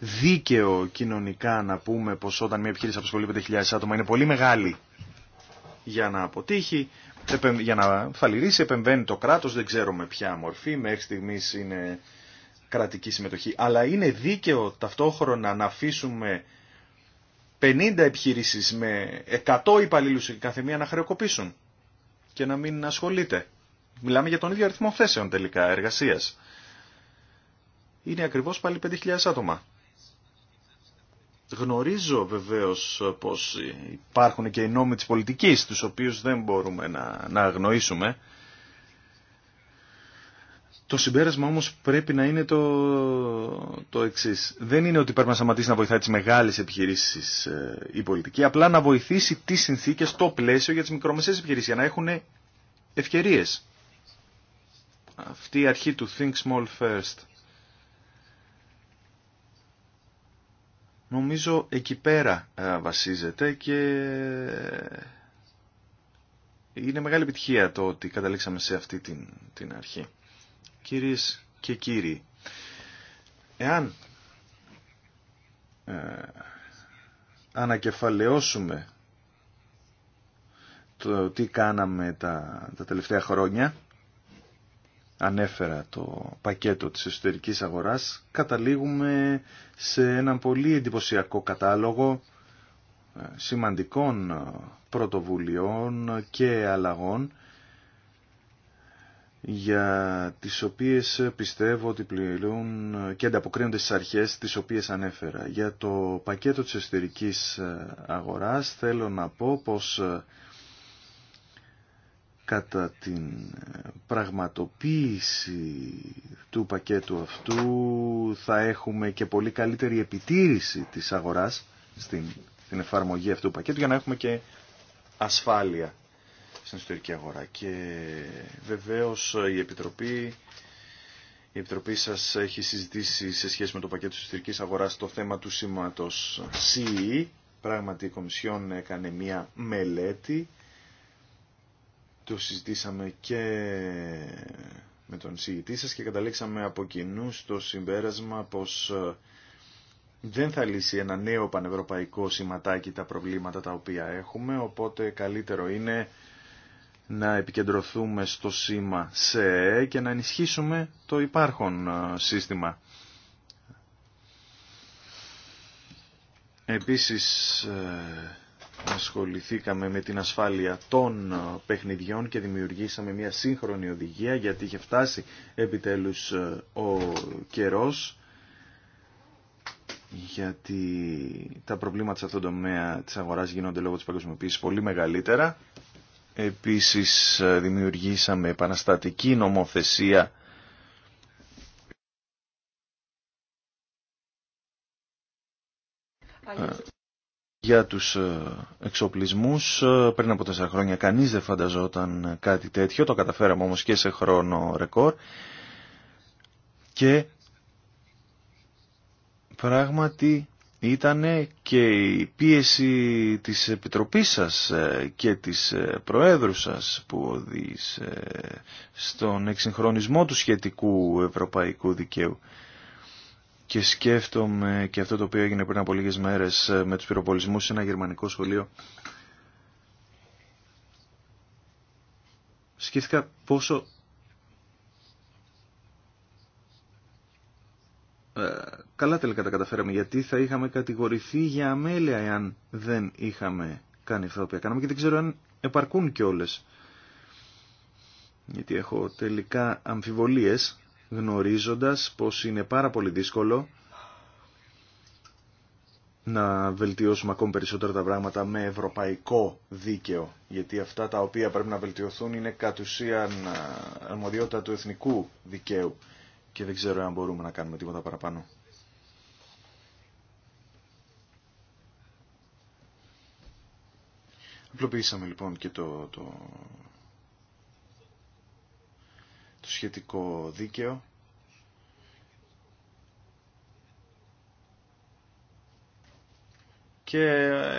δίκαιο κοινωνικά να πούμε πως όταν μια επιχείρηση απασχολεί 5.000 άτομα είναι πολύ μεγάλη για να αποτύχει, για να φαλυρίσει, επεμβαίνει το κράτος, δεν ξέρουμε ποια μορφή, μέχρι στιγμής είναι κρατική συμμετοχή. Αλλά είναι δίκαιο ταυτόχρονα να αφήσουμε 50 επιχειρήσεις με 100 υπαλλήλους κάθε μία να χρεοκοπήσουν και να μην ασχολείται. Μιλάμε για τον ίδιο αριθμό θέσεων τελικά εργασίας είναι ακριβώς πάλι 5.000 άτομα. Γνωρίζω βεβαίως πως υπάρχουν και οι νόμοι της πολιτικής, τους οποίους δεν μπορούμε να, να αγνοήσουμε. Το συμπέρασμα όμως πρέπει να είναι το, το εξής. Δεν είναι ότι πρέπει να σταματήσει να βοηθάει τις μεγάλες επιχειρήσεις ε, η πολιτική, απλά να βοηθήσει τις συνθήκες, το πλαίσιο για τις μικρομεσαίες επιχειρήσεις, για να έχουν ευκαιρίες. Αυτή η αρχή του Think Small First. Νομίζω εκεί πέρα ε, βασίζεται και είναι μεγάλη επιτυχία το ότι καταλήξαμε σε αυτή την, την αρχή. Κυρίες και κύριοι, εάν ε, ανακεφαλαιώσουμε το τι κάναμε τα, τα τελευταία χρόνια, ανέφερα το πακέτο της εσωτερικής αγοράς, καταλήγουμε σε έναν πολύ εντυπωσιακό κατάλογο ε, σημαντικών ε, πρωτοβουλειών και αλλαγών για τις οποίες πιστεύω ότι πληρούν και ανταποκρίνονται στις αρχές τις οποίες ανέφερα. Για το πακέτο της εσωτερικής ε, αγοράς θέλω να πω πως κατά την ε, πραγματοποίηση του πακέτου αυτού θα έχουμε και πολύ καλύτερη επιτήρηση της αγοράς στην, εφαρμογή αυτού του πακέτου για να έχουμε και ασφάλεια στην ιστορική αγορά. Και βεβαίως η Επιτροπή, η Επιτροπή σας έχει συζητήσει σε σχέση με το πακέτο της ιστορικής αγοράς το θέμα του σήματος CE. Πράγματι η Κομισιόν έκανε μία μελέτη το συζητήσαμε και με τον συγητή σας και καταλήξαμε από κοινού στο συμπέρασμα πως ε, δεν θα λύσει ένα νέο πανευρωπαϊκό σηματάκι τα προβλήματα τα οποία έχουμε, οπότε καλύτερο είναι να επικεντρωθούμε στο σήμα ΣΕ και να ενισχύσουμε το υπάρχον ε, σύστημα. Επίσης, ε, ασχοληθήκαμε με την ασφάλεια των ε, παιχνιδιών και δημιουργήσαμε μια σύγχρονη οδηγία γιατί είχε φτάσει επιτέλους ε, ο καιρός γιατί τα προβλήματα σε αυτόν τον τομέα της αγοράς γίνονται λόγω της παγκοσμιοποίησης πολύ μεγαλύτερα. Επίσης ε, δημιουργήσαμε επαναστατική νομοθεσία για τους ε, εξοπλισμούς. Ε, πριν από τέσσερα χρόνια κανείς δεν φανταζόταν κάτι τέτοιο, το καταφέραμε όμως και σε χρόνο ρεκόρ. Και πράγματι ήταν και η πίεση της Επιτροπής σας ε, και της Προέδρου σας που οδήγησε στον εξυγχρονισμό του σχετικού ευρωπαϊκού δικαίου και σκέφτομαι και αυτό το οποίο έγινε πριν από λίγες μέρες ε, με τους πυροπολισμούς σε ένα γερμανικό σχολείο. Σκέφτηκα πόσο ε, καλά τελικά τα καταφέραμε, γιατί θα είχαμε κατηγορηθεί για αμέλεια εάν δεν είχαμε κάνει αυτό που έκαναμε. κάναμε και δεν ξέρω αν επαρκούν και όλες. Γιατί έχω τελικά αμφιβολίες γνωρίζοντας πως είναι πάρα πολύ δύσκολο να βελτιώσουμε ακόμη περισσότερα τα πράγματα με ευρωπαϊκό δίκαιο, γιατί αυτά τα οποία πρέπει να βελτιωθούν είναι κατ' ουσίαν ε, αρμοδιότητα του εθνικού δικαίου και δεν ξέρω αν μπορούμε να κάνουμε τίποτα παραπάνω. Απλοποιήσαμε λοιπόν και το, το το σχετικό δίκαιο. Και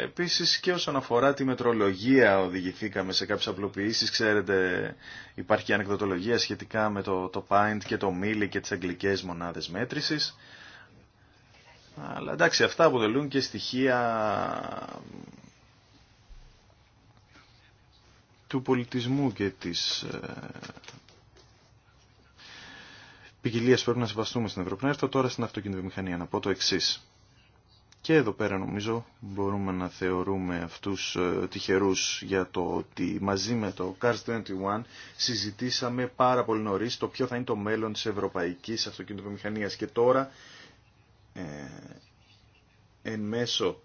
επίσης και όσον αφορά τη μετρολογία οδηγηθήκαμε σε κάποιες απλοποιήσεις. Ξέρετε υπάρχει ανεκδοτολογία σχετικά με το, το pint και το mili και τις αγγλικές μονάδες μέτρησης. Αλλά εντάξει αυτά αποτελούν και στοιχεία του πολιτισμού και της ε, ποικιλίε που πρέπει να συμβαστούμε στην Ευρώπη. Να έρθω τώρα στην αυτοκινητοβιομηχανία. να πω το εξή. Και εδώ πέρα νομίζω μπορούμε να θεωρούμε αυτούς ε, τυχερούς για το ότι μαζί με το Cars 21 συζητήσαμε πάρα πολύ νωρίς το ποιο θα είναι το μέλλον της ευρωπαϊκής αυτοκινητοβιομηχανίας. Και τώρα ε, εν μέσω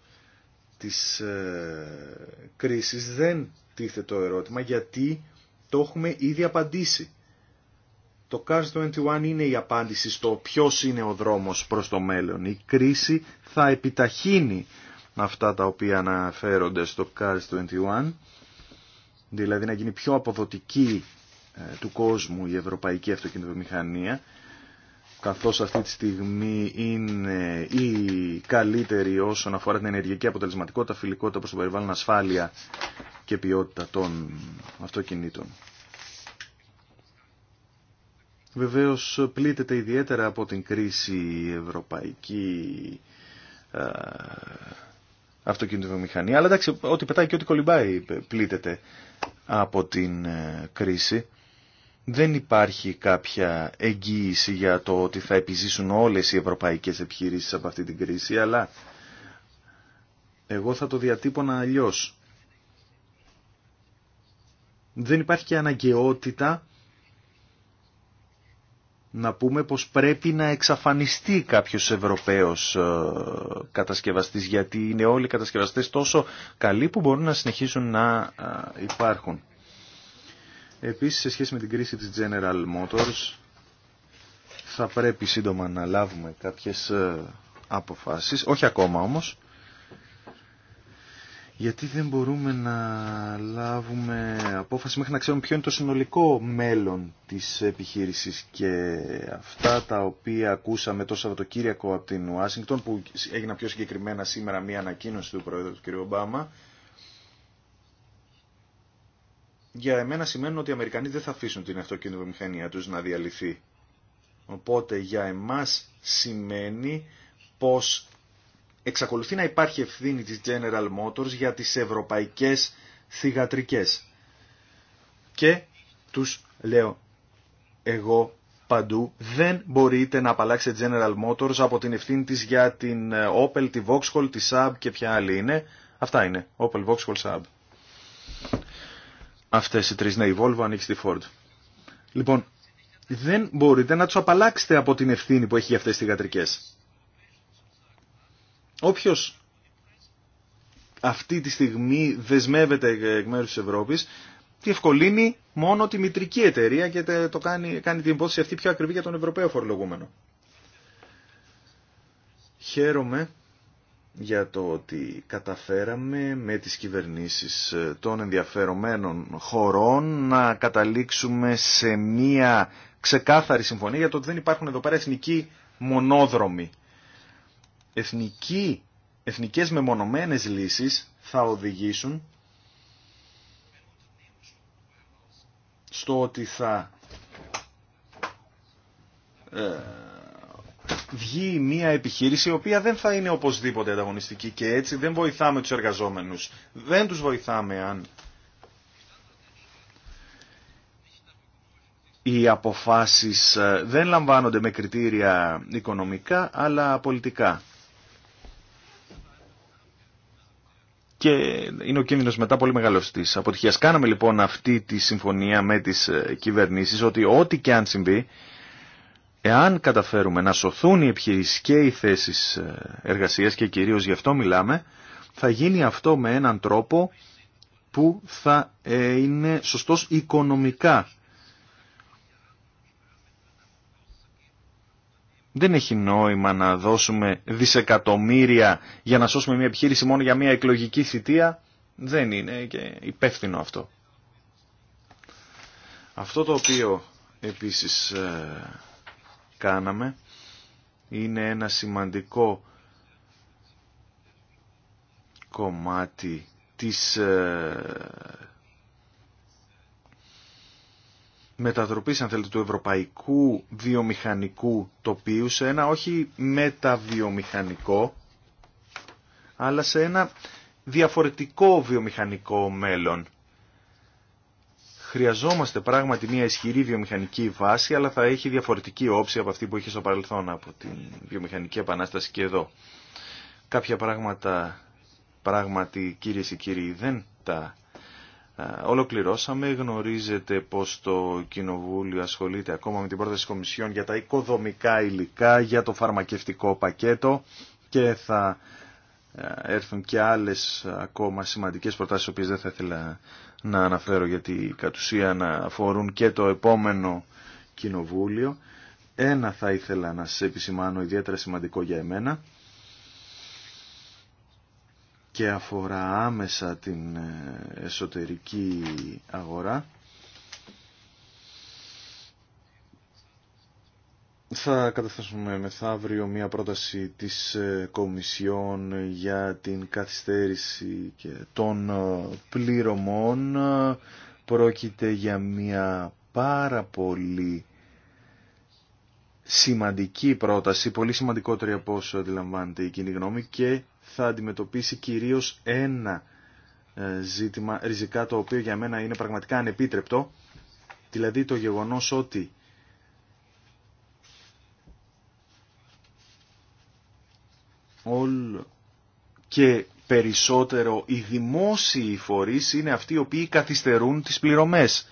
της ε, κρίσης δεν τίθεται το ερώτημα γιατί το έχουμε ήδη απαντήσει. Το Cars 21 είναι η απάντηση στο ποιο είναι ο δρόμος προς το μέλλον. Η κρίση θα επιταχύνει αυτά τα οποία αναφέρονται στο Cars 21, δηλαδή να γίνει πιο αποδοτική ε, του κόσμου η ευρωπαϊκή αυτοκινητομηχανία, καθώς αυτή τη στιγμή είναι η καλύτερη όσον αφορά την ενεργειακή αποτελεσματικότητα, φιλικότητα προς το περιβάλλον, ασφάλεια και ποιότητα των αυτοκινήτων. Βεβαίως πλήττεται ιδιαίτερα από την κρίση η ευρωπαϊκή α, ε, αυτοκινητοβιομηχανία. Αλλά εντάξει, ό,τι πετάει και ό,τι κολυμπάει πλήττεται από την ε, κρίση. Δεν υπάρχει κάποια εγγύηση για το ότι θα επιζήσουν όλες οι ευρωπαϊκές επιχειρήσεις από αυτή την κρίση, αλλά εγώ θα το διατύπωνα αλλιώς. Δεν υπάρχει και αναγκαιότητα να πούμε πως πρέπει να εξαφανιστεί κάποιος Ευρωπαίος ε, κατασκευαστής γιατί είναι όλοι οι κατασκευαστές τόσο καλοί που μπορούν να συνεχίσουν να ε, υπάρχουν. Επίσης σε σχέση με την κρίση της General Motors θα πρέπει σύντομα να λάβουμε κάποιες ε, αποφάσεις, όχι ακόμα όμως, γιατί δεν μπορούμε να λάβουμε απόφαση μέχρι να ξέρουμε ποιο είναι το συνολικό μέλλον της επιχείρησης και αυτά τα οποία ακούσαμε το Σαββατοκύριακο από την Ουάσιγκτον που έγινε πιο συγκεκριμένα σήμερα μία ανακοίνωση του Πρόεδρου του κ. Ομπάμα για εμένα σημαίνουν ότι οι Αμερικανοί δεν θα αφήσουν την αυτοκίνητομηχανία τους να διαλυθεί. Οπότε για εμάς σημαίνει πως εξακολουθεί να υπάρχει ευθύνη της General Motors για τις ευρωπαϊκές θυγατρικές. Και τους λέω εγώ παντού δεν μπορείτε να απαλλάξετε General Motors από την ευθύνη της για την ε, Opel, τη Vauxhall, τη Saab και ποια άλλη είναι. Αυτά είναι. Opel, Vauxhall, Saab. Αυτές οι τρεις. Ναι, η Volvo ανοίξει τη Ford. Λοιπόν, δεν μπορείτε να τους απαλλάξετε από την ευθύνη που έχει για αυτές τις θηγατρικές όποιος αυτή τη στιγμή δεσμεύεται εκ μέρους της Ευρώπης, ευκολύνει μόνο τη μητρική εταιρεία και το κάνει, κάνει την υπόθεση αυτή πιο ακριβή για τον Ευρωπαίο φορολογούμενο. Χαίρομαι για το ότι καταφέραμε με τις κυβερνήσεις των ενδιαφερομένων χωρών να καταλήξουμε σε μία ξεκάθαρη συμφωνία για το ότι δεν υπάρχουν εδώ πέρα εθνικοί μονόδρομοι εθνική, εθνικές μεμονωμένες λύσεις θα οδηγήσουν στο ότι θα ε, βγει μια επιχείρηση η οποία δεν θα είναι οπωσδήποτε ανταγωνιστική και έτσι δεν βοηθάμε τους εργαζόμενους. Δεν τους βοηθάμε αν οι αποφάσεις ε, δεν λαμβάνονται με κριτήρια οικονομικά αλλά πολιτικά. και είναι ο κίνδυνος μετά πολύ μεγάλος της αποτυχίας. Κάναμε λοιπόν αυτή τη συμφωνία με τις ε, κυβερνήσεις ότι ό,τι και αν συμβεί, εάν καταφέρουμε να σωθούν οι επιχειρήσεις και οι θέσεις ε, εργασίας και κυρίως γι' αυτό μιλάμε, θα γίνει αυτό με έναν τρόπο που θα ε, είναι σωστός οικονομικά Δεν έχει νόημα να δώσουμε δισεκατομμύρια για να σώσουμε μια επιχείρηση μόνο για μια εκλογική θητεία. Δεν είναι και υπεύθυνο αυτό. Αυτό το οποίο επίσης ε, κάναμε είναι ένα σημαντικό κομμάτι της ε, μετατροπής αν θέλετε του ευρωπαϊκού βιομηχανικού τοπίου σε ένα όχι μεταβιομηχανικό αλλά σε ένα διαφορετικό βιομηχανικό μέλλον. Χρειαζόμαστε πράγματι μια ισχυρή βιομηχανική βάση, αλλά θα έχει διαφορετική όψη από αυτή που είχε στο παρελθόν από την βιομηχανική επανάσταση και εδώ. Κάποια πράγματα, πράγματι, κύριε και κύριοι, δεν τα ολοκληρώσαμε. Γνωρίζετε πως το Κοινοβούλιο ασχολείται ακόμα με την πρόταση Κομισιόν για τα οικοδομικά υλικά, για το φαρμακευτικό πακέτο και θα έρθουν και άλλες ακόμα σημαντικές προτάσεις, οποίες δεν θα ήθελα να αναφέρω γιατί κατ' ουσία να αφορούν και το επόμενο Κοινοβούλιο. Ένα θα ήθελα να σας επισημάνω ιδιαίτερα σημαντικό για εμένα και αφορά άμεσα την ε, εσωτερική αγορά Θα καταθέσουμε μεθαύριο μία πρόταση της ε, Κομισιόν για την καθυστέρηση και των ε, πληρωμών. Πρόκειται για μία πάρα πολύ σημαντική πρόταση, πολύ σημαντικότερη από όσο αντιλαμβάνεται η κοινή γνώμη και θα αντιμετωπίσει κυρίως ένα ε, ζήτημα ριζικά το οποίο για μένα είναι πραγματικά ανεπίτρεπτο, δηλαδή το γεγονός ότι όλο και περισσότερο οι δημόσιοι φορείς είναι αυτοί οι οποίοι καθυστερούν τις πληρωμές.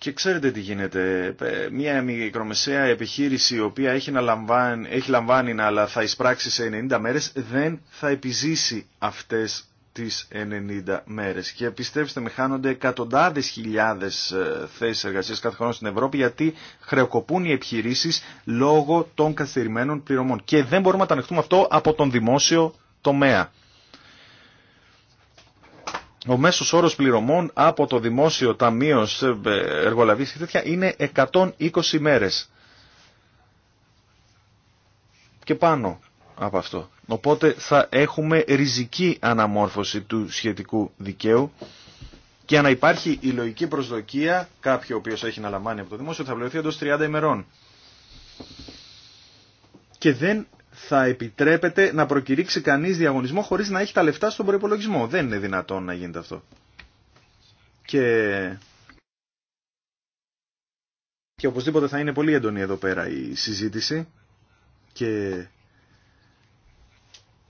Και ξέρετε τι γίνεται. Ε, Μία μικρομεσαία επιχείρηση η οποία έχει, να λαμβάνει, έχει λαμβάνει αλλά θα εισπράξει σε 90 μέρες δεν θα επιζήσει αυτές τις 90 μέρες. Και πιστέψτε με χάνονται εκατοντάδες χιλιάδες ε, θέσεις εργασίας κάθε χρόνο στην Ευρώπη γιατί χρεοκοπούν οι επιχειρήσεις λόγω των καθυριμένων πληρωμών. Και δεν μπορούμε να τα ανεχτούμε αυτό από τον δημόσιο τομέα ο μέσος όρος πληρωμών από το δημόσιο ταμείο σε ε, και τέτοια είναι 120 μέρες. Και πάνω από αυτό. Οπότε θα έχουμε ριζική αναμόρφωση του σχετικού δικαίου και αν υπάρχει η λογική προσδοκία κάποιο ο οποίος έχει να λαμβάνει από το δημόσιο θα βλεωθεί εντός 30 ημερών. Και δεν θα επιτρέπεται να προκηρύξει κανείς διαγωνισμό χωρίς να έχει τα λεφτά στον προϋπολογισμό. Δεν είναι δυνατόν να γίνεται αυτό. Και... Και οπωσδήποτε θα είναι πολύ έντονη εδώ πέρα η συζήτηση και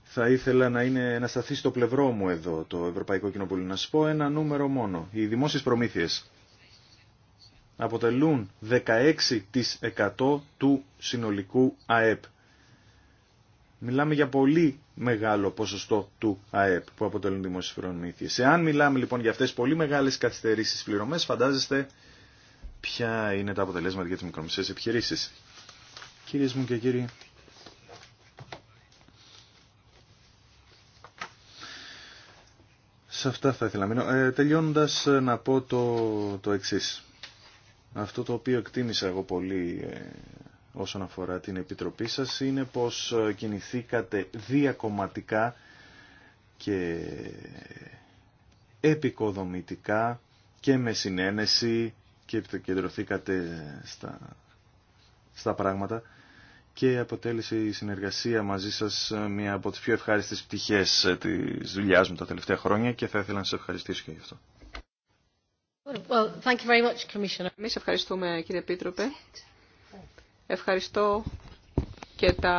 θα ήθελα να, είναι, να σταθεί στο πλευρό μου εδώ το Ευρωπαϊκό Κοινοβούλιο. Να σας πω ένα νούμερο μόνο. Οι δημόσιες προμήθειες αποτελούν 16% του συνολικού ΑΕΠ. Μιλάμε για πολύ μεγάλο ποσοστό του ΑΕΠ που αποτελούν δημόσιες προμήθειες. Εάν μιλάμε λοιπόν για αυτές πολύ μεγάλες καθυστερήσεις πληρωμές, φαντάζεστε ποια είναι τα αποτελέσματα για τις μικρομεσαίες επιχειρήσεις. Κυρίες μου και κύριοι, σε αυτά θα ήθελα να μείνω. Ε, τελειώνοντας ε, να πω το, το εξής. Αυτό το οποίο εκτίμησα εγώ πολύ ε, όσον αφορά την Επιτροπή σας είναι πως ε, κινηθήκατε διακομματικά και επικοδομητικά και με συνένεση και επικεντρωθήκατε στα, στα πράγματα και αποτέλεσε η συνεργασία μαζί σας ε, μία από τις πιο ευχάριστες πτυχές ε, της δουλειάς μου τα τελευταία χρόνια και θα ήθελα να σας ευχαριστήσω και γι' αυτό. Well, thank you very much, Commissioner. Εμείς ευχαριστούμε κύριε Επίτροπε Ευχαριστώ και τα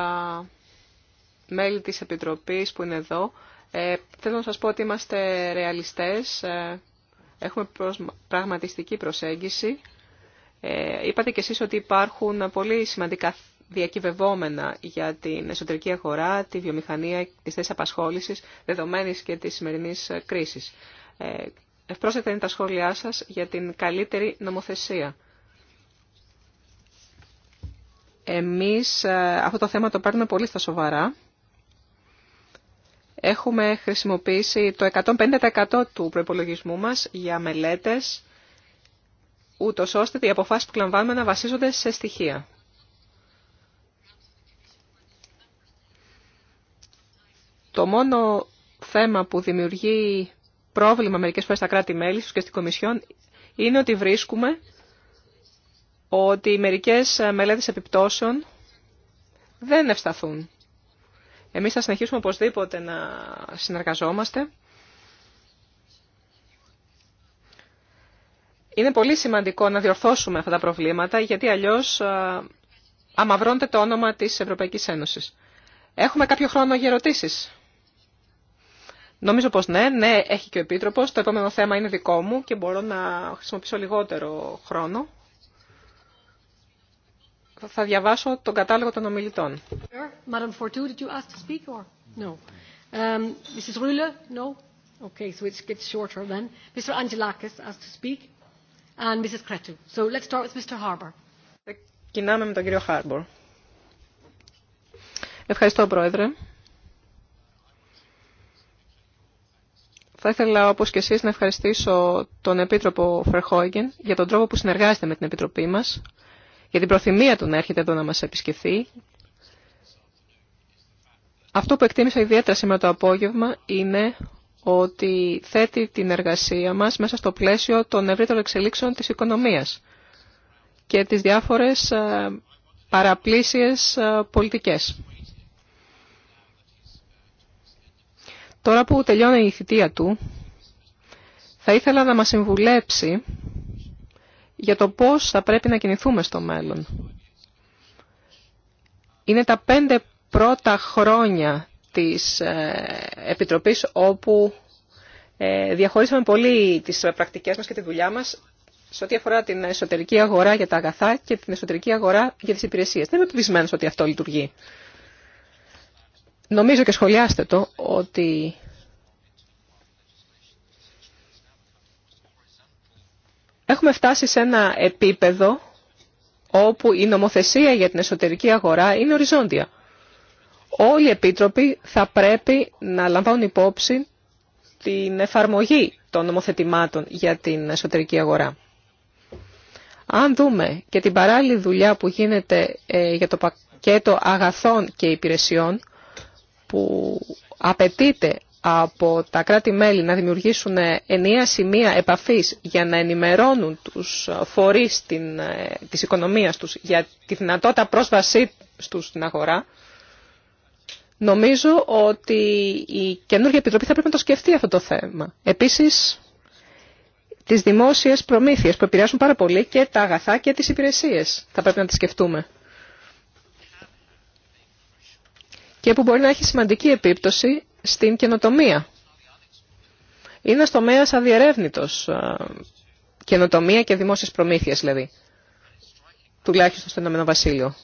μέλη της Επιτροπής που είναι εδώ. Ε, θέλω να σας πω ότι είμαστε ρεαλιστές, ε, έχουμε πραγματιστική προσέγγιση. Ε, είπατε κι εσείς ότι υπάρχουν πολύ σημαντικά διακυβευόμενα για την εσωτερική αγορά, τη βιομηχανία, τις θέσεις απασχόλησης, δεδομένης και της σημερινής κρίσης. Ε, είναι τα σχόλιά σας για την καλύτερη νομοθεσία. Εμείς ε, αυτό το θέμα το παίρνουμε πολύ στα σοβαρά. Έχουμε χρησιμοποιήσει το 150% του προϋπολογισμού μας για μελέτες, ούτω ώστε οι αποφάσεις που λαμβάνουμε να βασίζονται σε στοιχεία. Το μόνο θέμα που δημιουργεί πρόβλημα μερικές φορές στα κράτη-μέλη, και στην Κομισιόν, είναι ότι βρίσκουμε ότι οι μερικές ε, μελέτες επιπτώσεων δεν ευσταθούν. Εμείς θα συνεχίσουμε οπωσδήποτε να συνεργαζόμαστε. Είναι πολύ σημαντικό να διορθώσουμε αυτά τα προβλήματα, γιατί αλλιώς ε, αμαυρώνεται το όνομα της Ευρωπαϊκής Ένωσης. Έχουμε κάποιο χρόνο για ερωτήσεις. Νομίζω πως ναι, ναι, έχει και ο Επίτροπος. Το επόμενο θέμα είναι δικό μου και μπορώ να χρησιμοποιήσω λιγότερο χρόνο θα διαβάσω τον κατάλογο των ομιλητών. Um, Κινάμε με τον κύριο Χάρμπορ. Ευχαριστώ, Πρόεδρε. Θα ήθελα, όπως και εσείς, να ευχαριστήσω τον Επίτροπο Φερχόγγεν για τον τρόπο που συνεργάζεται με την Επιτροπή μας για την προθυμία του να έρχεται εδώ να μας επισκεφθεί. Αυτό που εκτίμησα ιδιαίτερα σήμερα το απόγευμα είναι ότι θέτει την εργασία μας μέσα στο πλαίσιο των ευρύτερων εξελίξεων της οικονομίας και τις διάφορες ε, παραπλήσιες ε, πολιτικές. Τώρα που τελειώνει η θητεία του, θα ήθελα να μας συμβουλέψει για το πώς θα πρέπει να κινηθούμε στο μέλλον. Είναι τα πέντε πρώτα χρόνια της ε, Επιτροπής όπου ε, διαχωρίσαμε πολύ τις πρακτικές μας και τη δουλειά μας σε ό,τι αφορά την εσωτερική αγορά για τα αγαθά και την εσωτερική αγορά για τις υπηρεσίες. Δεν είμαι πεπισμένος ότι αυτό λειτουργεί. Νομίζω και σχολιάστε το ότι Έχουμε φτάσει σε ένα επίπεδο όπου η νομοθεσία για την εσωτερική αγορά είναι οριζόντια. Όλοι οι επίτροποι θα πρέπει να λαμβάνουν υπόψη την εφαρμογή των νομοθετημάτων για την εσωτερική αγορά. Αν δούμε και την παράλληλη δουλειά που γίνεται ε, για το πακέτο αγαθών και υπηρεσιών που απαιτείται από τα κράτη-μέλη να δημιουργήσουν ενιαία σημεία επαφής για να ενημερώνουν τους φορείς την, ε, της οικονομίας τους για τη δυνατότητα πρόσβασή τους στην αγορά, νομίζω ότι η καινούργια επιτροπή θα πρέπει να το σκεφτεί αυτό το θέμα. Επίσης, τις δημόσιες προμήθειες που επηρεάζουν πάρα πολύ και τα αγαθά και τις υπηρεσίες θα πρέπει να τις σκεφτούμε. και που μπορεί να έχει σημαντική επίπτωση στην καινοτομία. Είναι στο τομέας αδιερεύνητο. Ε, καινοτομία και δημόσιε προμήθειε, δηλαδή. Τουλάχιστον στο Ηνωμένο Βασίλειο.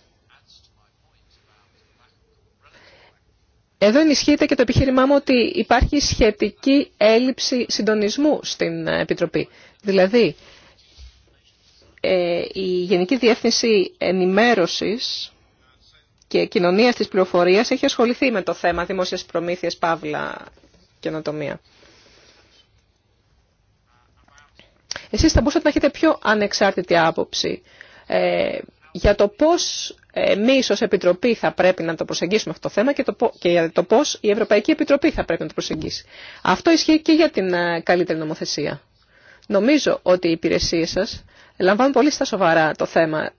Εδώ ενισχύεται και το επιχείρημά μου ότι υπάρχει σχετική έλλειψη συντονισμού στην ε, Επιτροπή. Δηλαδή, ε, η Γενική Διεύθυνση Ενημέρωσης και κοινωνία της πληροφορία έχει ασχοληθεί με το θέμα δημοσίες προμήθεια, παύλα, καινοτομία. Εσείς θα μπορούσατε να έχετε πιο ανεξάρτητη άποψη ε, για το πώς εμεί ω Επιτροπή θα πρέπει να το προσεγγίσουμε αυτό το θέμα και, το, και για το πώς η Ευρωπαϊκή Επιτροπή θα πρέπει να το προσεγγίσει. Αυτό ισχύει και για την ε, καλύτερη νομοθεσία. Νομίζω ότι οι υπηρεσίες σας λαμβάνουν πολύ στα σοβαρά το θέμα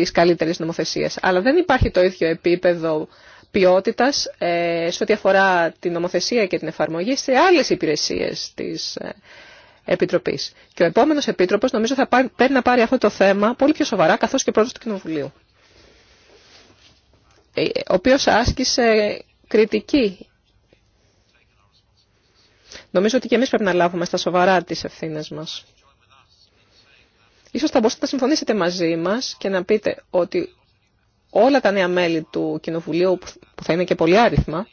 της καλύτερης νομοθεσίας. Αλλά δεν υπάρχει το ίδιο επίπεδο ποιότητας ε, σε ό,τι αφορά την νομοθεσία και την εφαρμογή σε άλλες υπηρεσίες της ε, Επιτροπής. Και ο επόμενος Επίτροπος νομίζω θα πρέπει να πάρει αυτό το θέμα πολύ πιο σοβαρά καθώς και πρώτος του Κοινοβουλίου. Ε, ο οποίος άσκησε κριτική. Νομίζω ότι και εμείς πρέπει να λάβουμε στα σοβαρά τις ευθύνες μας. Ίσως θα μπορούσατε να συμφωνήσετε μαζί μας και να πείτε ότι όλα τα νέα μέλη του Κοινοβουλίου, που θα είναι και πολύ άριθμα,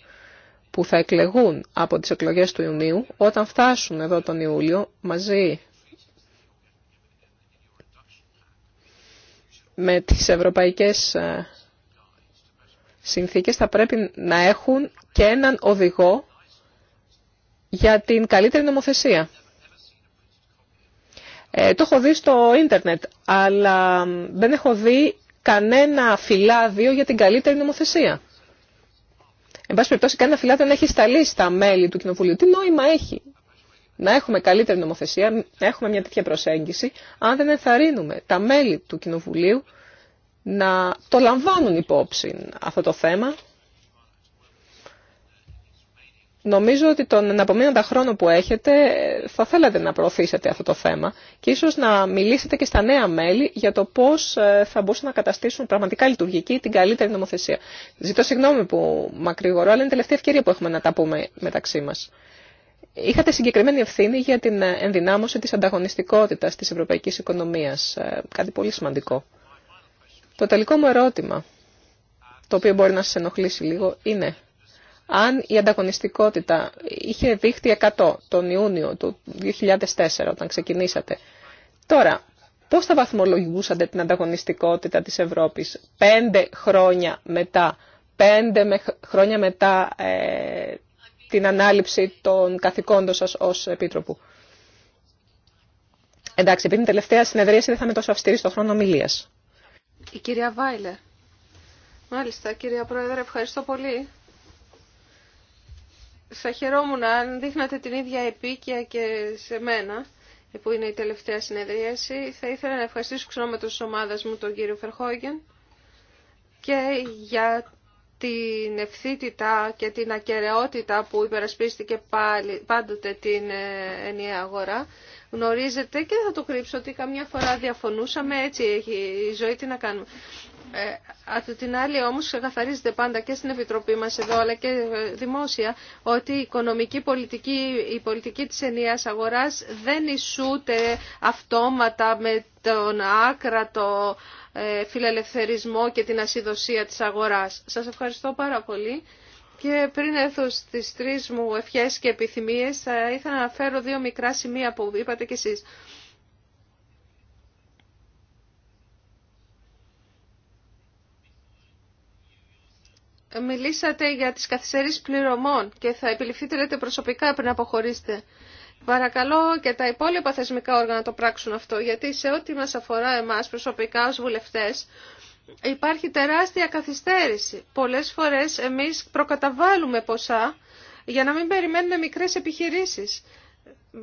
που θα εκλεγούν από τις εκλογές του Ιουνίου, όταν φτάσουν εδώ τον Ιούλιο, μαζί με τις ευρωπαϊκές ε, συνθήκες, θα πρέπει να έχουν και έναν οδηγό για την καλύτερη νομοθεσία. Ε, το έχω δει στο ίντερνετ, αλλά δεν έχω δει κανένα φυλάδιο για την καλύτερη νομοθεσία. Εν πάση περιπτώσει, κανένα φυλάδιο να έχει σταλεί στα μέλη του Κοινοβουλίου. Τι νόημα έχει να έχουμε καλύτερη νομοθεσία, να έχουμε μια τέτοια προσέγγιση, αν δεν ενθαρρύνουμε τα μέλη του Κοινοβουλίου να το λαμβάνουν υπόψη αυτό το θέμα Νομίζω ότι τον απομείνοντα χρόνο που έχετε θα θέλατε να προωθήσετε αυτό το θέμα και ίσως να μιλήσετε και στα νέα μέλη για το πώς ε, θα μπορούσαν να καταστήσουν πραγματικά λειτουργική την καλύτερη νομοθεσία. Ζητώ συγγνώμη που μακρηγορώ, αλλά είναι η τελευταία ευκαιρία που έχουμε να τα πούμε μεταξύ μας. Είχατε συγκεκριμένη ευθύνη για την ενδυνάμωση της ανταγωνιστικότητας της ευρωπαϊκής οικονομίας. Ε, κάτι πολύ σημαντικό. Το τελικό μου ερώτημα, το οποίο μπορεί να σας ενοχλήσει λίγο, είναι αν η ανταγωνιστικότητα είχε δείχτη 100 τον Ιούνιο του 2004 όταν ξεκινήσατε. Τώρα, πώς θα βαθμολογούσατε την ανταγωνιστικότητα της Ευρώπης πέντε χρόνια μετά, πέντε χρόνια μετά ε, την ανάληψη των καθηκόντων σας ως Επίτροπου. Εντάξει, επειδή είναι τελευταία συνεδρίαση δεν θα είμαι τόσο αυστηρή στον χρόνο ομιλία. Η κυρία Βάιλερ. Μάλιστα, κυρία Πρόεδρε, ευχαριστώ πολύ θα χαιρόμουν αν δείχνατε την ίδια επίκαια και σε μένα, που είναι η τελευταία συνεδρίαση. Θα ήθελα να ευχαριστήσω με της ομάδας μου τον κύριο Φερχόγγεν και για την ευθύτητα και την ακαιρεότητα που υπερασπίστηκε πάλι, πάντοτε την ε, ενιαία αγορά. Γνωρίζετε και θα το κρύψω ότι καμιά φορά διαφωνούσαμε, έτσι έχει η ζωή τι να κάνουμε. Ε, από την άλλη όμως ξεκαθαρίζεται πάντα και στην Επιτροπή μας εδώ αλλά και ε, δημόσια ότι η οικονομική πολιτική, η πολιτική της ενιαίας αγοράς δεν ισούται αυτόματα με τον άκρατο ε, φιλελευθερισμό και την ασυδοσία της αγοράς. Σας ευχαριστώ πάρα πολύ. Και πριν έρθω στις τρεις μου ευχές και επιθυμίες, θα ήθελα να αναφέρω δύο μικρά σημεία που είπατε κι εσείς. μιλήσατε για τις καθυστερήσεις πληρωμών και θα επιληφθείτε προσωπικά πριν αποχωρήσετε. Παρακαλώ και τα υπόλοιπα θεσμικά όργανα να το πράξουν αυτό, γιατί σε ό,τι μας αφορά εμάς προσωπικά ως βουλευτές, υπάρχει τεράστια καθυστέρηση. Πολλές φορές εμείς προκαταβάλουμε ποσά για να μην περιμένουμε μικρές επιχειρήσεις.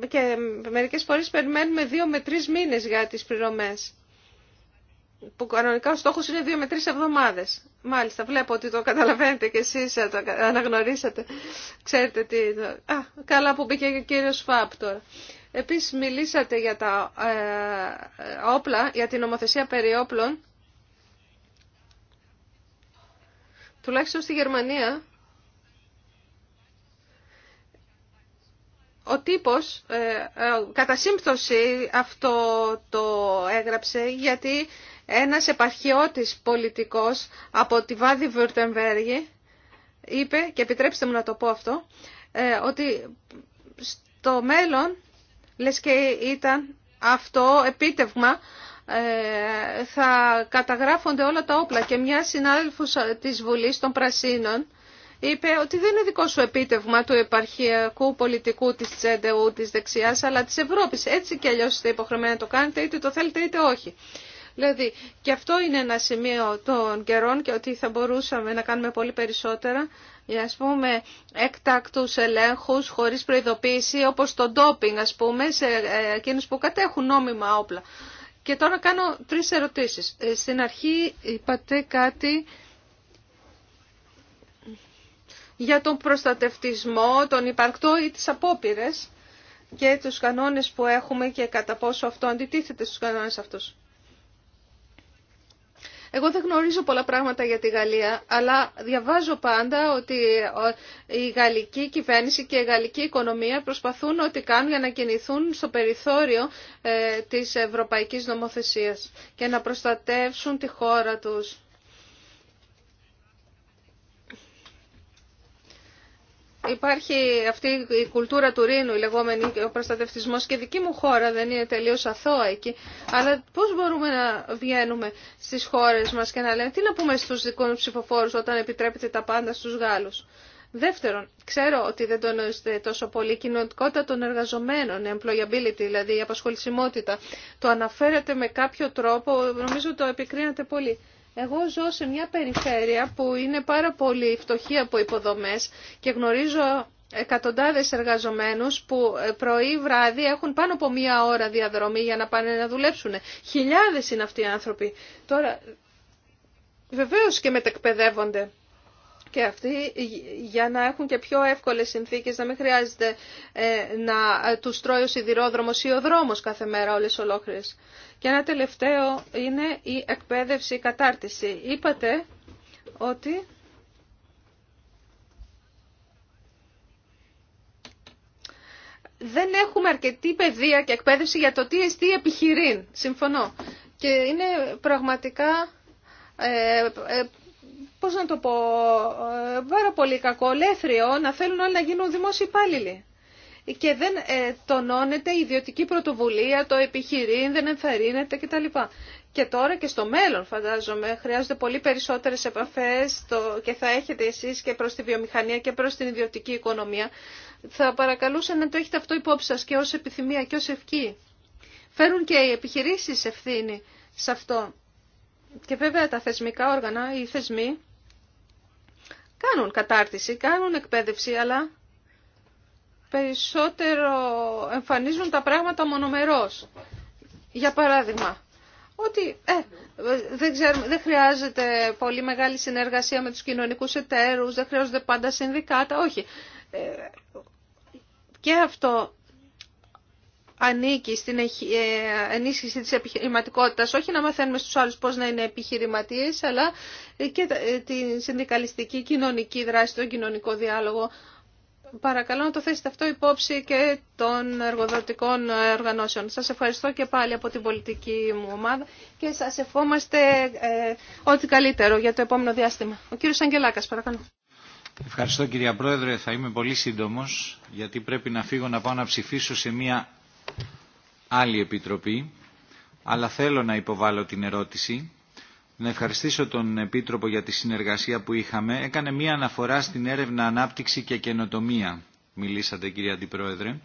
Και μερικές φορές περιμένουμε δύο με τρεις μήνες για τις πληρωμές που κανονικά ο στόχος είναι δύο με τρεις εβδομάδες. Μάλιστα, βλέπω ότι το καταλαβαίνετε και εσείς, ε, το αναγνωρίσατε. Ξέρετε τι... Α, καλά που μπήκε και ο κύριος Φαπ τώρα. Επίσης μιλήσατε για τα ε, όπλα, για την νομοθεσία περί όπλων. Τουλάχιστον στη Γερμανία, ο τύπος ε, ε κατά σύμπτωση αυτό το έγραψε γιατί ένας επαρχιώτης πολιτικός από τη Βάδη Βουρτεμβέργη είπε, και επιτρέψτε μου να το πω αυτό, ε, ότι στο μέλλον, λες και ήταν αυτό επίτευγμα, ε, θα καταγράφονται όλα τα όπλα και μια συνάδελφος της Βουλής των Πρασίνων είπε ότι δεν είναι δικό σου επίτευγμα του επαρχιακού πολιτικού της Τσέντεου, της δεξιάς, αλλά της Ευρώπης. Έτσι και αλλιώς είστε υποχρεωμένοι να το κάνετε, είτε το θέλετε είτε όχι. Δηλαδή, και αυτό είναι ένα σημείο των καιρών και ότι θα μπορούσαμε να κάνουμε πολύ περισσότερα για ας πούμε εκτάκτους ελέγχους χωρίς προειδοποίηση όπως το ντόπινγκ ας πούμε σε ε, εκείνους που κατέχουν νόμιμα όπλα. Και τώρα κάνω τρεις ερωτήσεις. Ε, στην αρχή είπατε κάτι για τον προστατευτισμό, τον υπαρκτό ή τις απόπειρες και τους κανόνες που έχουμε και κατά πόσο αυτό αντιτίθεται στους κανόνες αυτούς. Εγώ δεν γνωρίζω πολλά πράγματα για τη Γαλλία, αλλά διαβάζω πάντα ότι ε, η γαλλική κυβέρνηση και η γαλλική οικονομία προσπαθούν ό,τι κάνουν για να κινηθούν στο περιθώριο ε, της ευρωπαϊκής νομοθεσίας και να προστατεύσουν τη χώρα τους υπάρχει αυτή η κουλτούρα του ρήνου, η λεγόμενη ο προστατευτισμό και δική μου χώρα δεν είναι τελείως αθώα εκεί. Αλλά πώς μπορούμε να βγαίνουμε στις χώρες μας και να λέμε τι να πούμε στους δικούς ψηφοφόρου όταν επιτρέπετε τα πάντα στους Γάλλους. Δεύτερον, ξέρω ότι δεν τονίζεται τόσο πολύ η κοινωνικότητα των εργαζομένων, employability, δηλαδή η απασχολησιμότητα. Το αναφέρετε με κάποιο τρόπο, νομίζω το επικρίνατε πολύ. Εγώ ζω σε μια περιφέρεια που είναι πάρα πολύ φτωχή από υποδομές και γνωρίζω εκατοντάδες εργαζομένους που ε, πρωί βράδυ έχουν πάνω από μία ώρα διαδρομή για να πάνε να δουλέψουν. Χιλιάδες είναι αυτοί οι άνθρωποι. Τώρα βεβαίως και μετεκπαιδεύονται και αυτοί για να έχουν και πιο εύκολες συνθήκες, να μην χρειάζεται ε, να τους τρώει ο σιδηρόδρομος ή ο δρόμος κάθε μέρα όλες ολόκληρες. Και ένα τελευταίο είναι η εκπαίδευση, η κατάρτιση. Είπατε ότι... Δεν έχουμε αρκετή παιδεία και εκπαίδευση για το τι εστί επιχειρήν. Συμφωνώ. Και είναι πραγματικά ε, ε, πώς να το πω, πάρα ε, πολύ κακό, κακολέφριο να θέλουν όλοι να γίνουν δημόσιοι υπάλληλοι. Και δεν ε, τονώνεται η ιδιωτική πρωτοβουλία, το επιχειρήν, δεν ενθαρρύνεται κτλ. Και τώρα και στο μέλλον φαντάζομαι χρειάζονται πολύ περισσότερες επαφές και θα έχετε εσείς και προς τη βιομηχανία και προς την ιδιωτική οικονομία. Θα παρακαλούσα να το έχετε αυτό υπόψη σας και ως επιθυμία και ως ευκή. Φέρουν και οι επιχειρήσεις ευθύνη σε αυτό. Και βέβαια τα θεσμικά όργανα, οι θεσμοί, κάνουν κατάρτιση, κάνουν εκπαίδευση, αλλά περισσότερο εμφανίζουν τα πράγματα μονομερώς. Για παράδειγμα, ότι ε, δεν, δεν χρειάζεται πολύ μεγάλη συνεργασία με τους κοινωνικούς εταίρους, δεν χρειάζονται πάντα συνδικάτα, όχι. Ε, και αυτό ανήκει στην ε, ενίσχυση της επιχειρηματικότητας, όχι να μαθαίνουμε στους άλλους πώς να είναι επιχειρηματίες, αλλά και ε, τη συνδικαλιστική κοινωνική δράση, τον κοινωνικό διάλογο. Παρακαλώ να το θέσετε αυτό υπόψη και των εργοδοτικών ε, οργανώσεων. Σας ευχαριστώ και πάλι από την πολιτική μου ομάδα και σας ευχόμαστε ό,τι καλύτερο για το επόμενο διάστημα. Ο κύριος Αγγελάκας, παρακαλώ. Ευχαριστώ κυρία Πρόεδρε. Θα είμαι πολύ σύντομος γιατί πρέπει να φύγω να πάω να ψηφίσω σε μια άλλη επιτροπή, αλλά θέλω να υποβάλω την ερώτηση. Να ευχαριστήσω τον Επίτροπο για τη συνεργασία που είχαμε. Έκανε μία αναφορά στην έρευνα, ανάπτυξη και καινοτομία. Μιλήσατε κύριε Αντιπρόεδρε.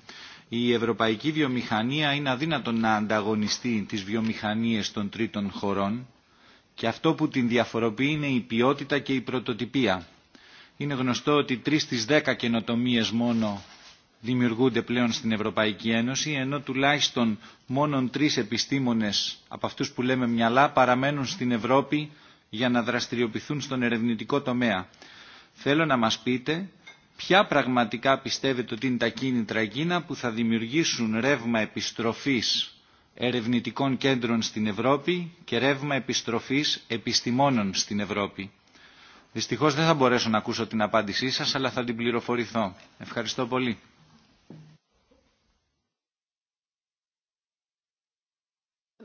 Η ευρωπαϊκή βιομηχανία είναι αδύνατο να ανταγωνιστεί τις βιομηχανίες των τρίτων χωρών και αυτό που την διαφοροποιεί είναι η ποιότητα και η πρωτοτυπία. Είναι γνωστό ότι τρεις στις δέκα καινοτομίε μόνο δημιουργούνται πλέον στην Ευρωπαϊκή Ένωση, ενώ τουλάχιστον μόνο τρεις επιστήμονες από αυτούς που λέμε μυαλά παραμένουν στην Ευρώπη για να δραστηριοποιηθούν στον ερευνητικό τομέα. Θέλω να μας πείτε ποια πραγματικά πιστεύετε ότι είναι τα κίνητρα εκείνα που θα δημιουργήσουν ρεύμα επιστροφής ερευνητικών κέντρων στην Ευρώπη και ρεύμα επιστροφής επιστημόνων στην Ευρώπη. Δυστυχώς δεν θα μπορέσω να ακούσω την απάντησή σας, αλλά θα την πληροφορηθώ. Ευχαριστώ πολύ.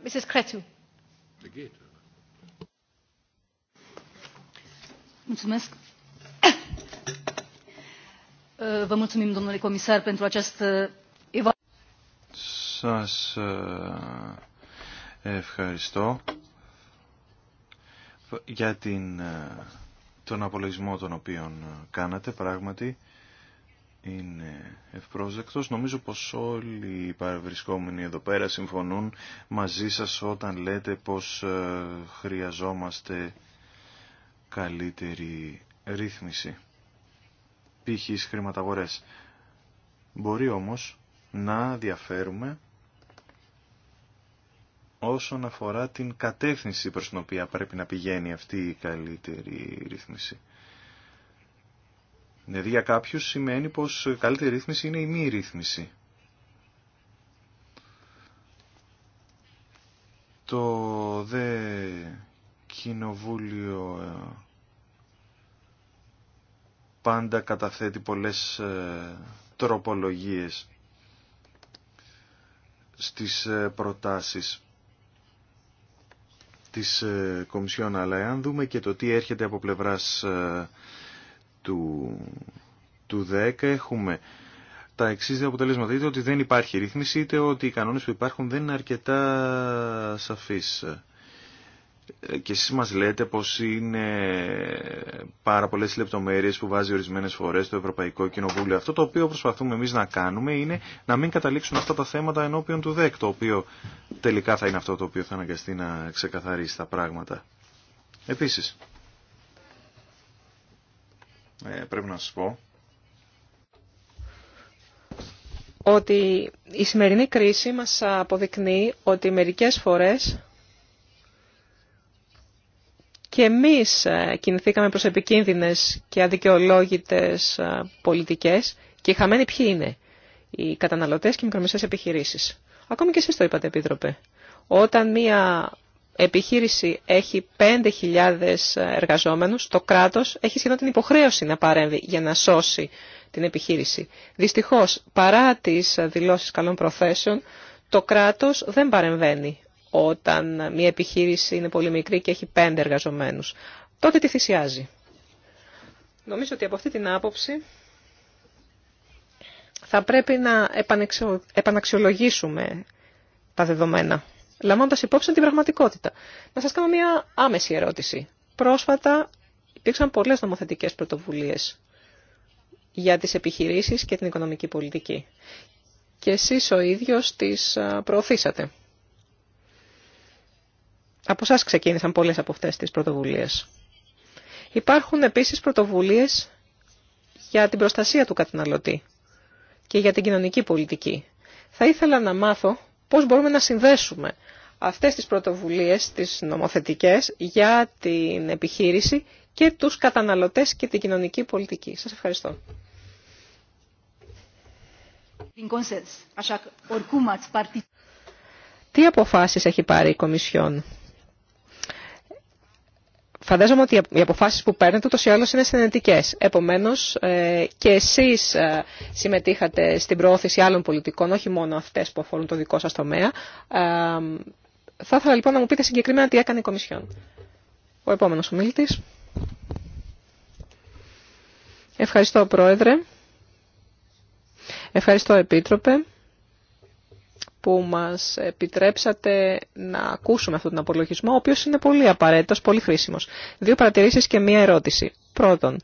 Mrs. Σας ευχαριστώ για τον απολογισμό τον οποίον κάνατε πράγματι είναι ευπρόσδεκτος. Νομίζω πως όλοι οι παρευρισκόμενοι εδώ πέρα συμφωνούν μαζί σας όταν λέτε πως ε, χρειαζόμαστε καλύτερη ρύθμιση. Π.χ. χρηματαγορές. Μπορεί όμως να διαφέρουμε όσον αφορά την κατεύθυνση προς την οποία πρέπει να πηγαίνει αυτή η καλύτερη ρύθμιση. Δηλαδή για κάποιους σημαίνει πως η καλύτερη ρύθμιση είναι η μη ρύθμιση. Το δε κοινοβούλιο ε, πάντα καταθέτει πολλές ε, τροπολογίες στις ε, προτάσεις της Κομισιόν, αλλά εάν δούμε και το τι έρχεται από πλευράς του, του 10 έχουμε τα εξής αποτελέσματα. Είτε ότι δεν υπάρχει ρύθμιση, είτε ότι οι κανόνες που υπάρχουν δεν είναι αρκετά σαφείς. Ε, και εσείς μας λέτε πως είναι πάρα πολλές λεπτομέρειες που βάζει ορισμένες φορές το Ευρωπαϊκό Κοινοβούλιο. Αυτό το οποίο προσπαθούμε εμείς να κάνουμε είναι να μην καταλήξουν αυτά τα θέματα ενώπιον του ΔΕΚ, το οποίο τελικά θα είναι αυτό το οποίο θα αναγκαστεί να ξεκαθαρίσει τα πράγματα. Επίσης, ε, πρέπει να σας πω ότι η σημερινή κρίση μας αποδεικνύει ότι μερικές φορές και εμείς ε, κινηθήκαμε προς επικίνδυνες και αδικαιολόγητες ε, πολιτικές και οι χαμένοι ποιοι είναι, οι καταναλωτές και οι μικρομεσαίες επιχειρήσεις. Ακόμη και εσείς το είπατε, Επίτροπε. Όταν μία επιχείρηση έχει 5.000 εργαζόμενους, το κράτος έχει σχεδόν την υποχρέωση να παρέμβει για να σώσει την επιχείρηση. Δυστυχώς, παρά τις δηλώσεις καλών προθέσεων, το κράτος δεν παρεμβαίνει όταν μια επιχείρηση είναι πολύ μικρή και έχει 5 εργαζομένους. Τότε τη θυσιάζει. Νομίζω ότι από αυτή την άποψη θα πρέπει να επαναξιολογήσουμε τα δεδομένα λαμβάνοντα υπόψη την πραγματικότητα. Να σα κάνω μια άμεση ερώτηση. Πρόσφατα υπήρξαν πολλέ νομοθετικέ πρωτοβουλίε για τι επιχειρήσει και την οικονομική πολιτική. Και εσείς ο ίδιος τις προωθήσατε. Από εσά ξεκίνησαν πολλές από αυτέ τις πρωτοβουλίες. Υπάρχουν επίσης πρωτοβουλίες για την προστασία του καταναλωτή και για την κοινωνική πολιτική. Θα ήθελα να μάθω πώς μπορούμε να συνδέσουμε αυτές τις πρωτοβουλίες, τις νομοθετικές, για την επιχείρηση και τους καταναλωτές και την κοινωνική πολιτική. Σας ευχαριστώ. Τι αποφάσεις έχει πάρει η Κομισιόν. Φαντάζομαι ότι οι αποφάσεις που παίρνετε ούτως ή άλλως είναι συνενετικές. Επομένως ε, και εσείς ε, συμμετείχατε στην προώθηση άλλων πολιτικών, όχι μόνο αυτές που αφορούν το δικό σας τομέα. Ε, θα ήθελα λοιπόν να μου πείτε συγκεκριμένα τι έκανε η Κομισιόν. Ο επόμενος ομίλητης. Ευχαριστώ Πρόεδρε. Ευχαριστώ Επίτροπε που μας επιτρέψατε να ακούσουμε αυτόν τον απολογισμό, ο οποίος είναι πολύ απαραίτητος, πολύ χρήσιμος. Δύο παρατηρήσεις και μία ερώτηση. Πρώτον,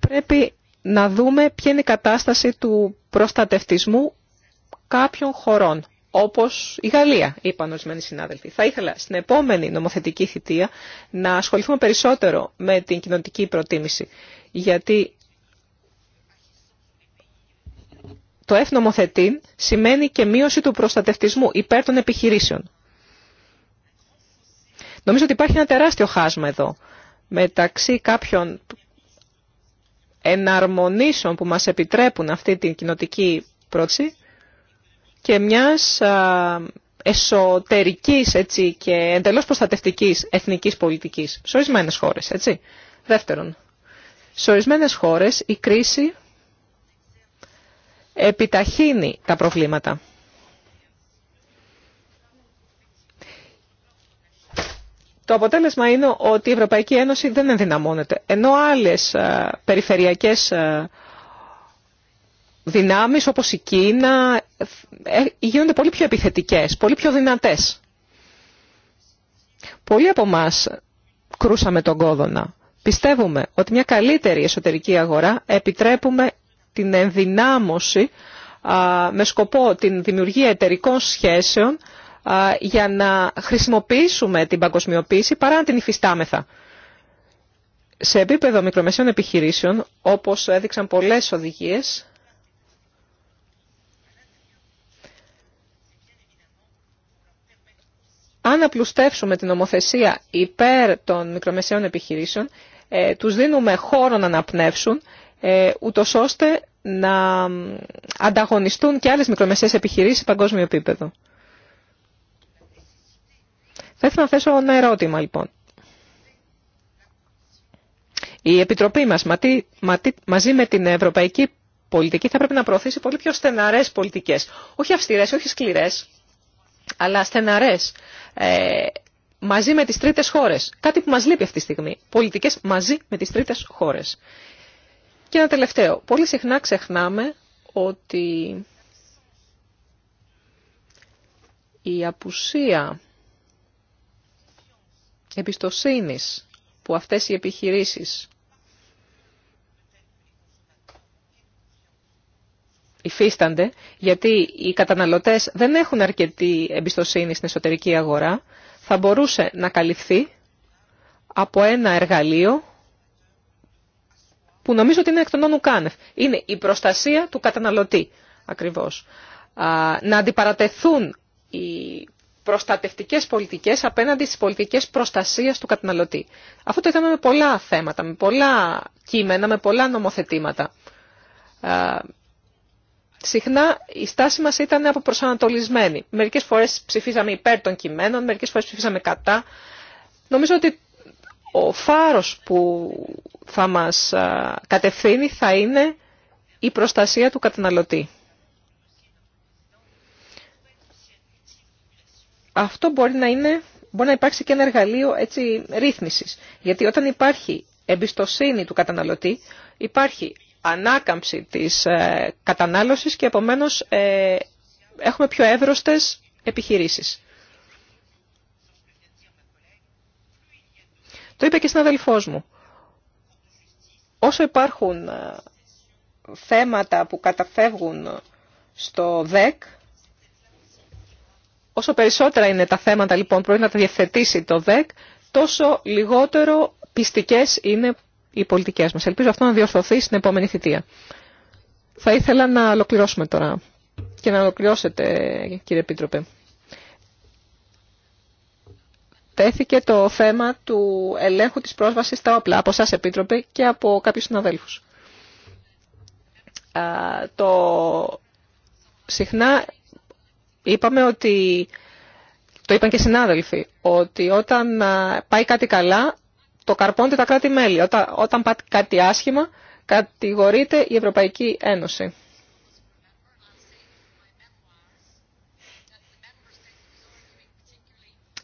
πρέπει να δούμε ποια είναι η κατάσταση του προστατευτισμού κάποιων χωρών όπως η Γαλλία, είπαν ορισμένοι συνάδελφοι. Θα ήθελα στην επόμενη νομοθετική θητεία να ασχοληθούμε περισσότερο με την κοινωνική προτίμηση, γιατί το νομοθετήν σημαίνει και μείωση του προστατευτισμού υπέρ των επιχειρήσεων. Νομίζω ότι υπάρχει ένα τεράστιο χάσμα εδώ μεταξύ κάποιων εναρμονήσεων που μας επιτρέπουν αυτή την κοινοτική πρόταση και μιας εσωτερικής έτσι, και εντελώς προστατευτικής εθνικής πολιτικής σε ορισμένε χώρες. Έτσι. Δεύτερον, σε ορισμένε χώρες η κρίση επιταχύνει τα προβλήματα. Το αποτέλεσμα είναι ότι η Ευρωπαϊκή Ένωση δεν ενδυναμώνεται, ενώ άλλες περιφερειακές δυνάμεις όπως η Κίνα ε, ε, γίνονται πολύ πιο επιθετικές, πολύ πιο δυνατές. Πολλοί από εμά κρούσαμε τον κόδωνα. Πιστεύουμε ότι μια καλύτερη εσωτερική αγορά επιτρέπουμε την ενδυνάμωση με σκοπό την δημιουργία εταιρικών σχέσεων για να χρησιμοποιήσουμε την παγκοσμιοποίηση παρά να την υφιστάμεθα. Σε επίπεδο μικρομεσαίων επιχειρήσεων, όπως έδειξαν πολλές οδηγίες, Αν απλουστεύσουμε την νομοθεσία υπέρ των μικρομεσαίων επιχειρήσεων, ε, τους δίνουμε χώρο να αναπνεύσουν, ε, ώστε να ανταγωνιστούν και άλλες μικρομεσαίες επιχειρήσεις σε παγκόσμιο επίπεδο. Θα ήθελα να θέσω ένα ερώτημα λοιπόν. Η Επιτροπή μας μαζί με την Ευρωπαϊκή Πολιτική θα πρέπει να προωθήσει πολύ πιο στεναρές πολιτικές. Όχι αυστηρές, όχι σκληρές αλλά στεναρές, ε, μαζί με τις τρίτες χώρες. Κάτι που μας λείπει αυτή τη στιγμή. Πολιτικές μαζί με τις τρίτες χώρες. Και ένα τελευταίο. Πολύ συχνά ξεχνάμε ότι η απουσία εμπιστοσύνης που αυτές οι επιχειρήσεις υφίστανται, γιατί οι καταναλωτές δεν έχουν αρκετή εμπιστοσύνη στην εσωτερική αγορά, θα μπορούσε να καλυφθεί από ένα εργαλείο που νομίζω ότι είναι εκ των Είναι η προστασία του καταναλωτή, ακριβώς. Να αντιπαρατεθούν οι προστατευτικές πολιτικές απέναντι στις πολιτικές προστασίας του καταναλωτή. Αυτό το είδαμε με πολλά θέματα, με πολλά κείμενα, με πολλά νομοθετήματα συχνά η στάση μας ήταν αποπροσανατολισμένη. Μερικές φορές ψηφίσαμε υπέρ των κειμένων, μερικές φορές ψηφίσαμε κατά. Νομίζω ότι ο φάρος που θα μας κατευθύνει θα είναι η προστασία του καταναλωτή. Αυτό μπορεί να, είναι, μπορεί να υπάρξει και ένα εργαλείο έτσι, ρύθμισης. Γιατί όταν υπάρχει εμπιστοσύνη του καταναλωτή, υπάρχει ανάκαμψη της ε, κατανάλωσης και επομένως ε, έχουμε πιο εύρωστες επιχειρήσεις. Το είπε και στην αδελφός μου. Όσο υπάρχουν ε, θέματα που καταφεύγουν στο ΔΕΚ, όσο περισσότερα είναι τα θέματα λοιπόν που πρέπει να τα διευθετήσει το ΔΕΚ, τόσο λιγότερο πιστικές είναι οι μας. Ελπίζω αυτό να διορθωθεί στην επόμενη θητεία. Θα ήθελα να ολοκληρώσουμε τώρα και να ολοκληρώσετε κύριε Επίτροπε. Τέθηκε το θέμα του ελέγχου της πρόσβασης στα όπλα από σας Επίτροπε και από κάποιους συναδέλφους. το... Συχνά είπαμε ότι, το είπαν και συνάδελφοι, ότι όταν πάει κάτι καλά το καρπώνται τα κράτη-μέλη. Όταν, όταν κάτι άσχημα, κατηγορείται η Ευρωπαϊκή Ένωση.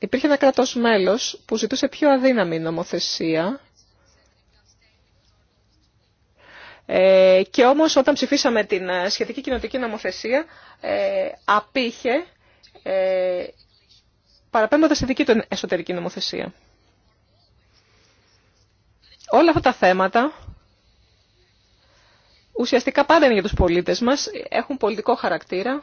Υπήρχε ένα κράτος μέλος που ζητούσε πιο αδύναμη νομοθεσία ε, και όμως όταν ψηφίσαμε την ε, σχετική κοινοτική νομοθεσία ε, απήχε ε, παραπέμποντας τη δική του εσωτερική νομοθεσία. Όλα αυτά τα θέματα ουσιαστικά πάντα είναι για τους πολίτες μας, έχουν πολιτικό χαρακτήρα.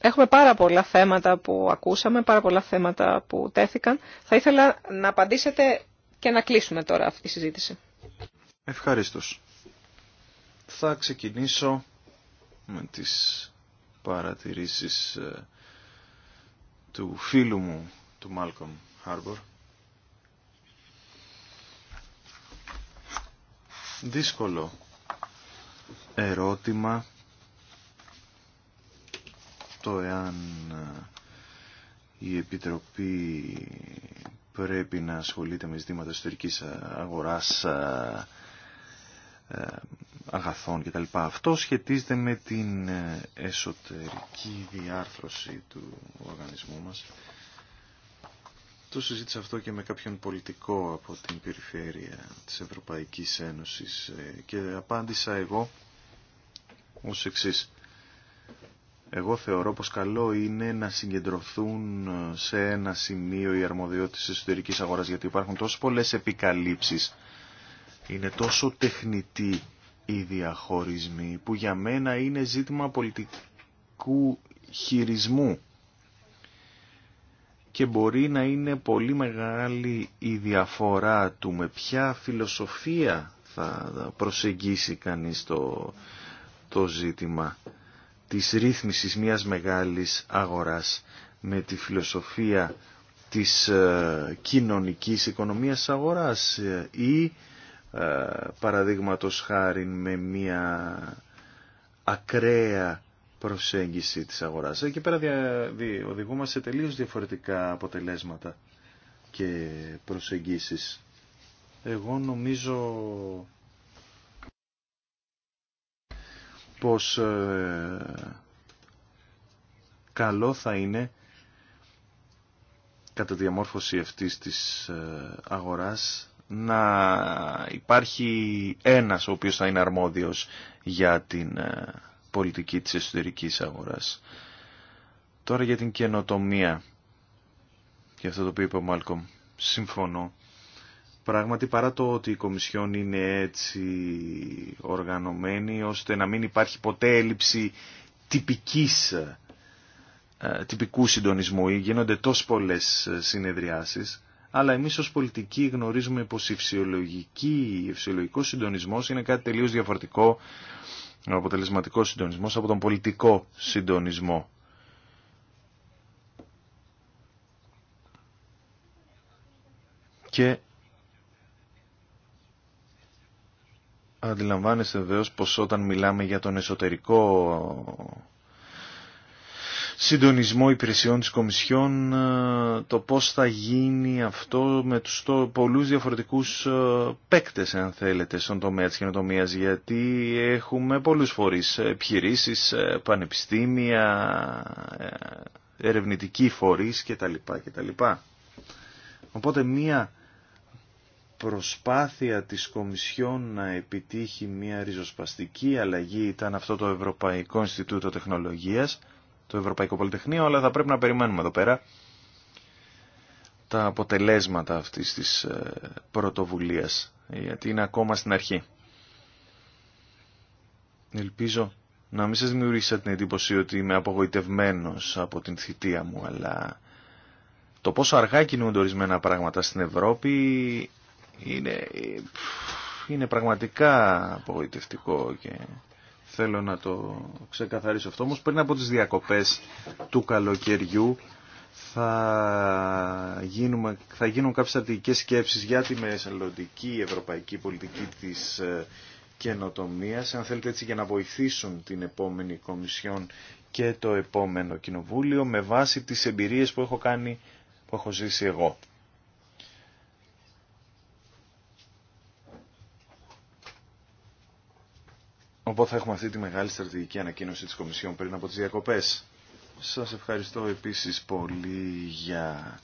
Έχουμε πάρα πολλά θέματα που ακούσαμε, πάρα πολλά θέματα που τέθηκαν. Θα ήθελα να απαντήσετε και να κλείσουμε τώρα αυτή τη συζήτηση. Ευχαριστώ. Θα ξεκινήσω με τις παρατηρήσεις ε, του φίλου μου του Μάλκομ Χάρμπορ. Δύσκολο ερώτημα το εάν ε, η Επιτροπή πρέπει να ασχολείται με ζητήματα εσωτερικής αγοράς ε, ε, αγαθών κτλ. Αυτό σχετίζεται με την εσωτερική διάρθρωση του οργανισμού μας το συζήτησα αυτό και με κάποιον πολιτικό από την περιφέρεια της Ευρωπαϊκής Ένωσης ε, και απάντησα εγώ ως εξής. Εγώ θεωρώ πως καλό είναι να συγκεντρωθούν ε, σε ένα σημείο οι αρμοδιότητες της εσωτερικής αγοράς γιατί υπάρχουν τόσο πολλές επικαλύψεις. Είναι τόσο τεχνητοί οι διαχωρισμοί που για μένα είναι ζήτημα πολιτικού χειρισμού και μπορεί να είναι πολύ μεγάλη η διαφορά του με ποια φιλοσοφία θα προσεγγίσει κανείς το, το ζήτημα της ρύθμισης μιας μεγάλης αγοράς με τη φιλοσοφία της ε, κοινωνικής οικονομίας αγοράς ε, ή ε, παραδείγματος χάρη με μια ακραία προσέγγιση της αγοράς. Εκεί πέρα οδηγούμαστε τελείως διαφορετικά αποτελέσματα και προσεγγίσεις. Εγώ νομίζω πως ε, καλό θα είναι κατά τη διαμόρφωση αυτής της ε, αγοράς να υπάρχει ένας ο οποίος θα είναι αρμόδιος για την ε, πολιτική της εσωτερικής αγοράς. Τώρα για την καινοτομία. Για αυτό το οποίο είπε ο Μάλκομ. Συμφωνώ. Πράγματι παρά το ότι η Κομισιόν είναι έτσι οργανωμένη ώστε να μην υπάρχει ποτέ έλλειψη τυπικής, ε, τυπικού συντονισμού ή γίνονται τόσο πολλές ε, συνεδριάσεις αλλά εμείς ως πολιτικοί γνωρίζουμε πως η φυσιολογική, η φυσιολογικό συντονισμός είναι κάτι τελείως διαφορετικό ο αποτελεσματικό συντονισμός από τον πολιτικό συντονισμό. Και αντιλαμβάνεστε βεβαίως πως όταν μιλάμε για τον εσωτερικό συντονισμό υπηρεσιών της Κομισιόν, ε, το πώς θα γίνει αυτό με τους το, πολλούς διαφορετικούς ε, παίκτες, αν θέλετε, στον τομέα της καινοτομίας, γιατί έχουμε πολλούς φορείς, ε, επιχειρήσεις, πανεπιστήμια, ερευνητικοί φορείς κτλ. κτλ. Οπότε μία προσπάθεια της Κομισιόν να επιτύχει μια ριζοσπαστική αλλαγή ήταν αυτό το Ευρωπαϊκό Ινστιτούτο Τεχνολογίας το Ευρωπαϊκό Πολυτεχνείο, αλλά θα πρέπει να περιμένουμε εδώ πέρα τα αποτελέσματα αυτής της ε, πρωτοβουλίας, γιατί είναι ακόμα στην αρχή. Ελπίζω να μην σας δημιουργήσω την εντύπωση ότι είμαι απογοητευμένος από την θητεία μου, αλλά το πόσο αργά κινούνται ορισμένα πράγματα στην Ευρώπη είναι, ε, είναι πραγματικά απογοητευτικό και Θέλω να το ξεκαθαρίσω αυτό. Όμως πριν από τις διακοπές του καλοκαιριού θα, γίνουμε, θα γίνουν κάποιες στρατηγικές σκέψεις για τη μεσαλλοντική ευρωπαϊκή πολιτική της ε, καινοτομίας. Αν θέλετε έτσι για να βοηθήσουν την επόμενη Κομισιόν και το επόμενο Κοινοβούλιο με βάση τις εμπειρίες που έχω κάνει, που έχω ζήσει εγώ. Οπότε θα έχουμε αυτή τη μεγάλη στρατηγική ανακοίνωση της Κομισιόν πριν από τις διακοπές. Σας ευχαριστώ επίσης πολύ για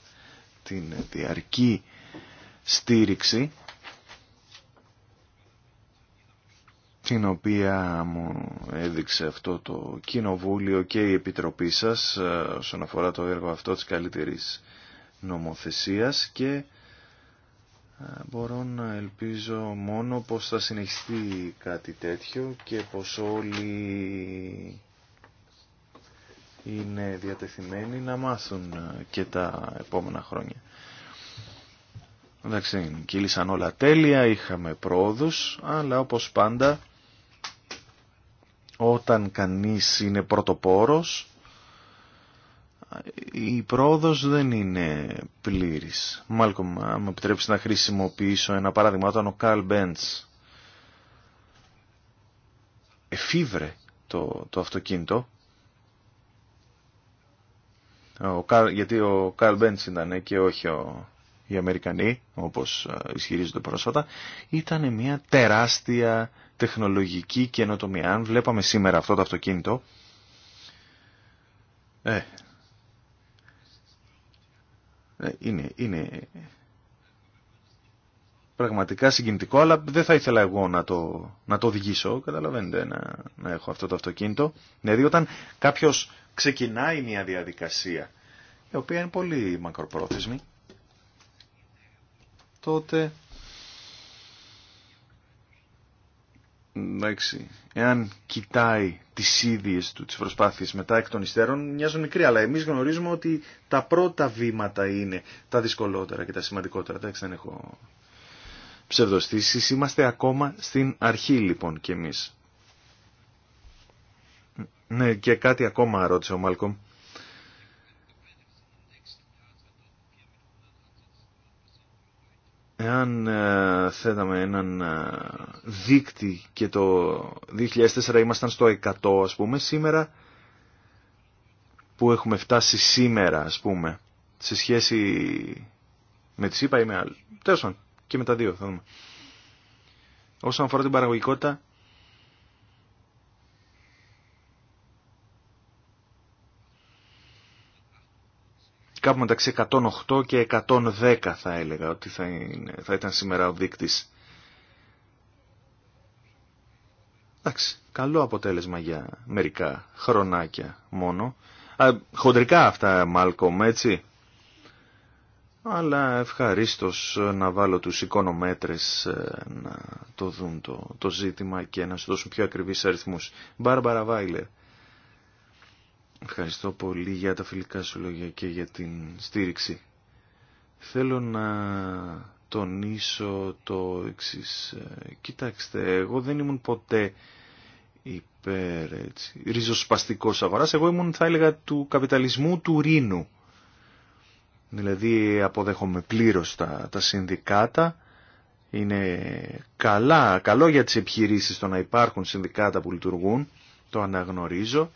την διαρκή στήριξη την οποία μου έδειξε αυτό το κοινοβούλιο και η Επιτροπή σας ε, όσον αφορά το έργο αυτό της καλύτερης νομοθεσίας και ε, μπορώ να ελπίζω μόνο πως θα συνεχιστεί κάτι τέτοιο και πως όλοι είναι διατεθειμένοι να μάθουν ε, και τα επόμενα χρόνια. Εντάξει, κύλησαν όλα τέλεια, είχαμε πρόοδους, αλλά όπως πάντα όταν κανείς είναι πρωτοπόρος η πρόοδος δεν είναι πλήρης. Μάλκομ, αν μου επιτρέψει να χρησιμοποιήσω ένα παράδειγμα, όταν ο Καρλ Μπέντς εφήβρε το, το αυτοκίνητο, ο γιατί ο Καρλ Μπέντς ήταν και όχι ο, οι Αμερικανοί, όπως ε, ισχυρίζονται πρόσφατα, ήταν μια τεράστια τεχνολογική καινοτομία. Αν βλέπαμε σήμερα αυτό το αυτοκίνητο, ε, ε, είναι, είναι πραγματικά συγκινητικό, αλλά δεν θα ήθελα εγώ να το, να το οδηγήσω, καταλαβαίνετε, να, να έχω αυτό το αυτοκίνητο. Δηλαδή όταν κάποιος ξεκινάει μια διαδικασία, η οποία είναι πολύ μακροπρόθεσμη, τότε εντάξει, εάν κοιτάει τις ίδιες του τις προσπάθειες μετά εκ των υστέρων, μοιάζουν μικροί, αλλά εμείς γνωρίζουμε ότι τα πρώτα βήματα είναι τα δυσκολότερα και τα σημαντικότερα. Εντάξει, δεν έχω ψευδοστήσεις. Είμαστε ακόμα στην αρχή λοιπόν κι εμείς. Ναι, και κάτι ακόμα ρώτησε ο Μάλκομ. Εάν ε, θέταμε έναν ε, δίκτυ και το 2004 ήμασταν στο 100 ας πούμε, σήμερα που έχουμε φτάσει σήμερα ας πούμε, σε σχέση με τις είπα ή με άλλη. Τέλος και με τα δύο θα δούμε. Όσον αφορά την παραγωγικότητα, κάπου μεταξύ 108 και 110 θα έλεγα ότι θα, θα ήταν σήμερα ο δείκτης. Εντάξει, καλό αποτέλεσμα για μερικά χρονάκια μόνο. χοντρικά αυτά, Μάλκομ, έτσι. Αλλά ευχαρίστως να βάλω τους εικονομέτρες ε, να το δουν το, το ζήτημα και να σου δώσουν πιο ακριβείς αριθμούς. Μπάρμπαρα Βάιλερ. Ευχαριστώ πολύ για τα φιλικά σου λόγια και για την στήριξη. Θέλω να τονίσω το εξής. Ε, κοιτάξτε, εγώ δεν ήμουν ποτέ υπέρ έτσι, ριζοσπαστικός αγοράς. Εγώ ήμουν θα έλεγα του καπιταλισμού του Ρήνου. Δηλαδή αποδέχομαι πλήρως τα, τα συνδικάτα. Είναι καλά, καλό για τις επιχειρήσεις το να υπάρχουν συνδικάτα που λειτουργούν. Το αναγνωρίζω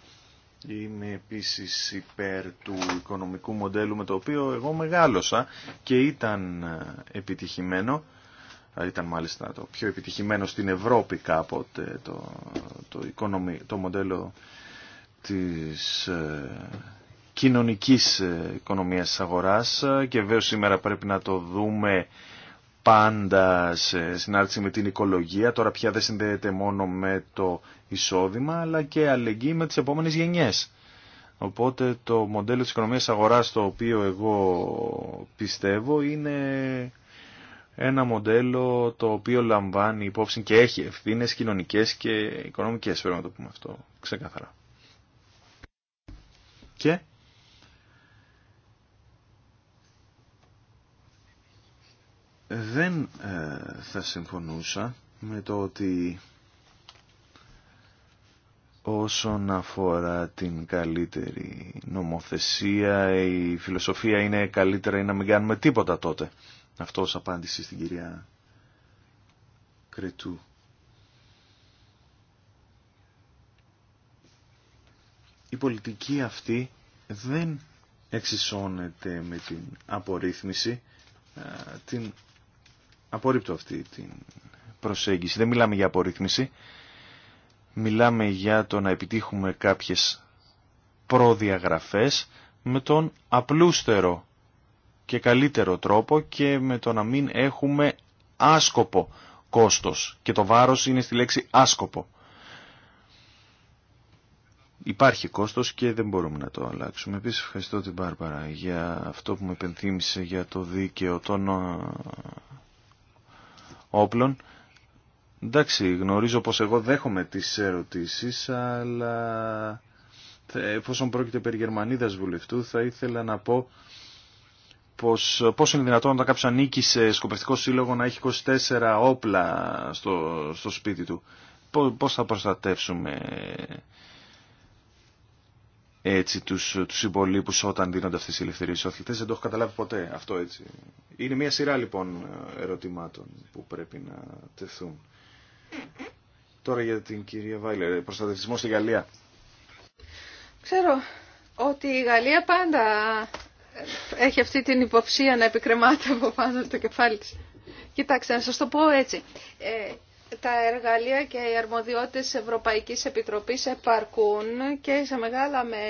είναι επίσης υπέρ του οικονομικού μοντέλου με το οποίο εγώ μεγάλωσα και ήταν ε, επιτυχημένο. Ε, ήταν μάλιστα το πιο επιτυχημένο στην Ευρώπη κάποτε το, το, οικονομι, το μοντέλο της ε, κοινωνικής οικονομίας της αγοράς και βέβαια σήμερα πρέπει να το δούμε πάντα σε συνάρτηση με την οικολογία, τώρα πια δεν συνδέεται μόνο με το εισόδημα, αλλά και αλληλεγγύη με τις επόμενες γενιές. Οπότε το μοντέλο της οικονομίας αγοράς το οποίο εγώ πιστεύω είναι ένα μοντέλο το οποίο λαμβάνει υπόψη και έχει ευθύνες κοινωνικές και οικονομικές, πρέπει να το πούμε αυτό ξεκάθαρα. Και δεν ε, θα συμφωνούσα με το ότι όσον αφορά την καλύτερη νομοθεσία η φιλοσοφία είναι καλύτερα ή να μην κάνουμε τίποτα τότε. Αυτό ως απάντηση στην κυρία Κρετού. Η πολιτική αυτή δεν εξισώνεται με την απορρίθμιση, ε, την Απορρίπτω αυτή την προσέγγιση. Δεν μιλάμε για απορρίθμιση. Μιλάμε για το να επιτύχουμε κάποιες προδιαγραφές με τον απλούστερο και καλύτερο τρόπο και με το να μην έχουμε άσκοπο κόστος. Και το βάρος είναι στη λέξη άσκοπο. Υπάρχει κόστος και δεν μπορούμε να το αλλάξουμε. Επίσης ευχαριστώ την Μπάρμπαρα για αυτό που με επενθύμησε για το δίκαιο των όπλων. Εντάξει, γνωρίζω πως εγώ δέχομαι τις ερωτήσεις, αλλά εφόσον πρόκειται περί Γερμανίδας βουλευτού, θα ήθελα να πω πως πόσο είναι δυνατόν όταν κάποιος ανήκει σε σκοπευτικό σύλλογο να έχει 24 όπλα στο, στο σπίτι του. Πώς θα προστατεύσουμε έτσι τους, τους συμπολίπους όταν δίνονται αυτές οι ελευθερίες στους Δεν το έχω καταλάβει ποτέ αυτό έτσι. Είναι μια σειρά λοιπόν ερωτημάτων που πρέπει να τεθούν. Τώρα για την κυρία Βάιλερ, προστατευτισμό στη Γαλλία. Ξέρω ότι η Γαλλία πάντα έχει αυτή την υποψία να επικρεμάται από πάνω το κεφάλι της. Κοιτάξτε, να σας το πω έτσι. Ε, τα εργαλεία και οι αρμοδιότητες Ευρωπαϊκής Επιτροπής επαρκούν και σε μεγάλα με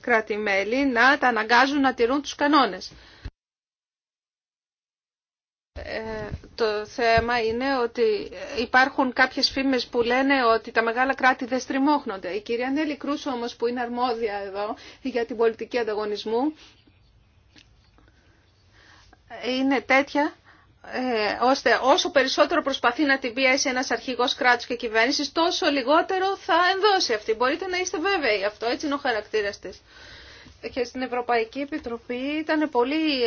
κράτη-μέλη να τα αναγκάζουν να τηρούν τους κανόνες. Ε, το θέμα είναι ότι υπάρχουν κάποιες φήμες που λένε ότι τα μεγάλα κράτη δεν στριμώχνονται. Η κυρία Νέλη Κρούσο όμως που είναι αρμόδια εδώ για την πολιτική ανταγωνισμού είναι τέτοια ε, ώστε όσο περισσότερο προσπαθεί να την πιέσει ένας αρχηγός κράτους και κυβέρνησης, τόσο λιγότερο θα ενδώσει αυτή. Μπορείτε να είστε βέβαιοι αυτό, έτσι είναι ο χαρακτήρας της. Και στην Ευρωπαϊκή Επιτροπή ήταν πολύ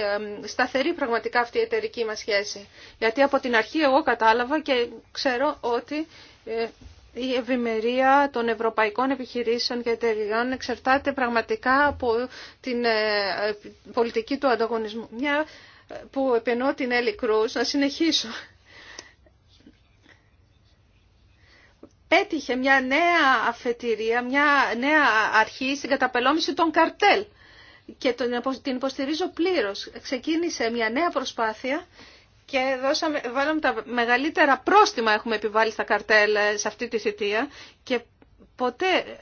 σταθερή πραγματικά αυτή η εταιρική μας σχέση. Γιατί από την αρχή εγώ κατάλαβα και ξέρω ότι ε, η ευημερία των ευρωπαϊκών επιχειρήσεων και εταιριών εξαρτάται πραγματικά από την ε, πολιτική του ανταγωνισμού. Μια που επενώ την Έλλη Κρούς, να συνεχίσω. Πέτυχε μια νέα αφετηρία, μια νέα αρχή στην καταπελώμηση των καρτέλ και την υποστηρίζω πλήρως. Ξεκίνησε μια νέα προσπάθεια και δώσαμε, βάλαμε τα μεγαλύτερα πρόστιμα έχουμε επιβάλει στα καρτέλ ε, σε αυτή τη θητεία και ποτέ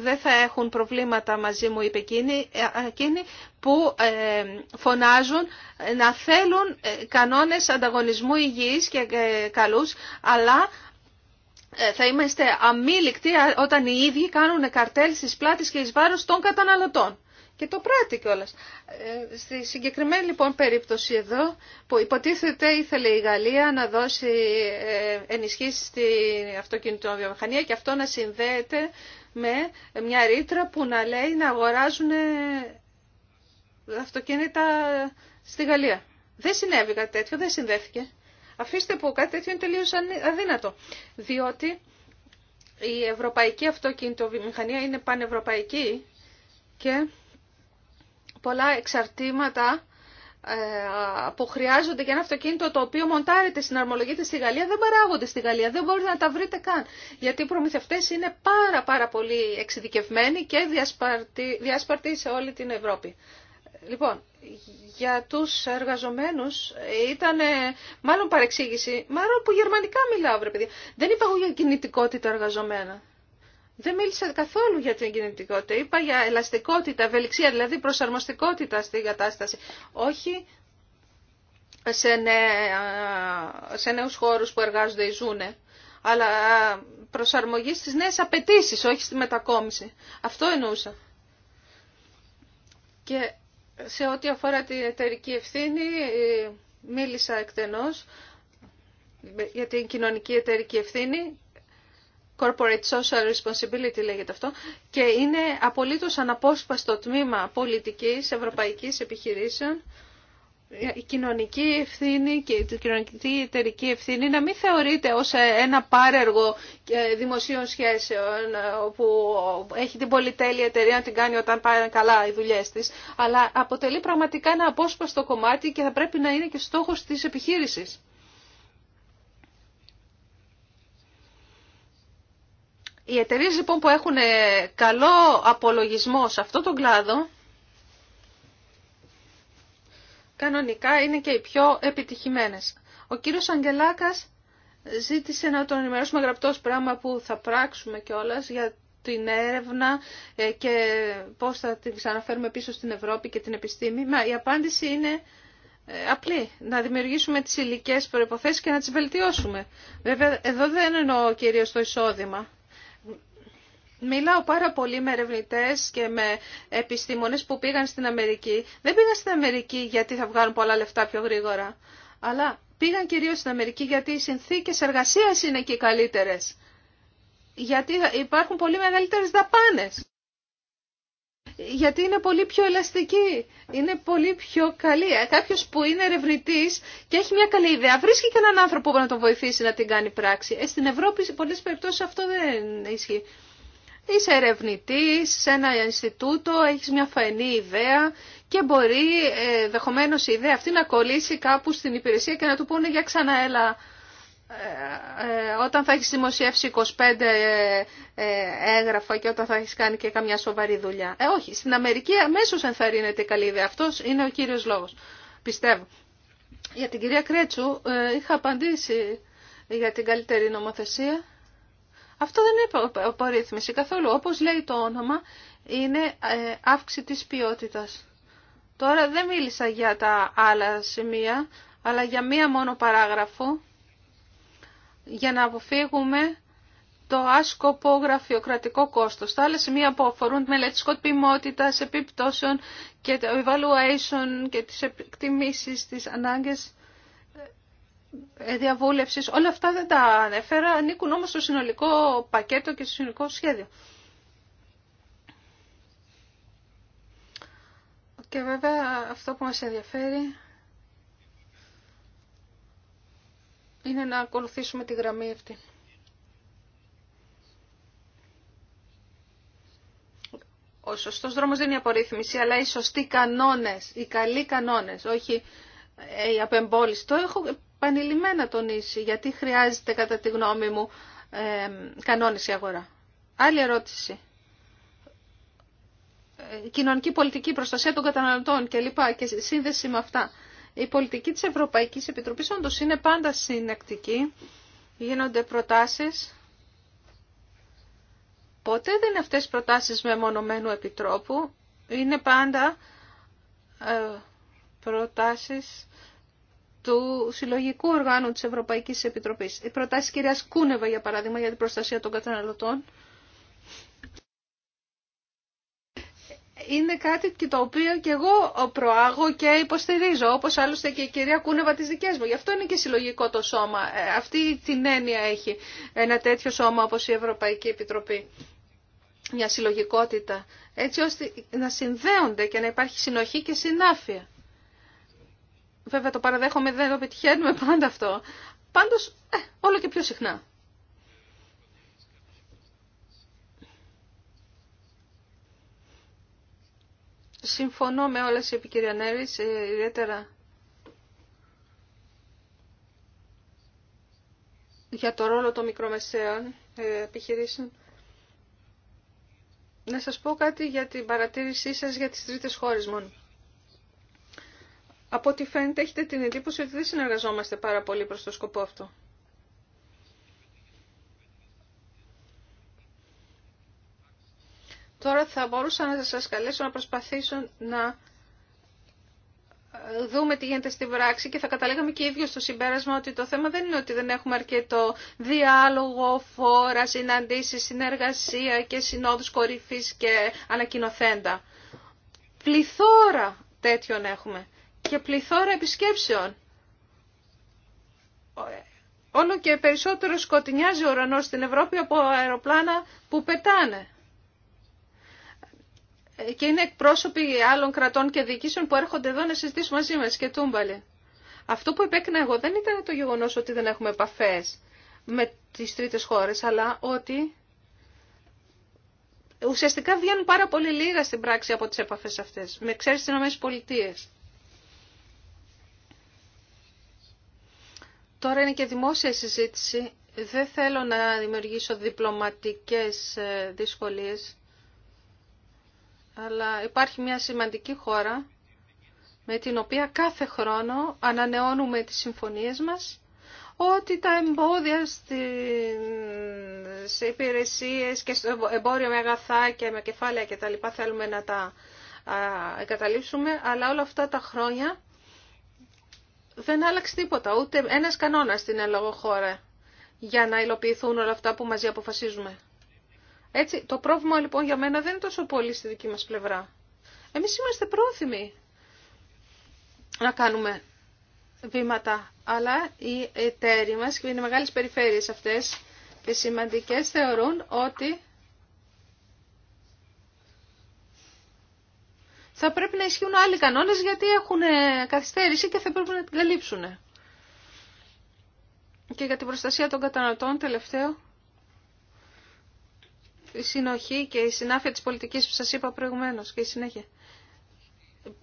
δεν θα έχουν προβλήματα μαζί μου, είπε εκείνη ε, που ε, φωνάζουν ε, να θέλουν κανόνες ανταγωνισμού υγιής και καλούς, αλλά θα είμαστε αμήλικτοι όταν οι ίδιοι κάνουν καρτέλ στις πλάτες και εις βάρος των καταναλωτών. Και το πράττει κιόλα. Στη συγκεκριμένη λοιπόν περίπτωση εδώ που υποτίθεται ήθελε η Γαλλία να δώσει ενισχύσει στην αυτοκινητοβιομηχανία και αυτό να συνδέεται με μια ρήτρα που να λέει να αγοράζουν ε, αυτοκίνητα στη Γαλλία. Δεν συνέβη κάτι τέτοιο, δεν συνδέθηκε. Αφήστε που κάτι τέτοιο είναι τελείως αδύνατο. Διότι η ευρωπαϊκή αυτοκινητοβιομηχανία είναι πανευρωπαϊκή και πολλά εξαρτήματα ε, που χρειάζονται για ένα αυτοκίνητο το οποίο μοντάρεται, συναρμολογείται στη Γαλλία, δεν παράγονται στη Γαλλία, δεν μπορείτε να τα βρείτε καν. Γιατί οι προμηθευτές είναι πάρα πάρα πολύ εξειδικευμένοι και διασπαρτοί σε όλη την Ευρώπη. Λοιπόν, για τους εργαζομένους ήταν ε, μάλλον παρεξήγηση, μάλλον που γερμανικά μιλάω, βρε παιδιά. Δεν υπάρχουν για κινητικότητα εργαζομένα. Δεν μίλησα καθόλου για την κινητικότητα. Είπα για ελαστικότητα, ευελιξία, δηλαδή προσαρμοστικότητα στην κατάσταση. Όχι σε, νέ, σε νέους χώρους που εργάζονται ή ζούνε, αλλά προσαρμογή στις νέες απαιτήσεις, όχι στη μετακόμιση. Αυτό εννοούσα. Και σε ό,τι αφορά την εταιρική ευθύνη, ε, μίλησα εκτενώς για την κοινωνική εταιρική ευθύνη Corporate Social Responsibility λέγεται αυτό, και είναι απολύτως αναπόσπαστο τμήμα πολιτικής ευρωπαϊκής επιχειρήσεων η κοινωνική ευθύνη και η κοινωνική εταιρική ευθύνη να μην θεωρείται ως ένα πάρεργο ε, δημοσίων σχέσεων ε, όπου έχει την πολυτέλεια εταιρεία να την κάνει όταν πάνε καλά οι δουλειές της, αλλά αποτελεί πραγματικά ένα απόσπαστο κομμάτι και θα πρέπει να είναι και στόχος της επιχείρησης. Οι εταιρείε λοιπόν που έχουν ε, καλό απολογισμό σε αυτό τον κλάδο, κανονικά είναι και οι πιο επιτυχημένες. Ο κύριος Αγγελάκας ζήτησε να τον ενημερώσουμε γραπτός πράγμα που θα πράξουμε κιόλα για την έρευνα ε, και πώς θα την ξαναφέρουμε πίσω στην Ευρώπη και την επιστήμη. Μα η απάντηση είναι ε, απλή. Να δημιουργήσουμε τις υλικές προϋποθέσεις και να τις βελτιώσουμε. Βέβαια, εδώ δεν εννοώ κυρίως το εισόδημα. Μιλάω πάρα πολύ με ερευνητέ και με επιστημονε που πήγαν στην Αμερική. Δεν πήγαν στην Αμερική γιατί θα βγάλουν πολλά λεφτά πιο γρήγορα, αλλά πήγαν κυρίω στην Αμερική γιατί οι συνθήκε εργασία είναι εκεί καλύτερε. καλύτερες. Γιατί υπάρχουν πολύ μεγαλύτερε δαπάνε. Γιατί είναι πολύ πιο ελαστική, είναι πολύ πιο καλή. Ε, Κάποιο που είναι ερευνητή και έχει μια καλή ιδέα, βρίσκει και έναν άνθρωπο που να τον βοηθήσει να την κάνει πράξη. Ε, στην Ευρώπη σε πολλέ περιπτώσει αυτό δεν ισχύει. Είσαι ερευνητής σε ένα Ινστιτούτο, έχεις μια φανή ιδέα και μπορεί ε, δεχομένω η ιδέα αυτή να κολλήσει κάπου στην υπηρεσία και να του πούνε για ξανά έλα ε, ε, όταν θα έχεις δημοσιεύσει 25 έγγραφα και όταν θα έχεις κάνει και καμιά σοβαρή δουλειά. Ε, όχι, στην Αμερική αμέσως ενθαρρύνεται η καλή ιδέα. Αυτός είναι ο κύριος λόγος, πιστεύω. Για την κυρία Κρέτσου είχα απαντήσει για την καλύτερη νομοθεσία. Αυτό δεν είναι απορρίθμιση καθόλου. Όπως λέει το όνομα, είναι ε, αύξηση της ποιότητας. Τώρα δεν μίλησα για τα άλλα σημεία, αλλά για μία μόνο παράγραφο, για να αποφύγουμε το άσκοπο γραφειοκρατικό κόστος. Τα άλλα σημεία που αφορούν τη μελέτη σκοτπιμότητα, επιπτώσεων και το evaluation και τις εκτιμήσεις, τις ανάγκες, διαβούλευσης. Όλα αυτά δεν τα ανέφερα, ανήκουν όμως στο συνολικό πακέτο και στο συνολικό σχέδιο. Και βέβαια αυτό που μας ενδιαφέρει είναι να ακολουθήσουμε τη γραμμή αυτή. Ο σωστός δρόμος δεν είναι η απορρίθμιση, αλλά οι σωστοί κανόνες, οι καλοί κανόνες, όχι ε, η απεμπόληση. Το έχω επανειλημμένα τονίσει γιατί χρειάζεται κατά τη γνώμη μου ε, κανόνιση αγορά. Άλλη ερώτηση. Ε, κοινωνική πολιτική, προστασία των καταναλωτών κλπ. και σύνδεση με αυτά. Η πολιτική της Ευρωπαϊκής Επιτροπής όντως είναι πάντα συνεκτική. Γίνονται προτάσεις. Ποτέ δεν είναι αυτές προτάσεις με μονομένου επιτρόπου. Είναι πάντα ε, προτάσεις του συλλογικού οργάνου της Ευρωπαϊκής Επιτροπής. Οι προτάσεις κυρίας Κούνεβα, για παράδειγμα, για την προστασία των καταναλωτών, είναι κάτι και το οποίο και εγώ προάγω και υποστηρίζω, όπως άλλωστε και η κυρία Κούνεβα της δικές μου. Γι' αυτό είναι και συλλογικό το σώμα. Ε, αυτή την έννοια έχει ένα τέτοιο σώμα όπως η Ευρωπαϊκή Επιτροπή. Μια συλλογικότητα. Έτσι ώστε να συνδέονται και να υπάρχει συνοχή και συνάφεια. Βέβαια το παραδέχομαι, δεν το πετυχαίνουμε πάντα αυτό. Πάντως, ε, όλο και πιο συχνά. Συμφωνώ με όλες οι επικυριανέρεις, ε, ιδιαίτερα για το ρόλο των μικρομεσαίων ε, επιχειρήσεων. Να σας πω κάτι για την παρατήρησή σας για τις τρίτες χώρες μόνο από ό,τι φαίνεται έχετε την εντύπωση ότι δεν συνεργαζόμαστε πάρα πολύ προς το σκοπό αυτό. Τώρα θα μπορούσα να σας καλέσω να προσπαθήσω να ε, δούμε τι γίνεται στην πράξη και θα καταλήγαμε και ίδιο στο συμπέρασμα ότι το θέμα δεν είναι ότι δεν έχουμε αρκετό διάλογο, φόρα, συναντήσεις, συνεργασία και συνόδους κορυφής και ανακοινοθέντα. Πληθώρα τέτοιων έχουμε και πληθώρα επισκέψεων. Όλο και περισσότερο σκοτεινιάζει ο ουρανός στην Ευρώπη από αεροπλάνα που πετάνε. Ε, και είναι εκπρόσωποι άλλων κρατών και διοικήσεων που έρχονται εδώ να συζητήσουν μαζί μας και τούμπαλε. Αυτό που επέκνα εγώ δεν ήταν το γεγονός ότι δεν έχουμε επαφές με τις τρίτες χώρες, αλλά ότι ουσιαστικά βγαίνουν πάρα πολύ λίγα στην πράξη από τις επαφές αυτές. Με ξέρεις τις ΗΠΑ. Τώρα είναι και δημόσια συζήτηση. Δεν θέλω να δημιουργήσω διπλωματικές ε, δυσκολίες, αλλά υπάρχει μια σημαντική χώρα με την οποία κάθε χρόνο ανανεώνουμε τις συμφωνίες μας, ότι τα εμπόδια σε υπηρεσίες και στο εμπόριο με αγαθά και με κεφάλαια και τα λοιπά θέλουμε να τα εγκαταλείψουμε, αλλά όλα αυτά τα χρόνια δεν άλλαξε τίποτα, ούτε ένας κανόνας στην έλογο χώρα για να υλοποιηθούν όλα αυτά που μαζί αποφασίζουμε. Έτσι, το πρόβλημα λοιπόν για μένα δεν είναι τόσο πολύ στη δική μας πλευρά. Εμείς είμαστε πρόθυμοι να κάνουμε βήματα, αλλά οι εταίροι μας και οι μεγάλες περιφέρειες αυτές και σημαντικές θεωρούν ότι θα πρέπει να ισχύουν άλλοι κανόνες γιατί έχουν ε, καθυστέρηση και θα πρέπει να την καλύψουν. Και για την προστασία των καταναλωτών τελευταίο, η συνοχή και η συνάφεια της πολιτικής που σας είπα προηγουμένως και η συνέχεια.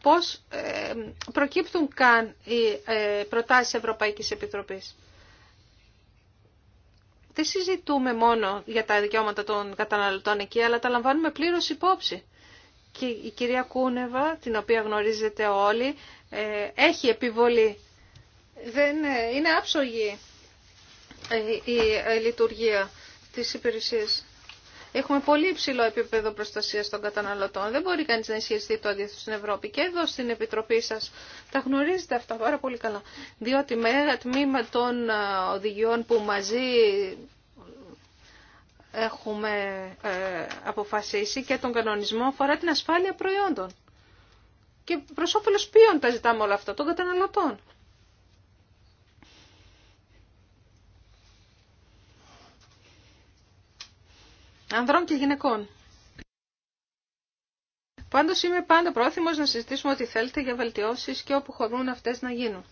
Πώς ε, προκύπτουν καν οι ε, προτάσεις Ευρωπαϊκής Επιτροπής. Δεν συζητούμε μόνο για τα δικαιώματα των καταναλωτών εκεί, αλλά τα λαμβάνουμε πλήρως υπόψη και η κυρία Κούνεβα, την οποία γνωρίζετε όλοι, ε, έχει επιβολή. Δεν, ε, είναι άψογη ε, η λειτουργία της υπηρεσίας. Έχουμε πολύ υψηλό επίπεδο προστασίας των καταναλωτών. Δεν μπορεί κανείς να ισχυριστεί το αντίθετο στην Ευρώπη. Και εδώ στην Επιτροπή σας. τα γνωρίζετε αυτά πάρα πολύ καλά. Διότι με τμήμα των οδηγιών που μαζί έχουμε ε, αποφασίσει και τον κανονισμό αφορά την ασφάλεια προϊόντων. Και προς όφελος ποιον τα ζητάμε όλα αυτά, των καταναλωτών. Ανδρών και γυναικών. Πάντως είμαι πάντα πρόθυμος να συζητήσουμε ό,τι θέλετε για βελτιώσεις και όπου χωρούν αυτές να γίνουν.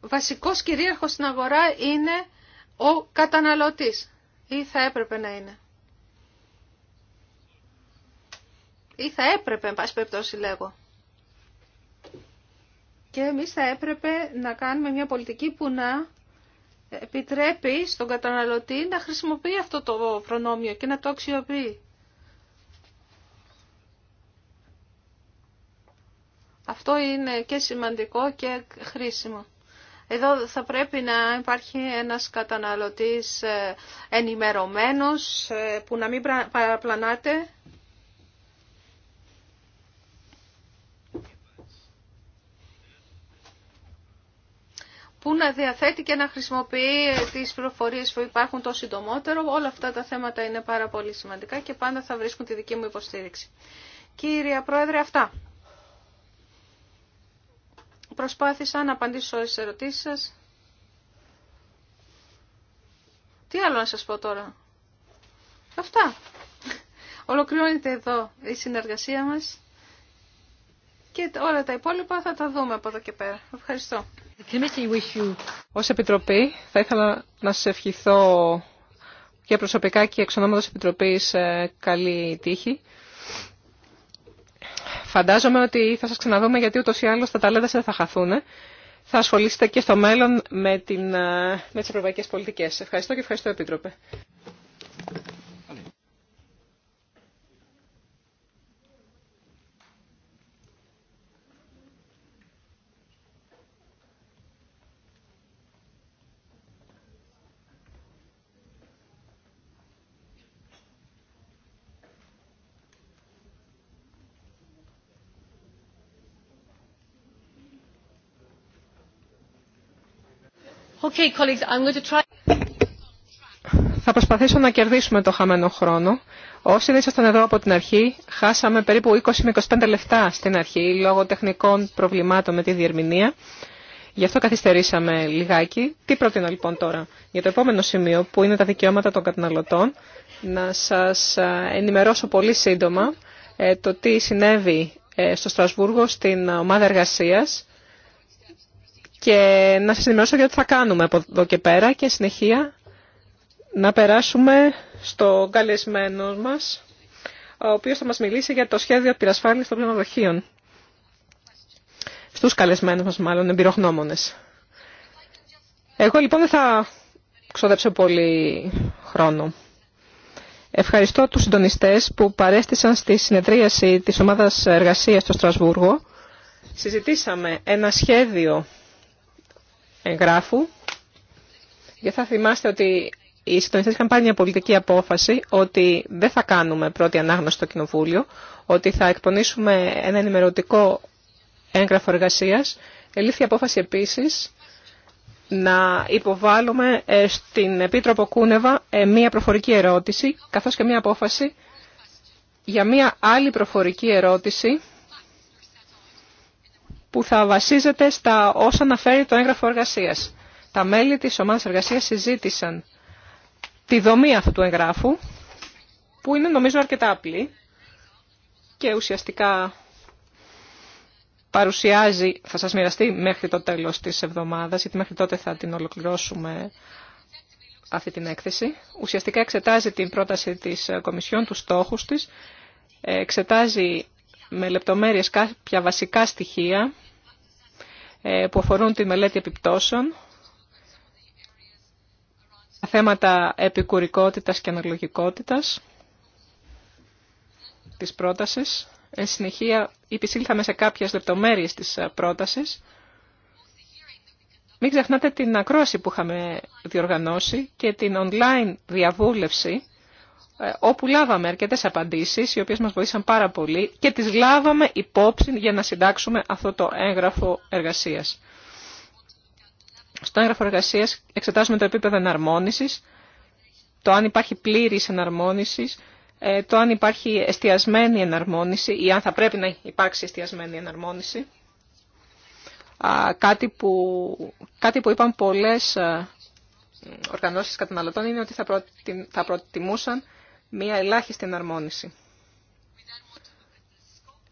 Βασικός κυρίαρχος στην αγορά είναι ο καταναλωτής ή θα έπρεπε να είναι. Ή θα έπρεπε, εν πάση λέγω. Και εμείς θα έπρεπε να κάνουμε μια πολιτική που να επιτρέπει στον καταναλωτή να χρησιμοποιεί αυτό το προνόμιο και να το αξιοποιεί. Αυτό είναι και σημαντικό και χρήσιμο. Εδώ θα πρέπει να υπάρχει ένας καταναλωτής ε, ενημερωμένος ε, που να μην παραπλανάται. που να διαθέτει και να χρησιμοποιεί ε, τις πληροφορίες που υπάρχουν το συντομότερο. Όλα αυτά τα θέματα είναι πάρα πολύ σημαντικά και πάντα θα βρίσκουν τη δική μου υποστήριξη. Κύριε Πρόεδρε, αυτά. Προσπάθησα να απαντήσω όλες τις ερωτήσεις σας. Τι άλλο να σας πω τώρα. Αυτά. Ολοκληρώνεται εδώ η συνεργασία μας και όλα τα υπόλοιπα θα τα δούμε από εδώ και πέρα. Ευχαριστώ. Ως Επιτροπή θα ήθελα να σας ευχηθώ και προσωπικά και εξ ονόματος Επιτροπής ε, καλή τύχη. Φαντάζομαι ότι θα σας ξαναδούμε γιατί ούτως ή άλλως τα ταλέντα δεν θα χαθούν. Θα ασχολήσετε και στο μέλλον με, την, ε, με τις ευρωπαϊκές πολιτικές. Ευχαριστώ και ευχαριστώ Επίτροπε. Θα προσπαθήσω να κερδίσουμε το χαμένο χρόνο. Όσοι δεν ήσασταν εδώ από την αρχή, χάσαμε περίπου 20 με 25 λεπτά στην αρχή λόγω τεχνικών προβλημάτων με τη διερμηνία. Γι' αυτό καθυστερήσαμε λιγάκι. Τι προτείνω λοιπόν τώρα για το επόμενο σημείο που είναι τα δικαιώματα των καταναλωτών. Να σας ε, ενημερώσω πολύ σύντομα ε, το τι συνέβη ε, στο Στρασβούργο στην ομάδα εργασίας και να σας ενημερώσω για ό,τι θα κάνουμε από εδώ και πέρα και συνεχεία να περάσουμε στο καλεσμένο μας, ο οποίος θα μας μιλήσει για το σχέδιο πυρασφάλισης των πνευμαδοχείων. Στους καλεσμένους μας μάλλον, εμπειρογνώμονες. Εγώ λοιπόν δεν θα ξοδέψω πολύ χρόνο. Ευχαριστώ τους συντονιστές που παρέστησαν στη συνεδρίαση της ομάδας εργασίας στο Στρασβούργο. Συζητήσαμε ένα σχέδιο εγγράφου. Γιατί θα θυμάστε ότι οι συντονιστές είχαν πάρει μια πολιτική απόφαση ότι δεν θα κάνουμε πρώτη ανάγνωση στο Κοινοβούλιο, ότι θα εκπονήσουμε ένα ενημερωτικό έγγραφο εργασίας. Ελήφθη απόφαση επίσης να υποβάλουμε ε, στην Επίτροπο Κούνεβα ε, μία προφορική ερώτηση, καθώς και μία απόφαση για μία άλλη προφορική ερώτηση που θα βασίζεται στα όσα αναφέρει το έγγραφο εργασίας. Τα μέλη της ομάδας εργασίας συζήτησαν τη δομή αυτού του εγγράφου, που είναι νομίζω αρκετά απλή και ουσιαστικά παρουσιάζει, θα σας μοιραστεί μέχρι το τέλος της εβδομάδας, γιατί μέχρι τότε θα την ολοκληρώσουμε αυτή την έκθεση. Ουσιαστικά εξετάζει την πρόταση της Κομισιόν, τους στόχους της, εξετάζει με λεπτομέρειες κάποια βασικά στοιχεία ε, που αφορούν τη μελέτη επιπτώσεων, θέματα επικουρικότητας και αναλογικότητας της πρότασης. Εν συνεχεία, υπησύλθαμε σε κάποιες λεπτομέρειες της ε, πρότασης. Μην ξεχνάτε την ακρόαση που είχαμε διοργανώσει και την online διαβούλευση ε, όπου λάβαμε αρκετέ απαντήσεις, οι οποίες μας βοήθησαν πάρα πολύ και τις λάβαμε υπόψη για να συντάξουμε αυτό το έγγραφο εργασίας. Στο έγγραφο εργασίας εξετάζουμε το επίπεδο εναρμόνισης, το αν υπάρχει πλήρης εναρμόνισης, ε, το αν υπάρχει εστιασμένη εναρμόνιση ή αν θα πρέπει να υπάρξει εστιασμένη εναρμόνιση. Κάτι που, κάτι που είπαν πολλές ε, οργανώσεις καταναλωτών είναι ότι θα, προτιμούσαν μία ελάχιστη εναρμόνιση.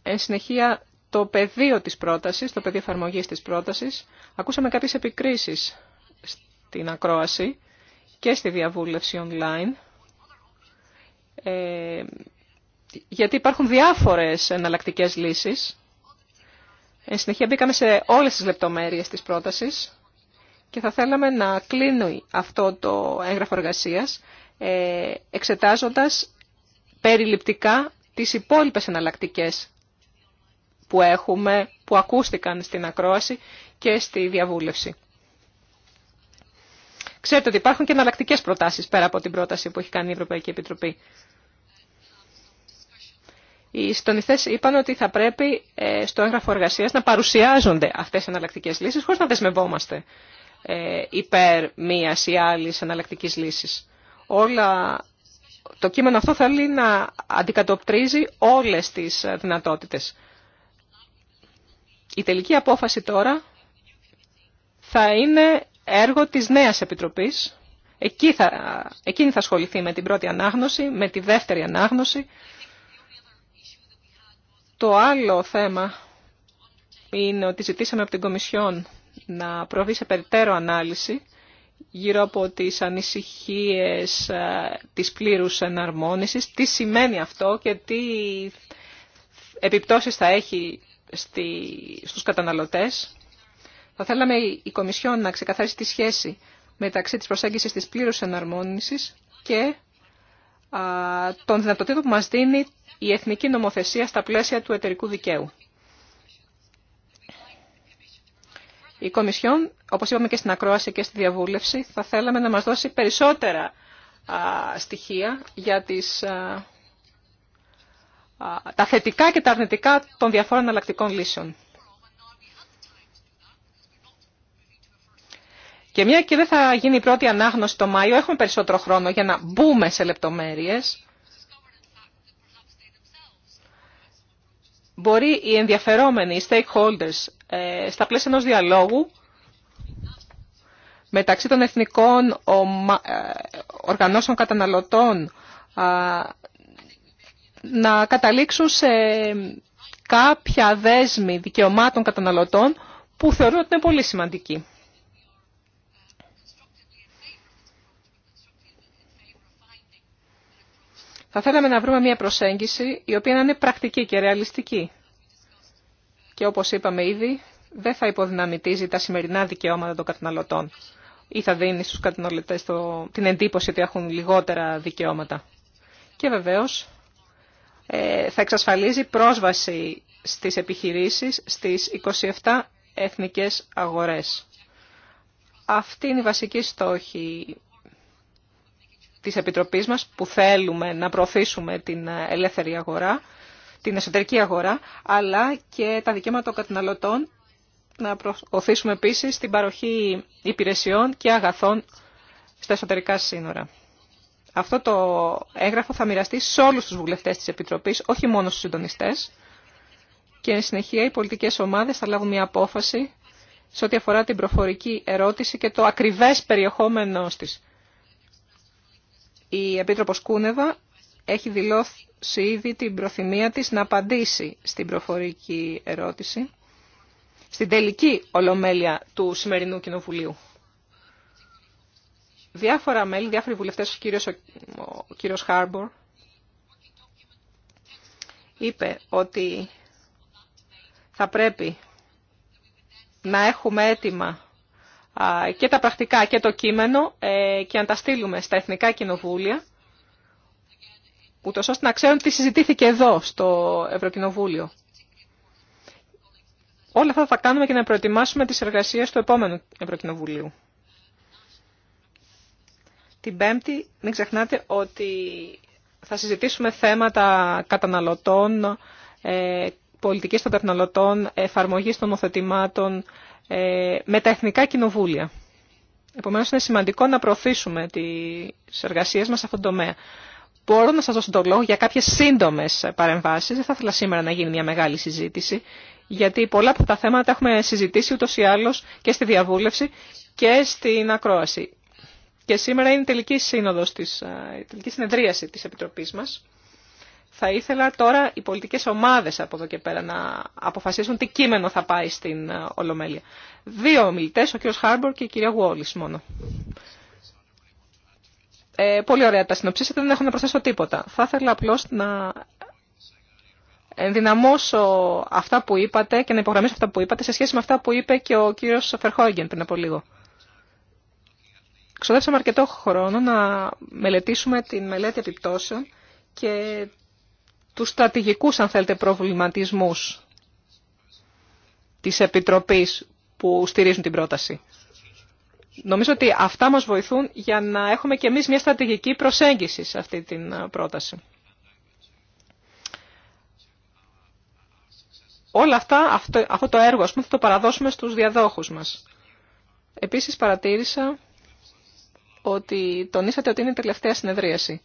Εν συνεχεία, το πεδίο της πρότασης, το πεδίο εφαρμογής της πρότασης, ακούσαμε κάποιες επικρίσεις στην ακρόαση και στη διαβούλευση online, ε, γιατί υπάρχουν διάφορες εναλλακτικέ λύσεις. Εν συνεχεία μπήκαμε σε όλες τις λεπτομέρειες της πρότασης και θα θέλαμε να κλείνει αυτό το έγγραφο εργασίας ε, εξετάζοντας περιληπτικά τις υπόλοιπες εναλλακτικέ που έχουμε, που ακούστηκαν στην ακρόαση και στη διαβούλευση. Ξέρετε ότι υπάρχουν και εναλλακτικέ προτάσεις πέρα από την πρόταση που έχει κάνει η Ευρωπαϊκή Επιτροπή. Οι συντονιστέ είπαν ότι θα πρέπει ε, στο έγγραφο εργασία να παρουσιάζονται αυτές οι εναλλακτικέ λύσει χωρί να δεσμευόμαστε ε, υπέρ μία ή άλλη εναλλακτική λύσης όλα, το κείμενο αυτό θέλει να αντικατοπτρίζει όλες τις δυνατότητες. Η τελική απόφαση τώρα θα είναι έργο της νέας Επιτροπής. Εκεί θα, εκείνη θα ασχοληθεί με την πρώτη ανάγνωση, με τη δεύτερη ανάγνωση. Το άλλο θέμα είναι ότι ζητήσαμε από την Κομισιόν να προβεί σε περιττέρω ανάλυση γύρω από τις ανησυχίες ε, της πλήρους εναρμόνισης, τι σημαίνει αυτό και τι επιπτώσεις θα έχει στη, στους καταναλωτές. Θα θέλαμε η Κομισιόν να ξεκαθαρίσει τη σχέση μεταξύ της προσέγγισης της πλήρους εναρμόνισης και των δυνατοτήτων που μας δίνει η εθνική νομοθεσία στα πλαίσια του εταιρικού δικαίου. Η Κομισιόν, όπως είπαμε και στην ακρόαση και στη διαβούλευση, θα θέλαμε να μας δώσει περισσότερα στοιχεία για τις, τα θετικά και τα αρνητικά των διαφόρων αλλακτικών λύσεων. Και μια και δεν θα γίνει η πρώτη ανάγνωση το Μάιο, έχουμε περισσότερο χρόνο για να μπούμε σε λεπτομέρειες. Μπορεί οι ενδιαφερόμενοι, οι stakeholders, ε, στα πλαίσια ενός διαλόγου μεταξύ των εθνικών ε, οργανώσεων καταναλωτών να καταλήξουν σε κάποια δέσμη δικαιωμάτων καταναλωτών που θεωρώ ότι είναι πολύ σημαντική. Θα θέλαμε να βρούμε μια προσέγγιση η οποία να είναι πρακτική και ρεαλιστική και όπως είπαμε ήδη δεν θα υποδυναμητίζει τα σημερινά δικαιώματα των καταναλωτών ή θα δίνει στους καταναλωτές το, την εντύπωση ότι έχουν λιγότερα δικαιώματα. Και βεβαίως ε, θα εξασφαλίζει πρόσβαση στις επιχειρήσεις στις 27 εθνικές αγορές. Αυτή είναι η βασική στόχη της Επιτροπής μας που θέλουμε να προωθήσουμε την ελεύθερη αγορά την εσωτερική αγορά, αλλά και τα δικαιώματα των καταναλωτών, να προωθήσουμε επίσης την παροχή υπηρεσιών και αγαθών στα εσωτερικά σύνορα. Αυτό το έγγραφο θα μοιραστεί σε όλους τους βουλευτές της Επιτροπής, όχι μόνο στους συντονιστές. Και εν συνεχεία οι πολιτικές ομάδες θα λάβουν μια απόφαση σε ό,τι αφορά την προφορική ερώτηση και το ακριβές περιεχόμενό της. Η Επίτροπος Κούνεβα έχει δηλώσει ήδη την προθυμία της να απαντήσει στην προφορική ερώτηση στην τελική ολομέλεια του σημερινού Κοινοβουλίου. Διάφορα μέλη, διάφοροι βουλευτές, ο κύριος, ο Χάρμπορ, είπε ότι θα πρέπει να έχουμε έτοιμα και τα πρακτικά και το κείμενο ε, και να τα στείλουμε στα Εθνικά Κοινοβούλια ούτως ώστε να ξέρουν τι συζητήθηκε εδώ στο Ευρωκοινοβούλιο. Όλα αυτά θα κάνουμε και να προετοιμάσουμε τις εργασίες του επόμενου Ευρωκοινοβουλίου. Την Πέμπτη, μην ξεχνάτε ότι θα συζητήσουμε θέματα καταναλωτών, ε, πολιτικής των καταναλωτών, εφαρμογής των νομοθετημάτων ε, με τα εθνικά κοινοβούλια. Επομένως, είναι σημαντικό να προωθήσουμε τις εργασίες μας σε αυτόν τον τομέα μπορώ να σας δώσω τον λόγο για κάποιες σύντομες παρεμβάσεις. Δεν θα ήθελα σήμερα να γίνει μια μεγάλη συζήτηση, γιατί πολλά από τα θέματα έχουμε συζητήσει ούτως ή άλλως και στη διαβούλευση και στην ακρόαση. Και σήμερα είναι η τελική σύνοδος, της, ε, η τελική συνεδρίαση της Επιτροπής μας. Θα ήθελα τώρα οι πολιτικές ομάδες από εδώ και πέρα να αποφασίσουν τι κείμενο θα πάει στην ε, Ολομέλεια. Δύο ομιλητές, ο κ. Χάρμπορ και η κυρία Γουόλης μόνο. Ε, πολύ ωραία τα συνοψίσατε, δεν έχω να προσθέσω τίποτα. Θα ήθελα απλώς να ενδυναμώσω αυτά που είπατε και να υπογραμμίσω αυτά που είπατε σε σχέση με αυτά που είπε και ο κύριος Φερχόγγεν πριν από λίγο. Ξοδέψαμε αρκετό χρόνο να μελετήσουμε την μελέτη επιπτώσεων και τους στρατηγικού, αν θέλετε, προβληματισμούς τη επιτροπή που στηρίζουν την πρόταση. Νομίζω ότι αυτά μας βοηθούν για να έχουμε και εμείς μια στρατηγική προσέγγιση σε αυτή την ε, πρόταση. Όλα αυτά, αυτό, το έργο, ας πούμε, θα το παραδώσουμε στους διαδόχους μας. Επίσης παρατήρησα ότι τονίσατε ότι είναι η τελευταία συνεδρίαση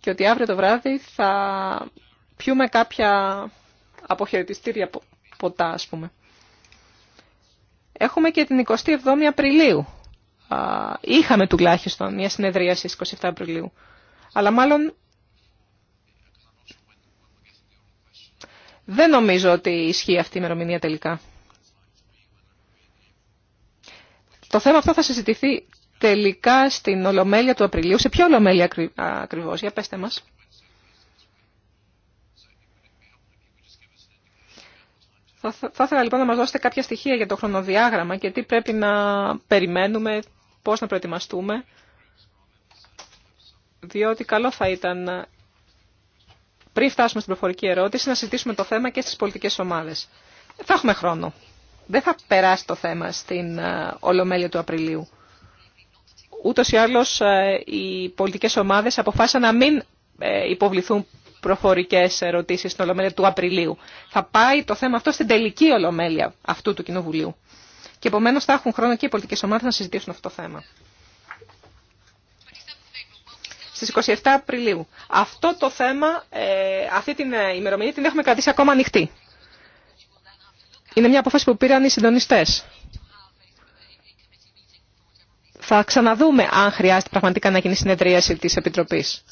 και ότι αύριο το βράδυ θα πιούμε κάποια αποχαιρετιστήρια ποτά, ας πούμε. Έχουμε και την 27η Απριλίου είχαμε τουλάχιστον μια συνεδρία στις 27 Απριλίου. Αλλά μάλλον δεν νομίζω ότι ισχύει αυτή η ημερομηνία τελικά. Το θέμα αυτό θα συζητηθεί τελικά στην Ολομέλεια του Απριλίου. Σε ποια Ολομέλεια ακριβώς, για πέστε μας. Θα, θα ήθελα λοιπόν να μας δώσετε κάποια στοιχεία για το χρονοδιάγραμμα και τι πρέπει να περιμένουμε, πώς να προετοιμαστούμε, διότι καλό θα ήταν πριν φτάσουμε στην προφορική ερώτηση να συζητήσουμε το θέμα και στις πολιτικές ομάδες. Θα έχουμε χρόνο. Δεν θα περάσει το θέμα στην ε, Ολομέλεια του Απριλίου. Ούτως ή άλλως ε, οι πολιτικές ομάδες αποφάσισαν να μην ε, υποβληθούν προφορικές ερωτήσεις στην Ολομέλεια του Απριλίου. Θα πάει το θέμα αυτό στην τελική Ολομέλεια αυτού του Κοινοβουλίου και επομένω, θα έχουν χρόνο και οι πολιτικέ ομάδε να συζητήσουν αυτό το θέμα. Στις 27 Απριλίου. Αυτό το θέμα, ε, αυτή την ε, ημερομηνία την έχουμε κρατήσει ακόμα ανοιχτή. Είναι μια απόφαση που πήραν οι συντονιστέ. Θα ξαναδούμε αν χρειάζεται πραγματικά να γίνει συνεδρίαση της Επιτροπής.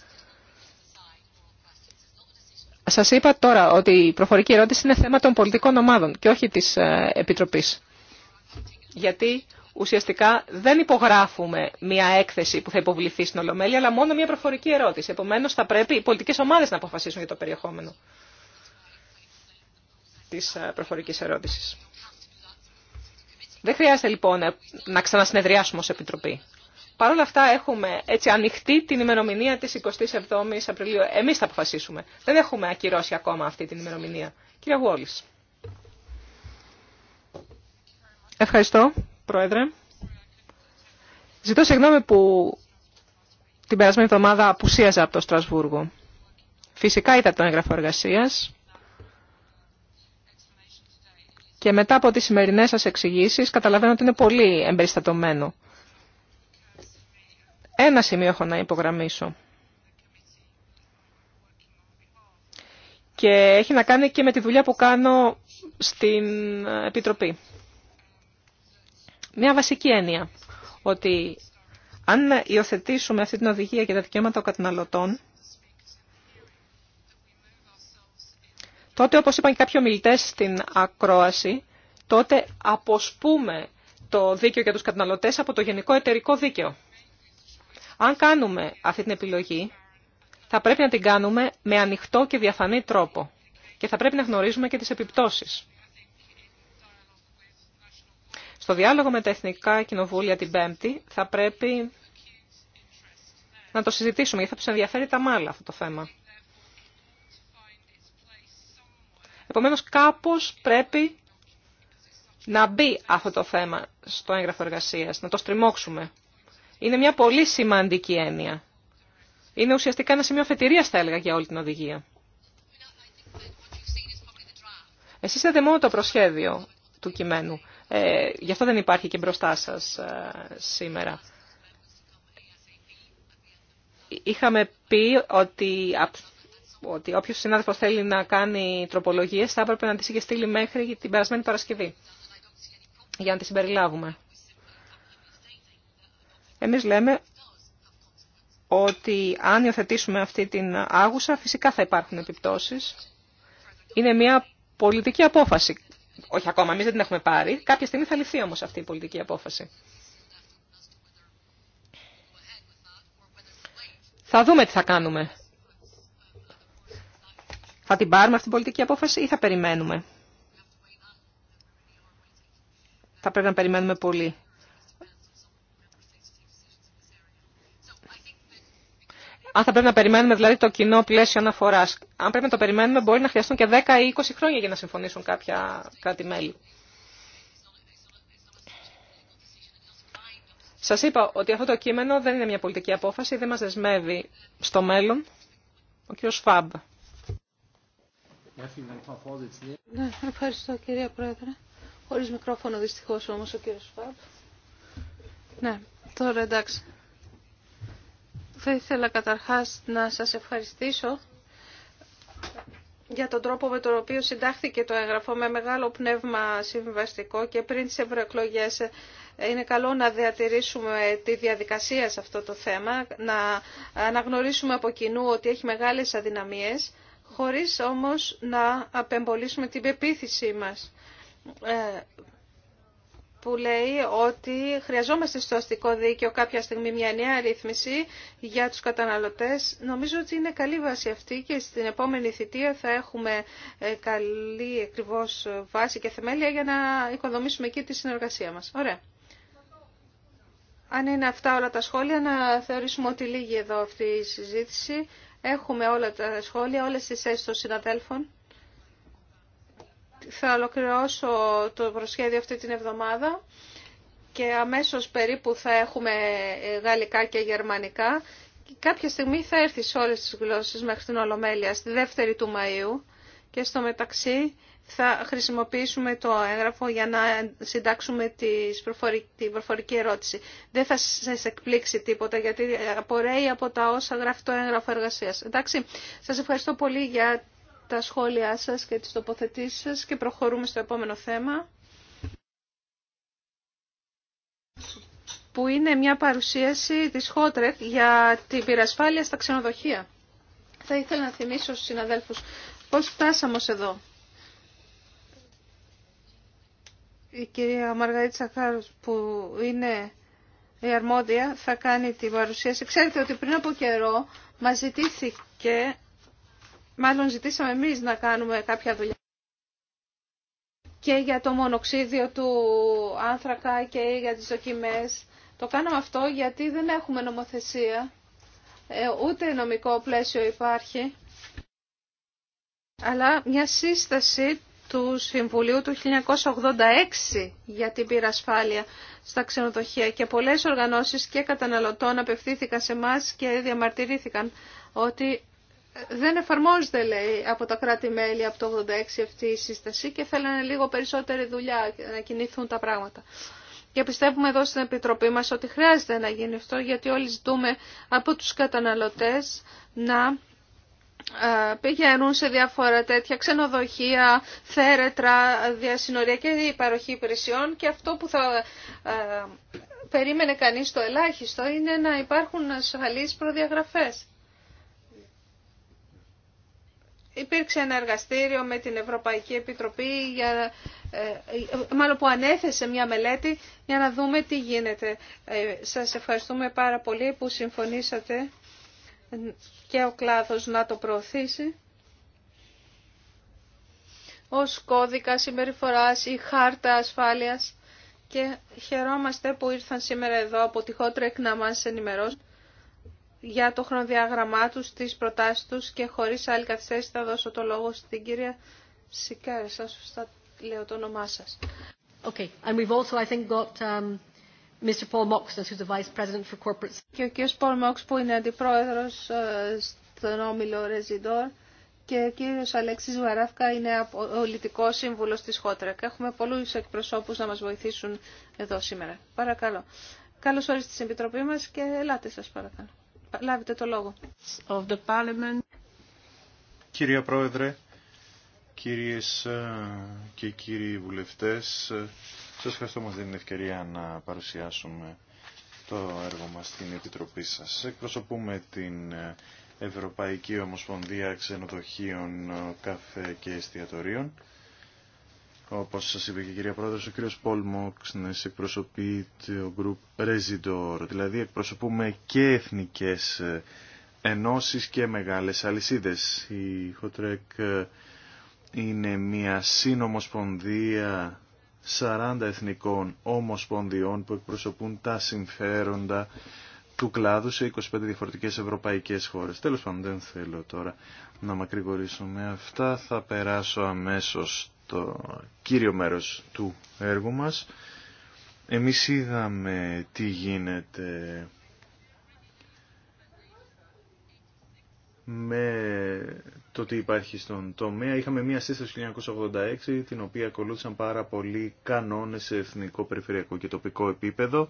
Σας είπα τώρα ότι η προφορική ερώτηση είναι θέμα των πολιτικών ομάδων και όχι της ε, Επιτροπής γιατί ουσιαστικά δεν υπογράφουμε μια έκθεση που θα υποβληθεί στην Ολομέλεια, αλλά μόνο μια προφορική ερώτηση. Επομένως, θα πρέπει οι πολιτικές ομάδες να αποφασίσουν για το περιεχόμενο της ε, προφορικής ερώτησης. Δεν χρειάζεται λοιπόν ε, να ξανασυνεδριάσουμε ως Επιτροπή. Παρ' όλα αυτά έχουμε έτσι ανοιχτή την ημερομηνία της 27ης Απριλίου. Εμείς θα αποφασίσουμε. Δεν έχουμε ακυρώσει ακόμα αυτή την ημερομηνία. Κύριε Γουόλης. Ευχαριστώ, Πρόεδρε. Ζητώ συγγνώμη που την περασμένη εβδομάδα απουσίαζα από το Στρασβούργο. Φυσικά ήταν το έγγραφο εργασία και μετά από τις σημερινές σας εξηγήσεις καταλαβαίνω ότι είναι πολύ εμπεριστατωμένο. Ένα σημείο έχω να υπογραμμίσω. Και έχει να κάνει και με τη δουλειά που κάνω στην Επιτροπή μια βασική έννοια, ότι αν υιοθετήσουμε αυτή την οδηγία για τα δικαιώματα των καταναλωτών, τότε, όπως είπαν και κάποιοι ομιλητές στην ακρόαση, τότε αποσπούμε το δίκαιο για τους καταναλωτές από το γενικό εταιρικό δίκαιο. Αν κάνουμε αυτή την επιλογή, θα πρέπει να την κάνουμε με ανοιχτό και διαφανή τρόπο και θα πρέπει να γνωρίζουμε και τις επιπτώσεις. Στο διάλογο με τα Εθνικά Κοινοβούλια την Πέμπτη θα πρέπει να το συζητήσουμε γιατί θα τους ενδιαφέρει τα μάλλα αυτό το θέμα. Επομένως κάπως πρέπει να μπει αυτό το θέμα στο έγγραφο εργασίας, να το στριμώξουμε. Είναι μια πολύ σημαντική έννοια. Είναι ουσιαστικά ένα σημείο αφετηρίας θα έλεγα για όλη την οδηγία. Εσείς είδατε μόνο το προσχέδιο του κειμένου. Ε, γι' αυτό δεν υπάρχει και μπροστά σας ε, σήμερα. Είχαμε πει ότι, ότι όποιος συνάδελφος θέλει να κάνει τροπολογίες θα έπρεπε να τις είχε στείλει μέχρι την περασμένη Παρασκευή για να τις συμπεριλάβουμε. Εμείς λέμε ότι αν υιοθετήσουμε αυτή την άγουσα φυσικά θα υπάρχουν επιπτώσεις. Είναι μια πολιτική απόφαση όχι ακόμα, εμεί δεν την έχουμε πάρει. Κάποια στιγμή θα λυθεί όμω αυτή η πολιτική απόφαση. Θα δούμε τι θα κάνουμε. Θα την πάρουμε αυτή την πολιτική απόφαση ή θα περιμένουμε. Θα πρέπει να περιμένουμε πολύ. αν θα πρέπει να περιμένουμε δηλαδή το κοινό πλαίσιο αναφορά. Αν πρέπει να το περιμένουμε, μπορεί να χρειαστούν και 10 ή 20 χρόνια για να συμφωνήσουν κάποια κράτη-μέλη. Σα είπα ότι αυτό το κείμενο δεν είναι μια πολιτική απόφαση, δεν μα δεσμεύει στο μέλλον. Ο κ. Φαμπ. Ναι, ευχαριστώ κυρία Πρόεδρε. Χωρίς μικρόφωνο δυστυχώς όμως ο κύριος Φαμπ. Ναι, τώρα εντάξει. Θα ήθελα καταρχάς να σας ευχαριστήσω για τον τρόπο με τον οποίο συντάχθηκε το έγγραφο με μεγάλο πνεύμα συμβιβαστικό και πριν τις ευρωεκλογέ είναι καλό να διατηρήσουμε τη διαδικασία σε αυτό το θέμα, να αναγνωρίσουμε από κοινού ότι έχει μεγάλες αδυναμίες, χωρίς όμως να απεμπολίσουμε την πεποίθησή μας ε, που λέει ότι χρειαζόμαστε στο αστικό δίκαιο κάποια στιγμή μια νέα ρύθμιση για τους καταναλωτές. Νομίζω ότι είναι καλή βάση αυτή και στην επόμενη θητεία θα έχουμε ε, καλή ακριβώ βάση και θεμέλια για να οικοδομήσουμε εκεί τη συνεργασία μας. Ωραία. Αν είναι αυτά όλα τα σχόλια, να θεωρήσουμε ότι λίγη εδώ αυτή η συζήτηση. Έχουμε όλα τα σχόλια, όλες τις θέσεις των συναδέλφων θα ολοκληρώσω το προσχέδιο αυτή την εβδομάδα και αμέσως περίπου θα έχουμε ε, γαλλικά και γερμανικά. Κάποια στιγμή θα έρθει σε όλες τις γλώσσες μέχρι την Ολομέλεια, στη δεύτερη του Μαΐου και στο μεταξύ θα χρησιμοποιήσουμε το έγγραφο για να συντάξουμε την προφορική ερώτηση. Δεν θα σας εκπλήξει τίποτα γιατί απορρέει από τα όσα γράφει το έγγραφο εργασίας. Εντάξει, σας ευχαριστώ πολύ για τα σχόλιά σας και τις τοποθετήσεις σας και προχωρούμε στο επόμενο θέμα που είναι μια παρουσίαση της Χότρεκ για την πυρασφάλεια στα ξενοδοχεία. Θα ήθελα να θυμίσω στους συναδέλφους πώς φτάσαμε ως εδώ. Η κυρία Μαργαρίτσα Χάρου που είναι η αρμόδια θα κάνει την παρουσίαση. Ξέρετε ότι πριν από καιρό μας ζητήθηκε μάλλον ζητήσαμε εμείς να κάνουμε κάποια δουλειά και για το μονοξίδιο του άνθρακα και για τις δοκιμές. Το κάναμε αυτό γιατί δεν έχουμε νομοθεσία, ε, ούτε νομικό πλαίσιο υπάρχει, αλλά μια σύσταση του Συμβουλίου του 1986 για την πυρασφάλεια στα ξενοδοχεία και πολλές οργανώσεις και καταναλωτών απευθύνθηκαν σε μας και διαμαρτυρήθηκαν ότι δεν εφαρμόζεται, λέει, από τα κράτη-μέλη από το 86 αυτή η σύσταση και θέλανε λίγο περισσότερη δουλειά να κινηθούν τα πράγματα. Και πιστεύουμε εδώ στην Επιτροπή μας ότι χρειάζεται να γίνει αυτό, γιατί όλοι ζητούμε από τους καταναλωτές να ε, πηγαίνουν σε διάφορα τέτοια ξενοδοχεία, θέρετρα, διασυνοριακή υπαροχή υπηρεσιών και αυτό που θα ε, περίμενε κανείς το ελάχιστο είναι να υπάρχουν ασφαλείς προδιαγραφές. Υπήρξε ένα εργαστήριο με την Ευρωπαϊκή Επιτροπή, για, ε, ε, μάλλον που ανέθεσε μια μελέτη για να δούμε τι γίνεται. Ε, σας ευχαριστούμε πάρα πολύ που συμφωνήσατε και ο κλάδος να το προωθήσει ως κώδικα συμπεριφοράς ή χάρτα ασφάλειας και χαιρόμαστε που ήρθαν σήμερα εδώ από τη Χότρεκ να μας ενημερώσουν για το χρονοδιάγραμμά του τι προτάσει του, και χωρί άλλη καθυστέρηση θα δώσω το λόγο στην κυρία Σικάρη. Σα σωστά λέω το όνομά σα. Okay. Corporate... Και ο κύριο Paul Μόξ που είναι αντιπρόεδρος ε, στον Όμιλο Ρεζιντόρ και ο κύριος Αλέξης Βαράφκα είναι πολιτικό σύμβουλος της Χότρακ. Έχουμε πολλούς εκπροσώπους να μας βοηθήσουν εδώ σήμερα. Παρακαλώ. Καλώς ορίστε στην Επιτροπή μας και ελάτε σας παρακαλώ λάβετε το λόγο. Of the Parliament. Κυρία Πρόεδρε, κυρίες ε, και κύριοι βουλευτές, ε, σας ευχαριστώ μας δίνει την ευκαιρία να παρουσιάσουμε το έργο μας στην Επιτροπή σας. Εκπροσωπούμε την ε, Ευρωπαϊκή Ομοσπονδία Ξενοδοχείων, Καφέ και Εστιατορίων όπως σας είπε και η κυρία Πρόεδρος, ο κύριος Πολ Μόξνες εκπροσωπεί το Group Residor, δηλαδή εκπροσωπούμε και εθνικές ε, ενώσεις και μεγάλες αλυσίδες. Η Χοτρέκ ε, είναι μια συνομοσπονδία 40 εθνικών ομοσπονδιών που εκπροσωπούν τα συμφέροντα του κλάδου σε 25 διαφορετικές ευρωπαϊκές χώρες. Τέλος πάντων δεν θέλω τώρα να μακρηγορήσω με αυτά, θα περάσω αμέσως το κύριο μέρος του έργου μας. Εμείς είδαμε τι γίνεται με το τι υπάρχει στον τομέα. Είχαμε μία σύσταση 1986, την οποία ακολούθησαν πάρα πολλοί κανόνες σε εθνικό, περιφερειακό και τοπικό επίπεδο.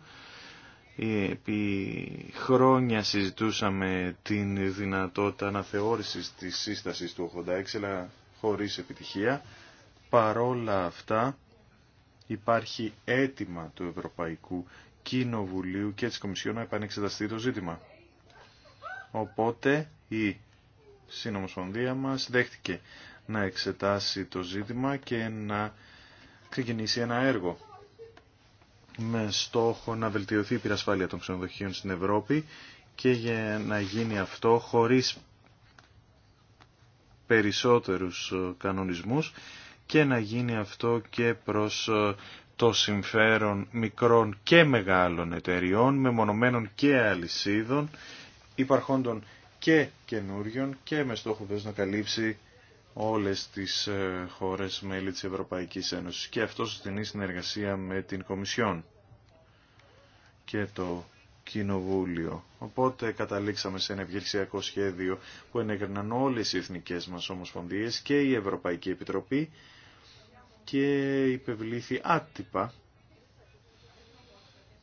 Ε, επί χρόνια συζητούσαμε την δυνατότητα αναθεώρησης της σύστασης του 86, αλλά χωρίς επιτυχία. Παρόλα αυτά υπάρχει αίτημα του Ευρωπαϊκού Κοινοβουλίου και της Κομισιόν να επανεξεταστεί το ζήτημα. Οπότε η συνομοσπονδία μας δέχτηκε να εξετάσει το ζήτημα και να ξεκινήσει ένα έργο με στόχο να βελτιωθεί η πυρασφάλεια των ξενοδοχείων στην Ευρώπη και για να γίνει αυτό χωρίς περισσότερους κανονισμούς και να γίνει αυτό και προς ε, το συμφέρον μικρών και μεγάλων εταιριών, μεμονωμένων και αλυσίδων, υπαρχόντων και καινούριων και με στόχο να καλύψει όλες τις ε, χώρες μέλη της Ευρωπαϊκής Ένωσης και αυτό στενή συνεργασία με την Κομισιόν και το Κοινοβούλιο. Οπότε καταλήξαμε σε ένα ευγερσιακό σχέδιο που ενέκριναν όλες οι εθνικές μας ομοσπονδίες και η Ευρωπαϊκή Επιτροπή και υπευλήθη άτυπα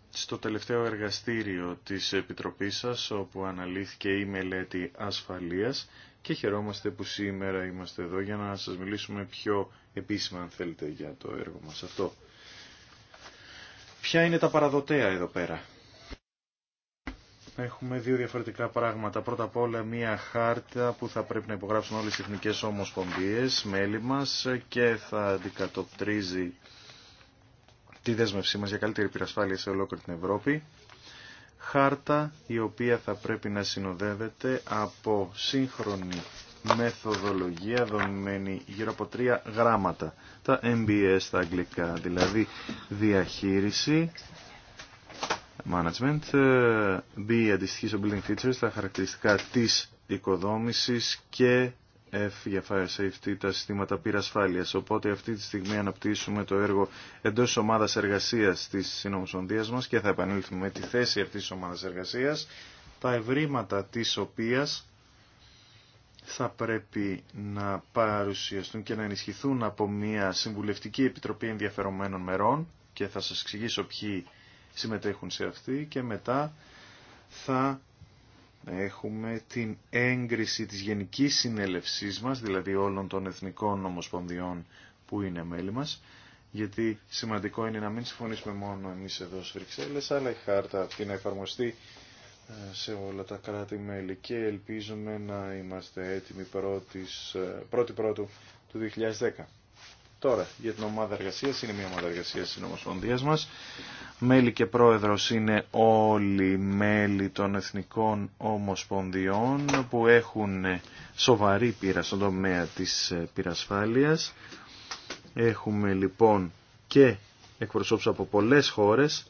στο τελευταίο εργαστήριο της Επιτροπής σας, όπου αναλύθηκε η μελέτη ασφαλείας και χαιρόμαστε που σήμερα είμαστε εδώ για να σας μιλήσουμε πιο επίσημα, αν θέλετε, για το έργο μας αυτό. Ποια είναι τα παραδοτέα εδώ πέρα. Έχουμε δύο διαφορετικά πράγματα. Πρώτα απ' όλα μία χάρτα που θα πρέπει να υπογράψουν όλες οι εθνικές ομοσπονδίες, μέλη μας και θα αντικατοπτρίζει τη δέσμευσή μας για καλύτερη πυρασφάλεια σε ολόκληρη την Ευρώπη. Χάρτα η οποία θα πρέπει να συνοδεύεται από σύγχρονη μεθοδολογία δομημένη γύρω από τρία γράμματα. Τα MBS στα αγγλικά, δηλαδή διαχείριση, management ε, B αντιστοιχεί στο building features τα χαρακτηριστικά της οικοδόμησης και F για fire safety τα συστήματα πυρασφάλειας. Οπότε αυτή τη στιγμή αναπτύσσουμε το έργο εντός της ομάδας εργασίας της Συνομοσπονδίας μας και θα επανέλθουμε με τη θέση αυτής της ομάδας εργασίας τα ευρήματα της οποίας θα πρέπει να παρουσιαστούν και να ενισχυθούν από μια συμβουλευτική επιτροπή ενδιαφερομένων μερών και θα σας εξηγήσω ποιοι συμμετέχουν σε αυτή και μετά θα έχουμε την έγκριση της Γενικής Συνέλευσής μας, δηλαδή όλων των Εθνικών νομοσπονδιών που είναι μέλη μας, γιατί σημαντικό είναι να μην συμφωνήσουμε μόνο εμείς εδώ στις Βρυξέλλες, αλλά η χάρτα αυτή να εφαρμοστεί ε, σε όλα τα κράτη-μέλη και ελπίζουμε να είμαστε έτοιμοι πρώτης, ε, πρώτη πρώτου του 2010. Τώρα, για την ομάδα εργασία είναι μια ομάδα εργασία της ομοσπονδία μας. Μέλη και πρόεδρος είναι όλοι μέλη των Εθνικών Ομοσπονδιών που έχουν σοβαρή πείρα στον τομέα της πυρασφάλεια. Έχουμε λοιπόν και εκπροσώπους από πολλές χώρες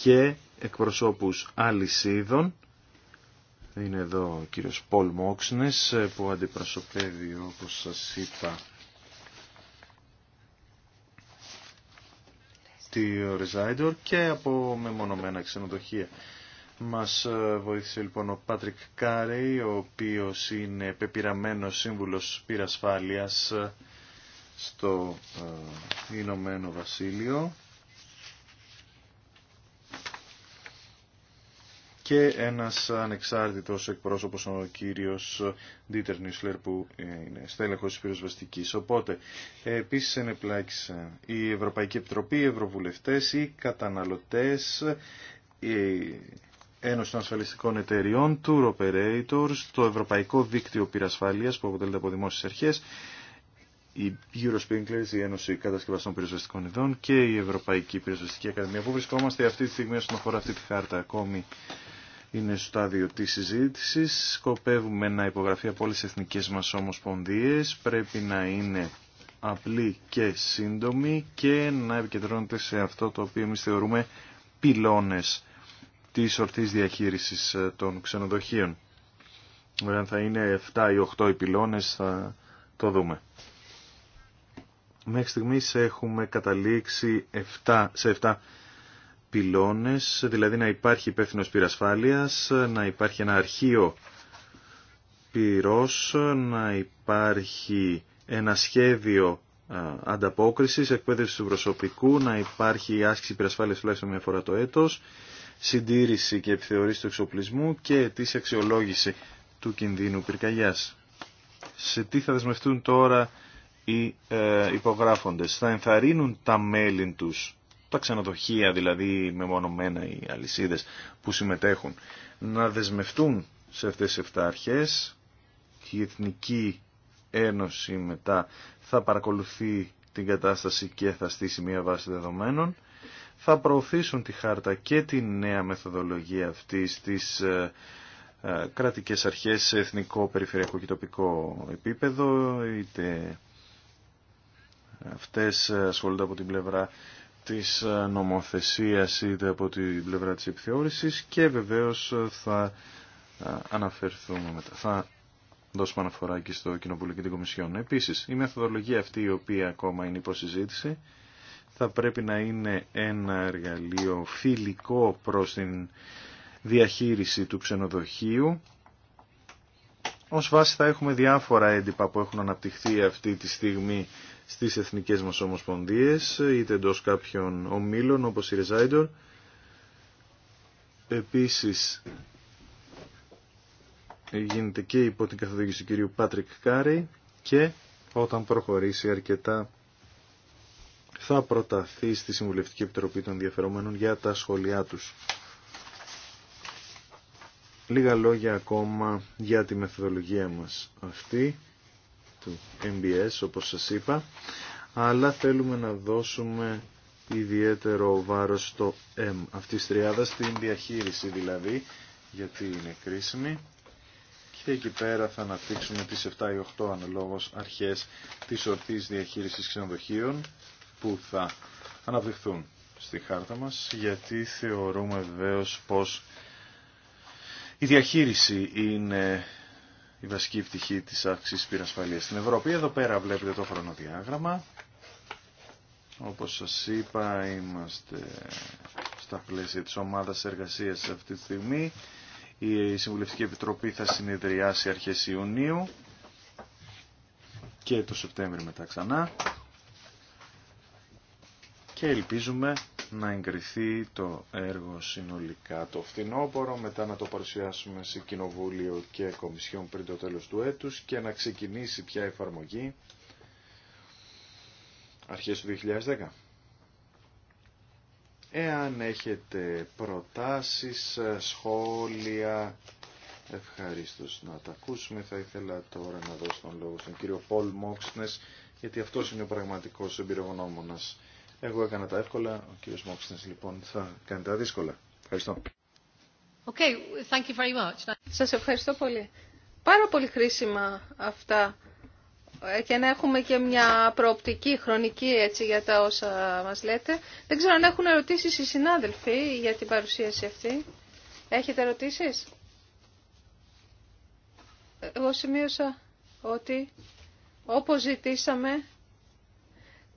και εκπροσώπους αλυσίδων. Είναι εδώ ο κύριος Πολ Μόξνες που αντιπροσωπεύει όπως σας είπα δίκτυο και από μεμονωμένα ξενοδοχεία. Μας ε, βοήθησε λοιπόν ο Πάτρικ Κάρεϊ, ο οποίος είναι πεπειραμένος σύμβουλος πυρασφάλειας ε, στο ε, Ηνωμένο Βασίλειο και ένας ανεξάρτητος εκπρόσωπος, ο κύριος Ντίτερ Νίσλερ, που είναι στέλεχος της πυροσβεστικής. Οπότε, επίσης ενεπλάξαν η Ευρωπαϊκή Επιτροπή, οι Ευρωβουλευτές, οι καταναλωτές, η Ένωση των Ασφαλιστικών Εταιριών, Tour Operators, το Ευρωπαϊκό Δίκτυο Πυρασφαλείας, που αποτελείται από δημόσιες αρχές, η Spinklers, η Ένωση Κατασκευαστών Πυροσβεστικών Ειδών και η Ευρωπαϊκή Πυροσβεστική Ακαδημία. Πού βρισκόμαστε αυτή τη στιγμή όσον αφορά αυτή τη χάρτα ακόμη είναι στο στάδιο τη συζήτηση. Σκοπεύουμε να υπογραφεί από όλε τι εθνικές μας ομοσπονδίε. Πρέπει να είναι απλή και σύντομη και να επικεντρώνεται σε αυτό το οποίο εμεί θεωρούμε πυλώνε τη ορθής διαχείρισης ε, των ξενοδοχείων. αν θα είναι 7 ή 8 οι πυλώνε, θα το δούμε. Μέχρι στιγμής έχουμε καταλήξει 7, σε 7 πυλώνες, δηλαδή να υπάρχει υπεύθυνο πυρασφάλειας, να υπάρχει ένα αρχείο πυρός, να υπάρχει ένα σχέδιο ανταπόκρισης, εκπαίδευση του προσωπικού, να υπάρχει άσκηση πυρασφάλειας τουλάχιστον μια φορά το έτος, συντήρηση και επιθεωρήση του εξοπλισμού και της αξιολόγηση του κινδύνου πυρκαγιάς. Σε τι θα δεσμευτούν τώρα οι ε, υπογράφοντες. Θα ενθαρρύνουν τα μέλη τους τα ξενοδοχεία δηλαδή μεμονωμένα οι αλυσίδες που συμμετέχουν να δεσμευτούν σε αυτές τις 7 αρχές και η Εθνική Ένωση μετά θα παρακολουθεί την κατάσταση και θα στήσει μία βάση δεδομένων θα προωθήσουν τη χάρτα και τη νέα μεθοδολογία αυτή στις ε, ε, κρατικές αρχές σε εθνικό, περιφερειακό και τοπικό επίπεδο είτε αυτές ε, ασχολούνται από την πλευρά της ε, νομοθεσίας είτε από την πλευρά της επιθεώρησης και βεβαίως ε, θα ε, αναφερθούμε μετά. Θα δώσουμε αναφορά και στο Κοινοβούλιο και την Κομισιόν. Επίσης, η μεθοδολογία αυτή η οποία ακόμα είναι υποσυζήτηση θα πρέπει να είναι ένα εργαλείο φιλικό προς την διαχείριση του ξενοδοχείου. Ως βάση θα έχουμε διάφορα έντυπα που έχουν αναπτυχθεί αυτή τη στιγμή στις εθνικές μας ομοσπονδίες, είτε εντό κάποιων ομίλων όπως η Ρεζάιντορ. Επίσης γίνεται και υπό την καθοδήγηση του κυρίου Πάτρικ Κάρι και όταν προχωρήσει αρκετά θα προταθεί στη Συμβουλευτική Επιτροπή των Διαφερόμενων για τα σχόλιά τους. Λίγα λόγια ακόμα για τη μεθοδολογία μας αυτή του MBS όπως σας είπα αλλά θέλουμε να δώσουμε ιδιαίτερο βάρος στο M αυτής τριάδας στην διαχείριση δηλαδή γιατί είναι κρίσιμη και εκεί πέρα θα αναπτύξουμε τις 7 ή 8 αναλόγως αρχές της ορθής διαχείρισης ξενοδοχείων που θα αναπτυχθούν στη χάρτα μας γιατί θεωρούμε βεβαίω πως η διαχείριση είναι η βασική πτυχή της αύξησης πυρασφαλείας στην Ευρώπη. Εδώ πέρα βλέπετε το χρονοδιάγραμμα. Όπως σας είπα, είμαστε στα πλαίσια της ομάδας εργασίας αυτή τη στιγμή. Η Συμβουλευτική Επιτροπή θα συνεδριάσει αρχές Ιουνίου και το Σεπτέμβριο μετά ξανά. Και ελπίζουμε να εγκριθεί το έργο συνολικά το φθινόπωρο, μετά να το παρουσιάσουμε σε Κοινοβούλιο και Κομισιόν πριν το τέλος του έτους και να ξεκινήσει πια εφαρμογή αρχές του 2010. Εάν έχετε προτάσεις, σχόλια, Ευχαριστώ να τα ακούσουμε. Θα ήθελα τώρα να δώσω τον λόγο στον κύριο Πολ Μόξνες, γιατί αυτός είναι ο πραγματικός εμπειρογνώμονας εγώ έκανα τα εύκολα, ο κύριος Μόξτεν λοιπόν θα κάνει τα δύσκολα. Ευχαριστώ. Okay, thank you very much. Σας ευχαριστώ πολύ. Πάρα πολύ χρήσιμα αυτά και να έχουμε και μια προοπτική χρονική έτσι για τα όσα μας λέτε. Δεν ξέρω αν έχουν ερωτήσεις οι συνάδελφοι για την παρουσίαση αυτή. Έχετε ερωτήσεις? Εγώ σημείωσα ότι όπως ζητήσαμε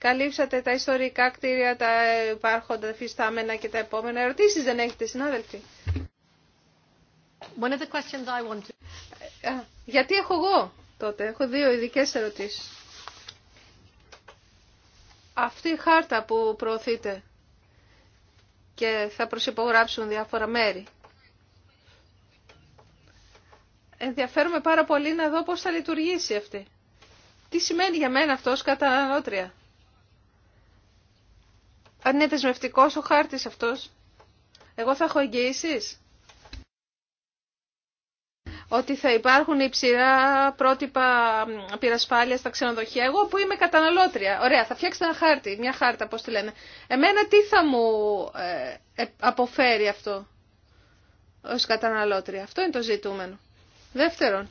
Καλύψατε τα ιστορικά κτίρια, τα υπάρχοντα φυστάμενα και τα επόμενα. Ερωτήσεις δεν έχετε, συνάδελφοι. Ε, γιατί έχω εγώ τότε, έχω δύο ειδικέ ερωτήσεις. Αυτή η χάρτα που προωθείτε και θα προσυπογράψουν διάφορα μέρη. Ενδιαφέρομαι πάρα πολύ να δω πώς θα λειτουργήσει αυτή. Τι σημαίνει για μένα αυτός κατά ανανότρια. Αν είναι δεσμευτικό ο χάρτη αυτός, εγώ θα έχω εγγυήσεις ότι θα υπάρχουν υψηλά πρότυπα πυρασφάλεια στα ξενοδοχεία. Εγώ που είμαι καταναλώτρια. Ωραία, θα φτιάξετε ένα χάρτη, μια χάρτα, πώς τη λένε. Εμένα τι θα μου ε, ε, αποφέρει αυτό ως καταναλώτρια. Αυτό είναι το ζητούμενο. Δεύτερον,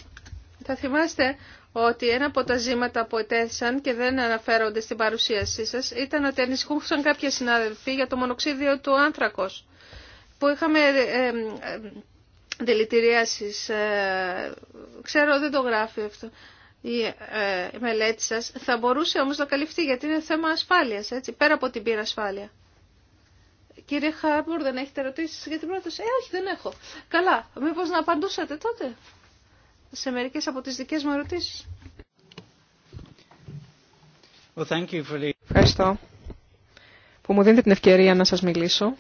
θα θυμάστε ότι ένα από τα ζήματα που ετέθησαν και δεν αναφέρονται στην παρουσίασή σας ήταν ότι ανησυχούσαν κάποια συνάδελφοι για το μονοξίδιο του άνθρακος που είχαμε ε, ε, δηλητηρίασεις. Ε, ξέρω δεν το γράφει αυτό ε, η μελέτη σας. Θα μπορούσε όμως να καλυφθεί γιατί είναι θέμα ασφάλειας, έτσι, πέρα από την πύρα ασφάλεια. Κύριε Χάρμπορ, δεν έχετε ερωτήσει για την πρόταση. Ε, όχι, δεν έχω. Καλά. Μήπως να απαντούσατε τότε σε μερικές από τις δικές μου ερωτήσεις. Well, thank you for... Ευχαριστώ που μου δίνετε την ευκαιρία να σας μιλήσω.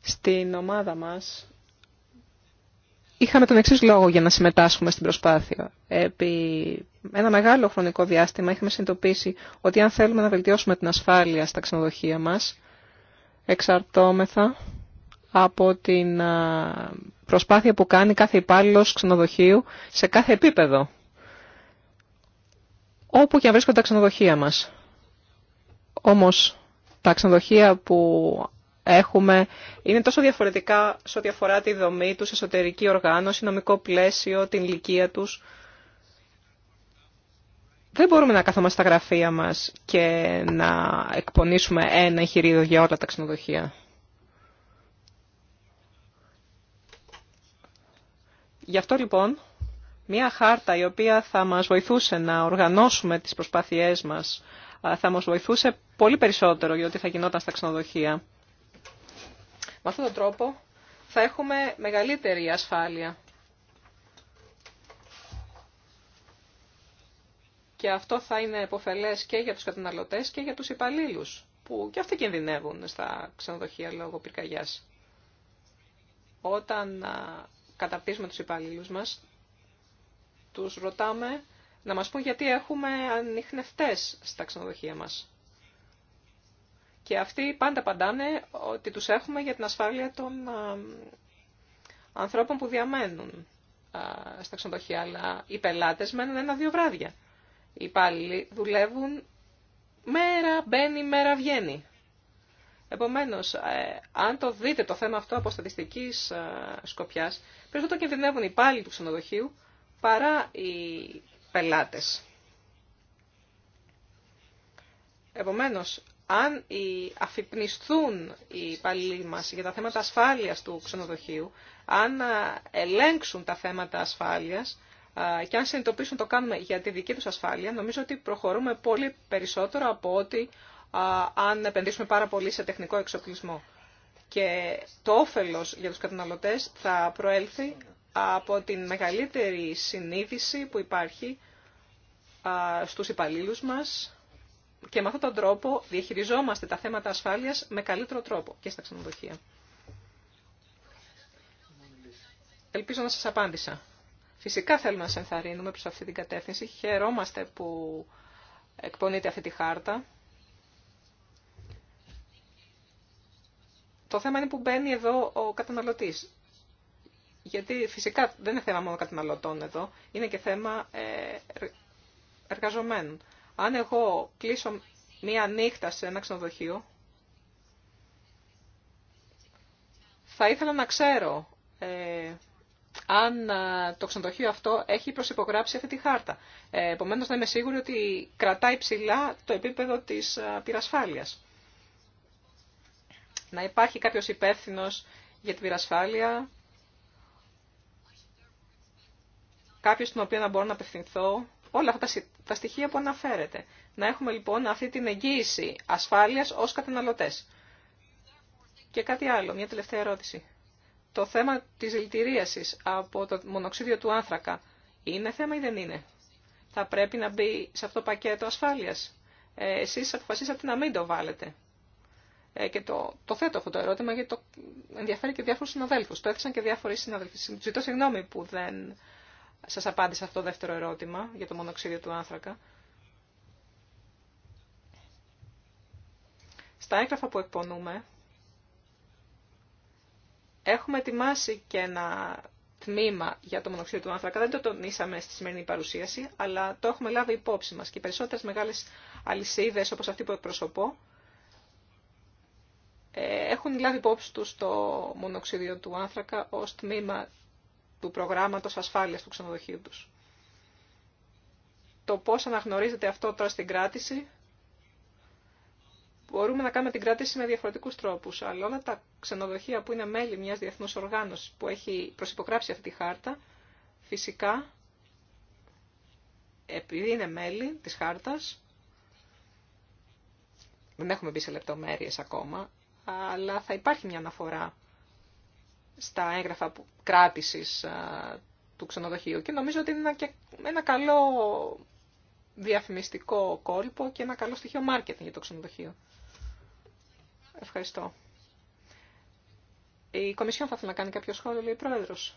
Στην ομάδα μας είχαμε τον εξής λόγο για να συμμετάσχουμε στην προσπάθεια. Επί ένα μεγάλο χρονικό διάστημα είχαμε συνειδητοποιήσει ότι αν θέλουμε να βελτιώσουμε την ασφάλεια στα ξενοδοχεία μας, εξαρτώμεθα από την προσπάθεια που κάνει κάθε υπάλληλο ξενοδοχείου σε κάθε επίπεδο. Όπου και αν βρίσκονται τα ξενοδοχεία μας. Όμως τα ξενοδοχεία που έχουμε είναι τόσο διαφορετικά σε ό,τι αφορά τη δομή τους, εσωτερική οργάνωση, νομικό πλαίσιο, την ηλικία τους. Δεν μπορούμε να κάθομαστε στα γραφεία μας και να εκπονήσουμε ένα εγχειρίδιο για όλα τα ξενοδοχεία. Γι' αυτό λοιπόν μια χάρτα η οποία θα μας βοηθούσε να οργανώσουμε τις προσπάθειές μας, θα μας βοηθούσε πολύ περισσότερο γιατί θα γινόταν στα ξενοδοχεία. Με αυτόν τον τρόπο θα έχουμε μεγαλύτερη ασφάλεια. Και αυτό θα είναι επωφελές και για τους καταναλωτές και για τους υπαλλήλους, που και αυτοί κινδυνεύουν στα ξενοδοχεία λόγω πυρκαγιάς. Όταν Καταρτίζουμε τους υπαλλήλους μας, τους ρωτάμε να μας πούν γιατί έχουμε ανιχνευτές στα ξενοδοχεία μας. Και αυτοί πάντα απαντάνε ότι τους έχουμε για την ασφάλεια των ανθρώπων που διαμένουν στα ξενοδοχεία. Αλλά οι πελάτες μένουν ένα-δύο βράδια. Οι υπάλληλοι δουλεύουν μέρα μπαίνει, μέρα βγαίνει. Επομένως, ε, αν το δείτε το θέμα αυτό από στατιστικής ε, σκοπιάς, το κινδυνεύουν οι υπάλληλοι του ξενοδοχείου παρά οι πελάτες. Επομένως, αν οι αφυπνιστούν οι υπαλλήλοι μας για τα θέματα ασφάλειας του ξενοδοχείου, αν ε, ελέγξουν τα θέματα ασφάλειας και αν συνειδητοποιήσουν το κάνουμε για τη δική τους ασφάλεια, νομίζω ότι προχωρούμε πολύ περισσότερο από ότι αν επενδύσουμε πάρα πολύ σε τεχνικό εξοπλισμό. Και το όφελος για τους καταναλωτές θα προέλθει από την μεγαλύτερη συνείδηση που υπάρχει στους υπαλλήλους μας και με αυτόν τον τρόπο διαχειριζόμαστε τα θέματα ασφάλειας με καλύτερο τρόπο και στα ξενοδοχεία. Ελπίζω να σας απάντησα. Φυσικά θέλουμε να σε ενθαρρύνουμε προς αυτή την κατεύθυνση. Χαιρόμαστε που εκπονείται αυτή τη χάρτα. Το θέμα είναι που μπαίνει εδώ ο καταναλωτή. Γιατί φυσικά δεν είναι θέμα μόνο καταναλωτών εδώ, είναι και θέμα ε, εργαζομένων. Αν εγώ κλείσω μία νύχτα σε ένα ξενοδοχείο, θα ήθελα να ξέρω ε, αν ε, το ξενοδοχείο αυτό έχει προσυπογράψει αυτή τη χάρτα. Ε, επομένως, να είμαι σίγουρη ότι κρατάει ψηλά το επίπεδο της πυρασφάλειας να υπάρχει κάποιος υπεύθυνο για την πυρασφάλεια, κάποιος στον οποίο να μπορώ να απευθυνθώ, όλα αυτά τα στοιχεία που αναφέρεται. Να έχουμε λοιπόν αυτή την εγγύηση ασφάλειας ως καταναλωτές. Και κάτι άλλο, μια τελευταία ερώτηση. Το θέμα της δηλητηρίασης από το μονοξίδιο του άνθρακα είναι θέμα ή δεν είναι. Θα πρέπει να μπει σε αυτό το πακέτο ασφάλειας. Ε, εσείς αποφασίσατε να μην το βάλετε. Ε, και το, το θέτω αυτό το ερώτημα γιατί το ενδιαφέρει και διάφορου συναδέλφου. Το έθεσαν και διάφοροι συναδέλφοι. Ζητώ συγγνώμη που δεν σα απάντησα αυτό το δεύτερο ερώτημα για το μονοξίδιο του άνθρακα. Στα έγγραφα που εκπονούμε, έχουμε ετοιμάσει και ένα τμήμα για το μονοξίδιο του άνθρακα. Δεν το τονίσαμε στη σημερινή παρουσίαση, αλλά το έχουμε λάβει υπόψη μας. Και οι περισσότερες μεγάλες αλυσίδες, όπως αυτή που εκπροσωπώ, ε, έχουν λάβει υπόψη τους το μονοξίδιο του άνθρακα ως τμήμα του προγράμματος ασφάλειας του ξενοδοχείου τους. Το πώς αναγνωρίζεται αυτό τώρα στην κράτηση, μπορούμε να κάνουμε την κράτηση με διαφορετικούς τρόπους, αλλά όλα τα ξενοδοχεία που είναι μέλη μιας διεθνούς οργάνωσης που έχει προσυπογράψει αυτή τη χάρτα, φυσικά, επειδή είναι μέλη της χάρτας, δεν έχουμε μπει σε λεπτομέρειες ακόμα, αλλά θα υπάρχει μια αναφορά στα έγγραφα κράτησης του ξενοδοχείου και νομίζω ότι είναι ένα καλό διαφημιστικό κόλπο και ένα καλό στοιχείο μάρκετινγκ για το ξενοδοχείο. Ευχαριστώ. Η Κομισιόν θα ήθελε να κάνει κάποιο σχόλιο, λέει η Πρόεδρος.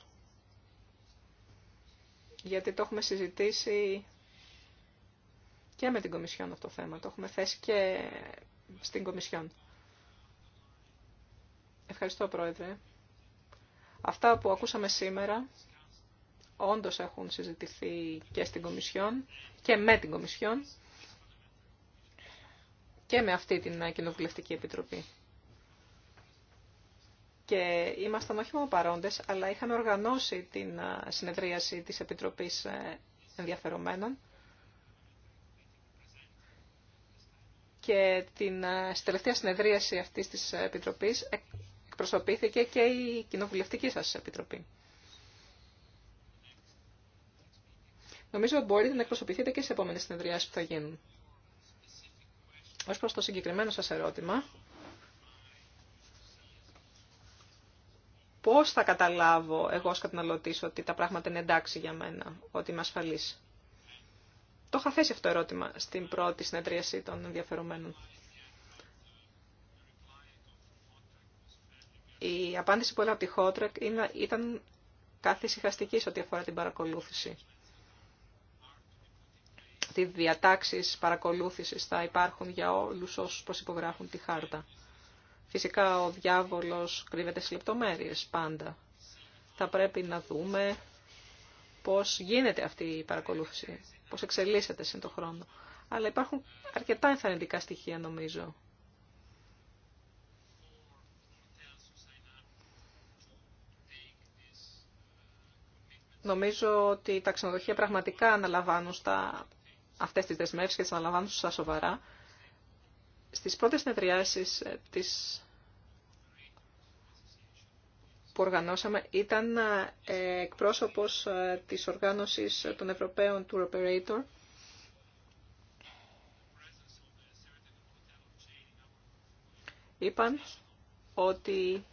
Γιατί το έχουμε συζητήσει και με την Κομισιόν αυτό το θέμα. Το έχουμε θέσει και στην Κομισιόν. Ευχαριστώ, Πρόεδρε. Αυτά που ακούσαμε σήμερα όντως έχουν συζητηθεί και στην Κομισιόν και με την Κομισιόν και με αυτή την Κοινοβουλευτική Επιτροπή. Και ήμασταν όχι μόνο παρόντες, αλλά είχαν οργανώσει την συνεδρίαση της Επιτροπής ε, Ενδιαφερομένων και την, ε, τελευταία συνεδρίαση αυτής της Επιτροπής ε, εκπροσωπήθηκε και η κοινοβουλευτική σας επιτροπή. Νομίζω ότι μπορείτε να εκπροσωπηθείτε και σε επόμενες συνεδριάσεις που θα γίνουν. Ως προς το συγκεκριμένο σας ερώτημα, πώς θα καταλάβω εγώ ως καταναλωτής ότι τα πράγματα είναι εντάξει για μένα, ότι είμαι ασφαλής. Το είχα θέσει αυτό το ερώτημα στην πρώτη συνεδρίαση των ενδιαφερομένων. Η απάντηση που έλαβα από τη ήταν καθησυχαστική σε ό,τι αφορά την παρακολούθηση. Τι διατάξεις παρακολούθησης θα υπάρχουν για όλους όσους προσυπογράφουν τη χάρτα. Φυσικά ο διάβολος κρύβεται σε λεπτομέρειες πάντα. Θα πρέπει να δούμε πώς γίνεται αυτή η παρακολούθηση, πώς εξελίσσεται σύντο χρόνο. Αλλά υπάρχουν αρκετά ενθαρρυντικά στοιχεία νομίζω Νομίζω ότι τα ξενοδοχεία πραγματικά αναλαμβάνουν αυτές τις δεσμεύσεις και τις αναλαμβάνουν στα σοβαρά. Στις πρώτες συνεδριάσεις ε, της... που οργανώσαμε ήταν ε, εκπρόσωπος ε, της οργάνωσης των Ευρωπαίων Tour Operator είπαν ότι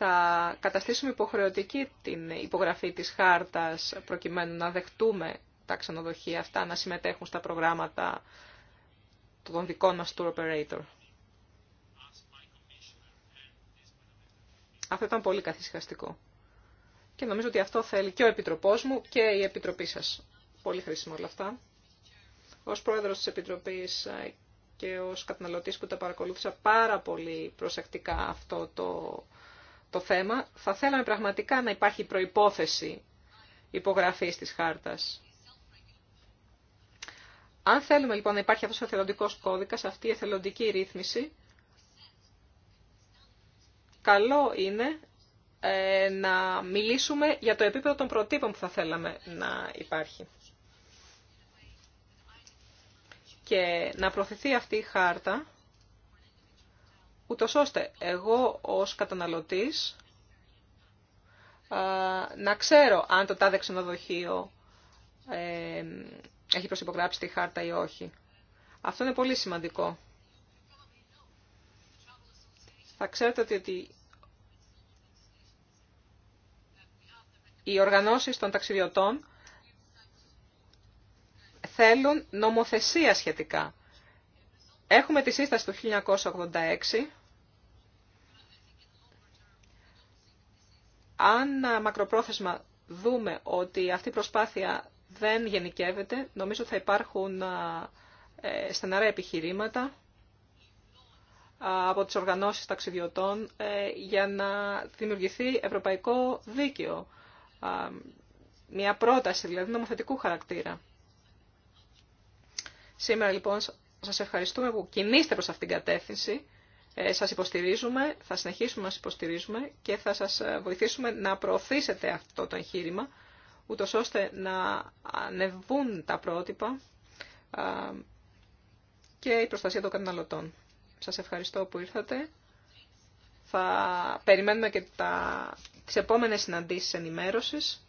θα καταστήσουμε υποχρεωτική την υπογραφή της χάρτας προκειμένου να δεχτούμε τα ξενοδοχεία αυτά να συμμετέχουν στα προγράμματα των δικών μας tour operator. Αυτό ήταν πολύ καθυσυχαστικό. Και νομίζω ότι αυτό θέλει και ο Επιτροπός μου και η Επιτροπή σας. Πολύ χρήσιμο όλα αυτά. Ως πρόεδρος της Επιτροπής ε, και ως καταναλωτής που τα παρακολούθησα πάρα πολύ προσεκτικά αυτό το το θέμα, θα θέλαμε πραγματικά να υπάρχει προϋπόθεση υπογραφής της χάρτας. Αν θέλουμε λοιπόν να υπάρχει αυτός ο εθελοντικός κώδικας, αυτή η εθελοντική ρύθμιση, καλό είναι ε, να μιλήσουμε για το επίπεδο των προτύπων που θα θέλαμε να υπάρχει. Και να προωθηθεί αυτή η χάρτα ούτως ώστε εγώ ως καταναλωτής να ξέρω αν το τάδε ξενοδοχείο ε, έχει προσυπογράψει τη χάρτα ή όχι. Αυτό είναι πολύ σημαντικό. Θα ξέρετε ότι οι οργανώσεις των ταξιδιωτών θέλουν νομοθεσία σχετικά. Έχουμε τη σύσταση του 1986. Αν μακροπρόθεσμα δούμε ότι αυτή η προσπάθεια δεν γενικεύεται, νομίζω θα υπάρχουν ε, στεναρά επιχειρήματα από τις οργανώσεις ταξιδιωτών ε, για να δημιουργηθεί ευρωπαϊκό δίκαιο. Μια πρόταση δηλαδή νομοθετικού χαρακτήρα. Σήμερα λοιπόν σας ευχαριστούμε που κινείστε προς αυτήν την κατεύθυνση. Ε, σας υποστηρίζουμε, θα συνεχίσουμε να σας υποστηρίζουμε και θα σας ε, βοηθήσουμε να προωθήσετε αυτό το εγχείρημα, ούτω ώστε να ανεβούν τα πρότυπα και η προστασία των καταναλωτών. Σας ευχαριστώ που ήρθατε. Θα περιμένουμε και τα... τις επόμενες συναντήσεις ενημέρωσης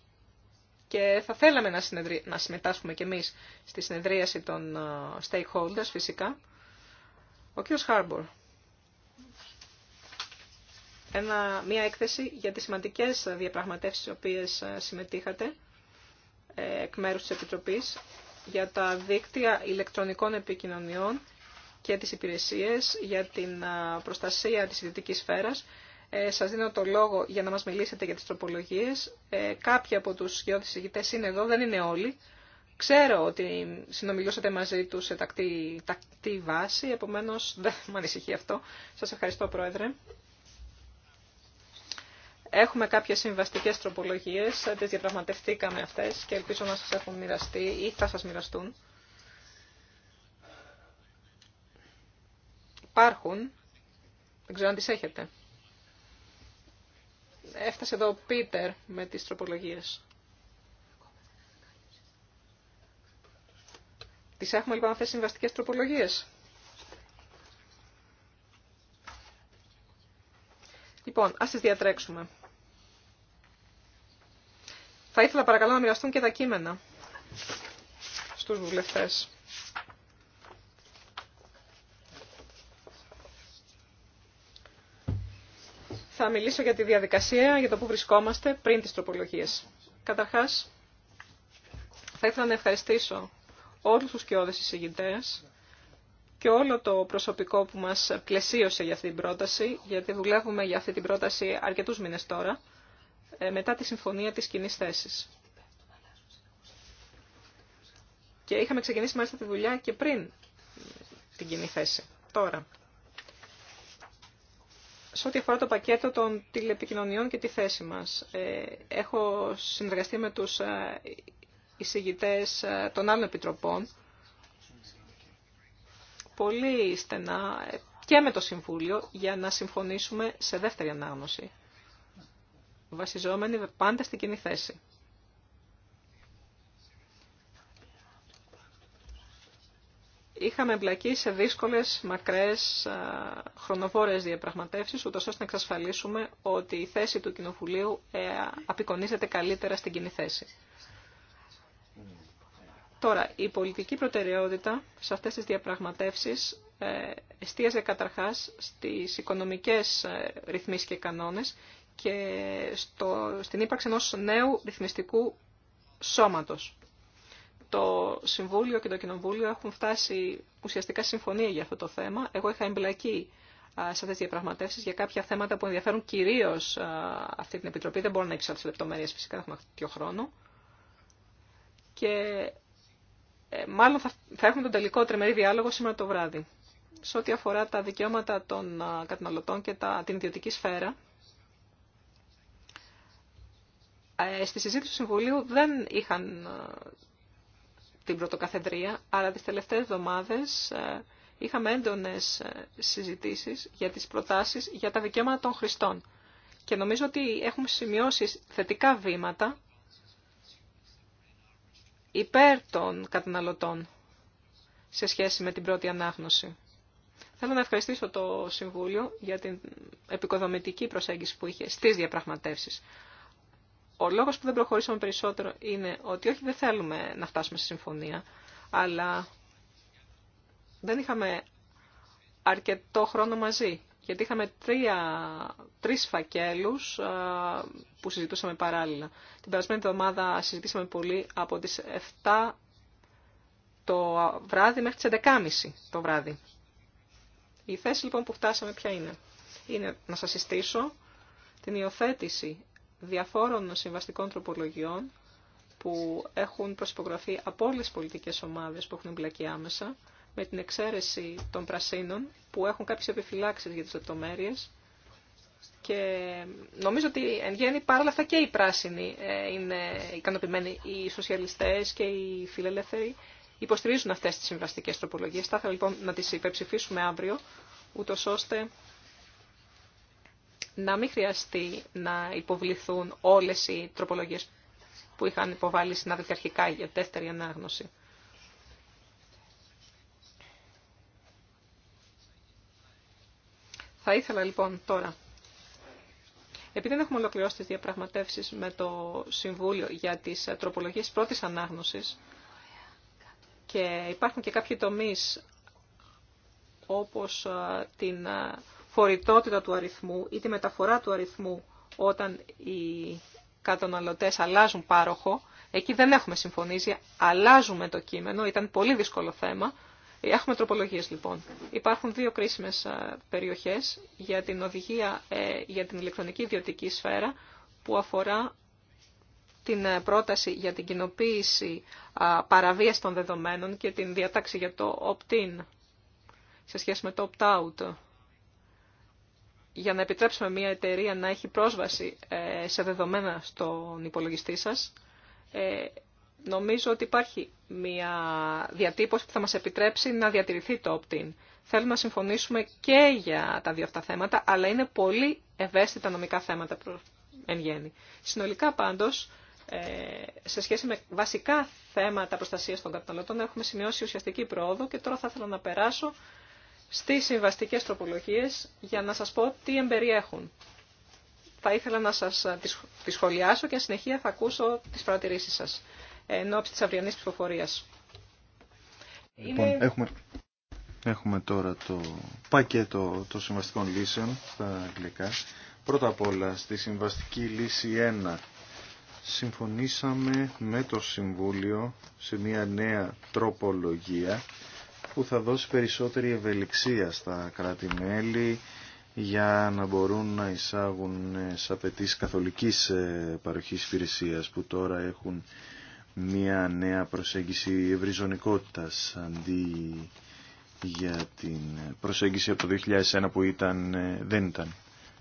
και θα θέλαμε να, συνεδρι... να συμμετάσχουμε κι εμείς στη συνεδρίαση των ε, stakeholders φυσικά. Ο κ. Χάρμπορ. Ένα, μία έκθεση για τις σημαντικές διαπραγματεύσεις στις οποίες ε, συμμετείχατε ε, εκ μέρους της Επιτροπής για τα δίκτυα ηλεκτρονικών επικοινωνιών και τις υπηρεσίες για την προστασία της ιδιωτικής σφαίρας ε, σας δίνω το λόγο για να μας μιλήσετε για τις τροπολογίες. Ε, κάποιοι από τους γεώδεις ηγητές είναι εδώ, δεν είναι όλοι. Ξέρω ότι συνομιλούσατε μαζί του σε τακτή, βάση, επομένως δεν με ανησυχεί αυτό. Σας ευχαριστώ Πρόεδρε. Έχουμε κάποιες συμβαστικέ τροπολογίες, τι διαπραγματευτήκαμε αυτές και ελπίζω να σας έχουν μοιραστεί ή θα σα μοιραστούν. Υπάρχουν, δεν ξέρω αν τις έχετε έφτασε εδώ ο Πίτερ με τις τροπολογίες. Τις έχουμε λοιπόν αυτές τις συμβαστικές τροπολογίες. Λοιπόν, ας τις διατρέξουμε. Θα ήθελα παρακαλώ να μοιραστούν και τα κείμενα στους βουλευτές. θα μιλήσω για τη διαδικασία, για το που βρισκόμαστε πριν τις τροπολογίες. Καταρχάς, θα ήθελα να ευχαριστήσω όλους τους κοιόδες εισηγητές και όλο το προσωπικό που μας πλαισίωσε για αυτή την πρόταση, γιατί δουλεύουμε για αυτή την πρόταση αρκετούς μήνες τώρα, ε, μετά τη συμφωνία της κοινή θέση. Και είχαμε ξεκινήσει μάλιστα τη δουλειά και πριν την κοινή θέση. Τώρα, σε ό,τι αφορά το πακέτο των τηλεπικοινωνιών και τη θέση μας. Ε, έχω συνεργαστεί με τους ε, εισηγητές ε, των άλλων επιτροπών πολύ στενά και με το Συμβούλιο για να συμφωνήσουμε σε δεύτερη ανάγνωση, βασιζόμενη πάντα στην κοινή θέση. είχαμε εμπλακεί σε δύσκολες, μακρές, χρονοβόρες διαπραγματεύσεις, ούτως ώστε να εξασφαλίσουμε ότι η θέση του Κοινοβουλίου ε, απεικονίζεται καλύτερα στην κοινή θέση. Τώρα, η πολιτική προτεραιότητα σε αυτές τις διαπραγματεύσεις ε, εστίαζε καταρχάς στις οικονομικές ε, ρυθμίσεις και κανόνες και στο, στην ύπαρξη ενός νέου ρυθμιστικού σώματος το Συμβούλιο και το Κοινοβούλιο έχουν φτάσει ουσιαστικά συμφωνία για αυτό το θέμα. Εγώ είχα εμπλακεί σε αυτέ τι διαπραγματεύσει για κάποια θέματα που ενδιαφέρουν κυρίω αυτή την Επιτροπή. Δεν μπορώ να ήξερα τι λεπτομέρειε, φυσικά δεν έχουμε πιο χρόνο. Και ε, μάλλον θα έχουμε τον τελικό τριμερή διάλογο σήμερα το βράδυ. Σε ό,τι αφορά τα δικαιώματα των καταναλωτών και την ιδιωτική σφαίρα, ε, στη συζήτηση του Συμβουλίου δεν είχαν την πρωτοκαθεδρία, αλλά τις τελευταίες εβδομάδες ε, είχαμε έντονες ε, συζητήσεις για τις προτάσεις για τα δικαιώματα των χρηστών. Και νομίζω ότι έχουμε σημειώσει θετικά βήματα υπέρ των καταναλωτών σε σχέση με την πρώτη ανάγνωση. Θέλω να ευχαριστήσω το Συμβούλιο για την επικοδομητική προσέγγιση που είχε στις διαπραγματεύσεις. Ο λόγος που δεν προχωρήσαμε περισσότερο είναι ότι όχι δεν θέλουμε να φτάσουμε σε συμφωνία, αλλά δεν είχαμε αρκετό χρόνο μαζί, γιατί είχαμε τρία, τρεις φακέλους που συζητούσαμε παράλληλα. Την περασμένη εβδομάδα συζητήσαμε πολύ από τις 7 το βράδυ μέχρι τις 11.30 το βράδυ. Η θέση λοιπόν που φτάσαμε ποια είναι. Είναι να σας συστήσω την υιοθέτηση διαφόρων συμβαστικών τροπολογιών που έχουν προσυπογραφεί από όλε τι πολιτικές ομάδες που έχουν εμπλακεί άμεσα, με την εξαίρεση των πρασίνων που έχουν κάποιε επιφυλάξει για τις λεπτομέρειε. Και νομίζω ότι εν γέννη παρόλα αυτά και οι πράσινοι ε, είναι ικανοποιημένοι, οι σοσιαλιστές και οι φιλελεύθεροι υποστηρίζουν αυτές τις συμβαστικές τροπολογίες. Θα ήθελα λοιπόν να τις υπεψηφίσουμε αύριο, ούτως ώστε να μην χρειαστεί να υποβληθούν όλες οι τροπολογίες που είχαν υποβάλει στην αρχικά για δεύτερη ανάγνωση. Θα ήθελα λοιπόν τώρα, επειδή δεν έχουμε ολοκληρώσει τις διαπραγματεύσεις με το Συμβούλιο για τις τροπολογίες πρώτης ανάγνωσης και υπάρχουν και κάποιοι τομείς όπως ε, την ε, φορητότητα του αριθμού ή τη μεταφορά του αριθμού όταν οι καταναλωτές αλλάζουν πάροχο. Εκεί δεν έχουμε συμφωνήσει, αλλάζουμε το κείμενο, ήταν πολύ δύσκολο θέμα. Ε, έχουμε τροπολογίες λοιπόν. Υπάρχουν δύο κρίσιμες ε, περιοχές για την οδηγία ε, για την ηλεκτρονική ιδιωτική σφαίρα που αφορά την πρόταση για την κοινοποίηση παραβίας των δεδομένων και την διατάξη για το opt-in σε σχέση με το opt-out για να επιτρέψουμε μια εταιρεία να έχει πρόσβαση ε, σε δεδομένα στον υπολογιστή σας, ε, νομίζω ότι υπάρχει μια διατύπωση που θα μας επιτρέψει να διατηρηθεί το opt-in. Θέλουμε να συμφωνήσουμε και για τα δύο αυτά θέματα, αλλά είναι πολύ ευαίσθητα νομικά θέματα εν γέννη. Συνολικά πάντως, ε, σε σχέση με βασικά θέματα προστασίας των καταναλωτών, έχουμε σημειώσει ουσιαστική πρόοδο και τώρα θα ήθελα να περάσω στις συμβαστικές τροπολογίες για να σας πω τι εμπεριέχουν. Θα ήθελα να σας ε, τις σχολιάσω και συνεχεία θα ακούσω τις παρατηρήσεις σας ε, εν ώψη της αυριανής ψηφοφορίας. Λοιπόν, έχουμε, έχουμε τώρα το πακέτο των συμβαστικών λύσεων στα αγγλικά. Πρώτα απ' όλα στη συμβαστική λύση 1 συμφωνήσαμε με το Συμβούλιο σε μια νέα τροπολογία που θα δώσει περισσότερη ευελιξία στα κράτη-μέλη για να μπορούν να εισάγουν ε, σε απαιτήσει καθολικής ε, παροχής υπηρεσία που τώρα έχουν μια νέα προσέγγιση ευρυζωνικότητας αντί για την προσέγγιση από το 2001 που ήταν, ε, δεν ήταν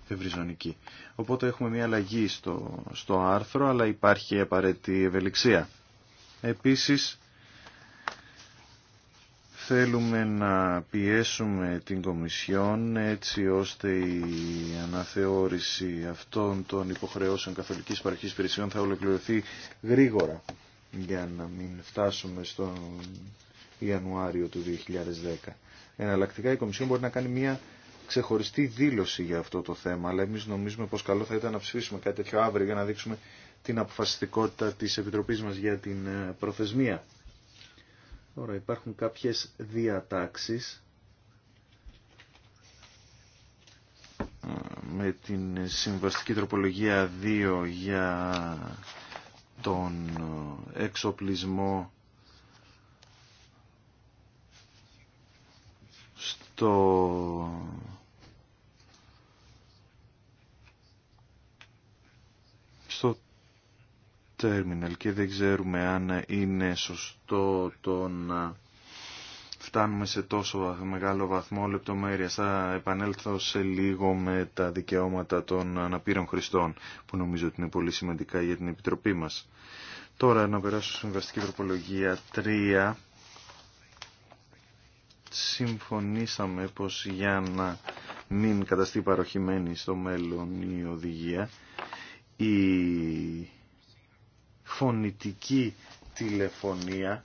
ευρυζωνική. Οπότε έχουμε μια αλλαγή στο, στο άρθρο αλλά υπάρχει απαραίτητη ευελιξία. Επίσης θέλουμε να πιέσουμε την Κομισιόν έτσι ώστε η αναθεώρηση αυτών των υποχρεώσεων καθολικής παροχής υπηρεσιών θα ολοκληρωθεί γρήγορα για να μην φτάσουμε στον Ιανουάριο του 2010. Εναλλακτικά η Κομισιόν μπορεί να κάνει μια ξεχωριστή δήλωση για αυτό το θέμα, αλλά εμείς νομίζουμε πως καλό θα ήταν να ψηφίσουμε κάτι τέτοιο αύριο για να δείξουμε την αποφασιστικότητα της Επιτροπής μας για την ε, προθεσμία. Τώρα υπάρχουν κάποιες διατάξεις ε, με την συμβαστική τροπολογία 2 για τον ε, εξοπλισμό στο τέρμιναλ και δεν ξέρουμε αν είναι σωστό το να φτάνουμε σε τόσο μεγάλο βαθμό λεπτομέρειας. Θα επανέλθω σε λίγο με τα δικαιώματα των αναπήρων χρηστών που νομίζω ότι είναι πολύ σημαντικά για την Επιτροπή μας. Τώρα να περάσω στη συμβαστική τροπολογία 3. Συμφωνήσαμε πως για να μην καταστεί παροχημένη στο μέλλον η οδηγία η φωνητική τηλεφωνία,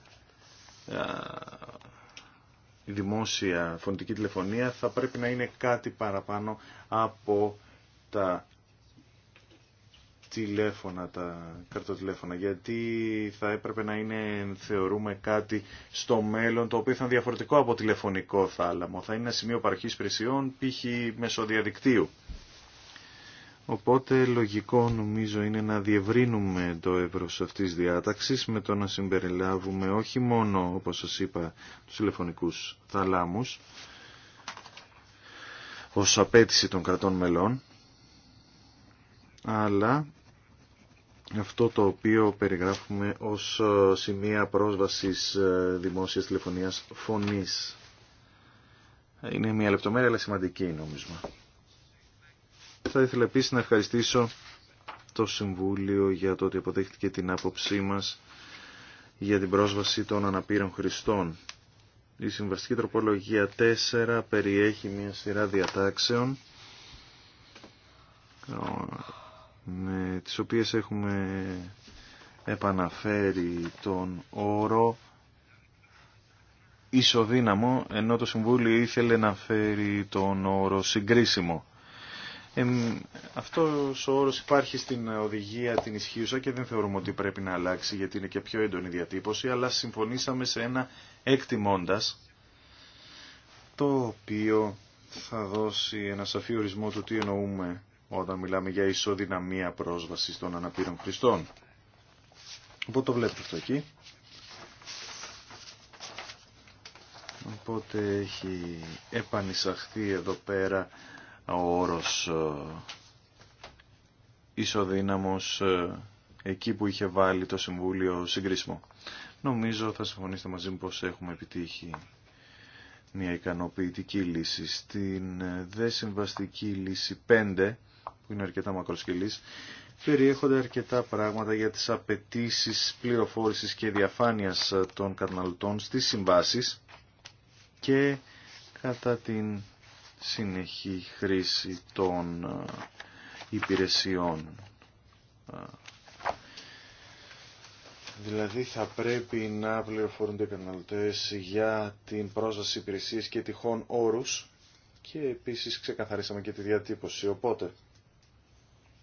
η δημόσια φωνητική τηλεφωνία θα πρέπει να είναι κάτι παραπάνω από τα τηλέφωνα, τα καρτοτηλέφωνα, γιατί θα έπρεπε να είναι, θεωρούμε, κάτι στο μέλλον, το οποίο θα είναι διαφορετικό από τηλεφωνικό θάλαμο. Θα είναι ένα σημείο παροχής πρισιών π.χ. μεσοδιαδικτύου. Οπότε λογικό νομίζω είναι να διευρύνουμε το εύρος αυτής διάταξης με το να συμπεριλάβουμε όχι μόνο, όπως σας είπα, τους τηλεφωνικούς θαλάμους, ως απέτηση των κρατών μελών, αλλά αυτό το οποίο περιγράφουμε ως ε, σημεία πρόσβασης ε, δημόσιας τηλεφωνίας φωνής. Είναι μια λεπτομέρεια αλλά σημαντική νομίζω θα ήθελα επίσης να ευχαριστήσω το Συμβούλιο για το ότι αποδέχτηκε την άποψή μας για την πρόσβαση των αναπήρων χρηστών. Η Συμβαστική Τροπολογία 4 περιέχει μια σειρά διατάξεων με τις οποίες έχουμε επαναφέρει τον όρο ισοδύναμο, ενώ το Συμβούλιο ήθελε να φέρει τον όρο συγκρίσιμο αυτό αυτός ο όρο υπάρχει στην οδηγία την ισχύουσα και δεν θεωρούμε ότι πρέπει να αλλάξει γιατί είναι και πιο έντονη διατύπωση, αλλά συμφωνήσαμε σε ένα εκτιμώντα το οποίο θα δώσει ένα σαφή ορισμό του τι εννοούμε όταν μιλάμε για ισοδυναμία πρόσβασης των αναπήρων χρηστών. Οπότε το βλέπετε αυτό εκεί. Οπότε έχει επανεισαχθεί εδώ πέρα ο όρος ε, ισοδύναμος ε, εκεί που είχε βάλει το Συμβούλιο συγκρίσιμο. Νομίζω θα συμφωνήσετε μαζί μου πως έχουμε επιτύχει μια ικανοποιητική λύση. Στην ε, δε συμβαστική λύση 5, που είναι αρκετά μακροσκελής, περιέχονται αρκετά πράγματα για τις απαιτήσει πληροφόρησης και διαφάνειας των καταναλωτών στις συμβάσεις και κατά την συνεχή χρήση των ε, υπηρεσιών. Ε, δηλαδή θα πρέπει να πληροφορούνται οι καταναλωτές για την πρόσβαση υπηρεσίες και τυχόν όρους και επίσης ξεκαθαρίσαμε και τη διατύπωση. Οπότε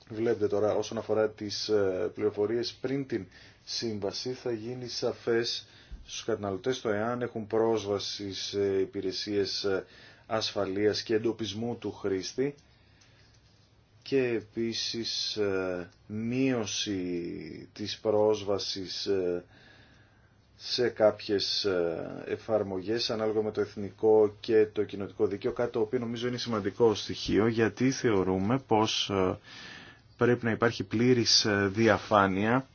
βλέπετε τώρα όσον αφορά τις ε, πληροφορίες πριν την σύμβαση θα γίνει σαφές στους καταναλωτές το εάν έχουν πρόσβαση σε υπηρεσίες ασφαλείας και εντοπισμού του χρήστη και επίσης ε, μείωση της πρόσβασης ε, σε κάποιες ε, εφαρμογές ανάλογα με το εθνικό και το κοινοτικό δίκαιο, κάτι το οποίο νομίζω είναι σημαντικό στοιχείο γιατί θεωρούμε πως πρέπει να υπάρχει πλήρης διαφάνεια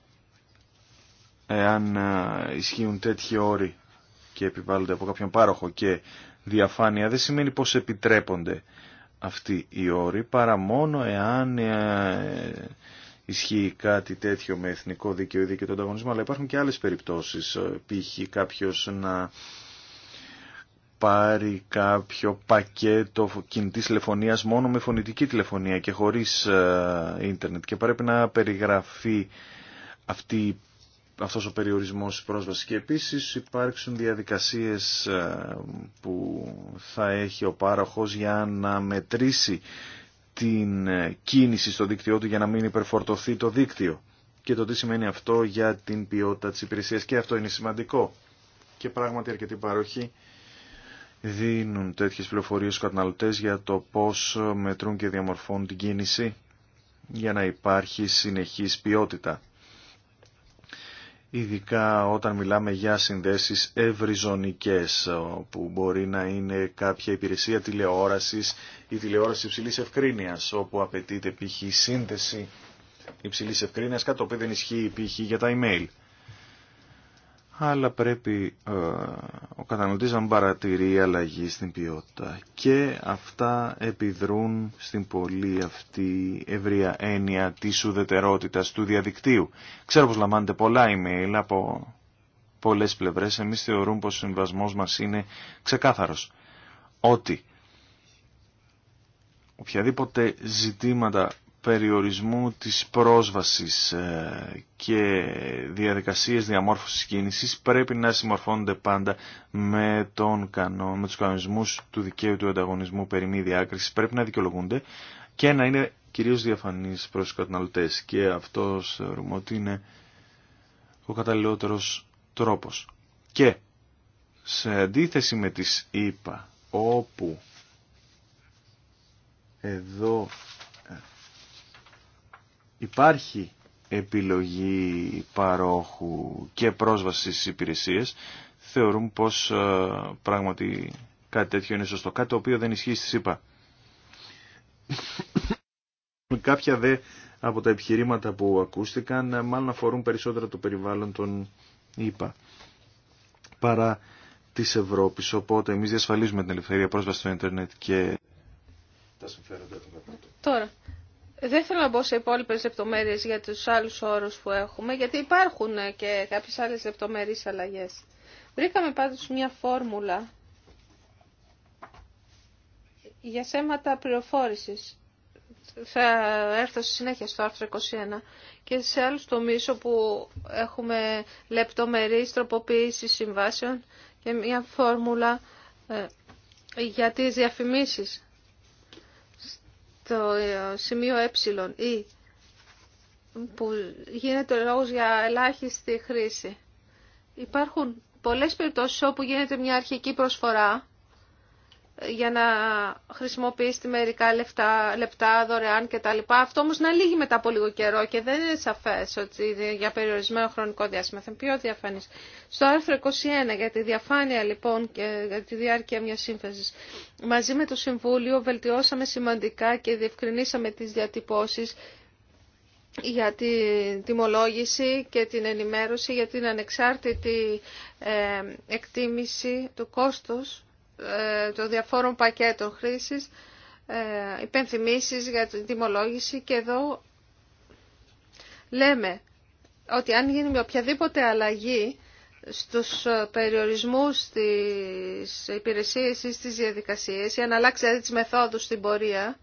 εάν ισχύουν τέτοιοι όροι και επιβάλλονται από κάποιον πάροχο και διαφάνεια δεν σημαίνει πως επιτρέπονται αυτοί οι όροι παρά μόνο εάν ε, ισχύει κάτι τέτοιο με εθνικό δίκαιο ή δίκαιο του ανταγωνισμού αλλά υπάρχουν και άλλες περιπτώσεις ε, π.χ. κάποιος να πάρει κάποιο πακέτο κινητής τηλεφωνίας μόνο με φωνητική τηλεφωνία και χωρίς ε, ίντερνετ και πρέπει να περιγραφεί αυτή η δικαιο του αλλα υπαρχουν και αλλες περιπτωσεις πχ καποιος να παρει καποιο πακετο κινητης τηλεφωνιας μονο με φωνητικη τηλεφωνια και χωρις ιντερνετ και πρεπει να περιγραφει αυτη η αυτός ο περιορισμός πρόσβασης και επίσης υπάρξουν διαδικασίες ε, που θα έχει ο πάροχος για να μετρήσει την ε, κίνηση στο δίκτυό του για να μην υπερφορτωθεί το δίκτυο και το τι σημαίνει αυτό για την ποιότητα της υπηρεσίας και αυτό είναι σημαντικό και πράγματι αρκετοί παροχοί δίνουν τέτοιες πληροφορίες στους καταναλωτές για το πώς μετρούν και διαμορφώνουν την κίνηση για να υπάρχει συνεχής ποιότητα ειδικά όταν μιλάμε για συνδέσεις ευρυζωνικές, που μπορεί να είναι κάποια υπηρεσία τηλεόρασης ή τηλεόραση υψηλής ευκρίνειας, όπου απαιτείται π.χ. σύνδεση υψηλής ευκρίνειας, κάτι το οποίο δεν ισχύει π.χ. για τα email αλλά πρέπει ε, ο καταναλωτής να παρατηρεί αλλαγή στην ποιότητα. Και αυτά επιδρούν στην πολύ αυτή ευρεία έννοια της ουδετερότητας του διαδικτύου. Ξέρω πως λαμβάνετε πολλά email από πολλές πλευρές. Εμείς θεωρούμε πως ο συμβασμός μας είναι ξεκάθαρος. Ότι οποιαδήποτε ζητήματα περιορισμού της πρόσβασης ε, και διαδικασίες διαμόρφωσης κίνησης πρέπει να συμμορφώνονται πάντα με, τον κανό, με τους κανονισμούς του δικαίου του ανταγωνισμού περί μη διάκρισης. Πρέπει να δικαιολογούνται και να είναι κυρίως διαφανείς προς τους καταναλωτές και αυτό θεωρούμε ότι είναι ο καταλληλότερος τρόπος. Και σε αντίθεση με τις ΗΠΑ όπου εδώ υπάρχει επιλογή παρόχου και πρόσβαση στις υπηρεσίες, θεωρούν πως ε, πράγματι κάτι τέτοιο είναι σωστό. Κάτι το οποίο δεν ισχύει στη ΣΥΠΑ. Κάποια δε από τα επιχειρήματα που ακούστηκαν ε, μάλλον αφορούν περισσότερα το περιβάλλον των ΙΠΑ παρά της Ευρώπης. Οπότε εμείς διασφαλίζουμε την ελευθερία πρόσβαση στο ίντερνετ και τα συμφέροντα του Τώρα, δεν θέλω να μπω σε υπόλοιπε λεπτομέρειε για του άλλου όρου που έχουμε, γιατί υπάρχουν και κάποιε άλλε λεπτομερεί αλλαγέ. Βρήκαμε πάντως μια φόρμουλα για σέματα πληροφόρηση. Θα έρθω στη συνέχεια στο άρθρο 21 και σε άλλους τομείς όπου έχουμε λεπτομερείς τροποποίηση συμβάσεων και μια φόρμουλα ε, για τις διαφημίσεις το ε, σημείο ε ή που γίνεται λόγος για ελάχιστη χρήση. Υπάρχουν πολλές περιπτώσεις όπου γίνεται μια αρχική προσφορά για να χρησιμοποιήσετε μερικά λεφτά, λεπτά δωρεάν κτλ. Αυτό όμως να λύγει μετά από λίγο καιρό και δεν είναι σαφές ότι για περιορισμένο χρονικό διάστημα θα είναι πιο διαφανής. Στο άρθρο 21 για τη διαφάνεια λοιπόν και για τη διάρκεια μιας σύμφασης. Μαζί με το Συμβούλιο βελτιώσαμε σημαντικά και διευκρινίσαμε τις διατυπώσεις για την τιμολόγηση και την ενημέρωση για την ανεξάρτητη ε, εκτίμηση του κόστος ε, των διαφόρων πακέτων χρήσης, ε, υπενθυμίσεις για την τιμολόγηση και εδώ λέμε ότι αν γίνει με οποιαδήποτε αλλαγή στους ε, περιορισμούς της υπηρεσίας ή στις διαδικασίες ή αν αλλάξει δηλαδή τις μεθόδους στην πορεία,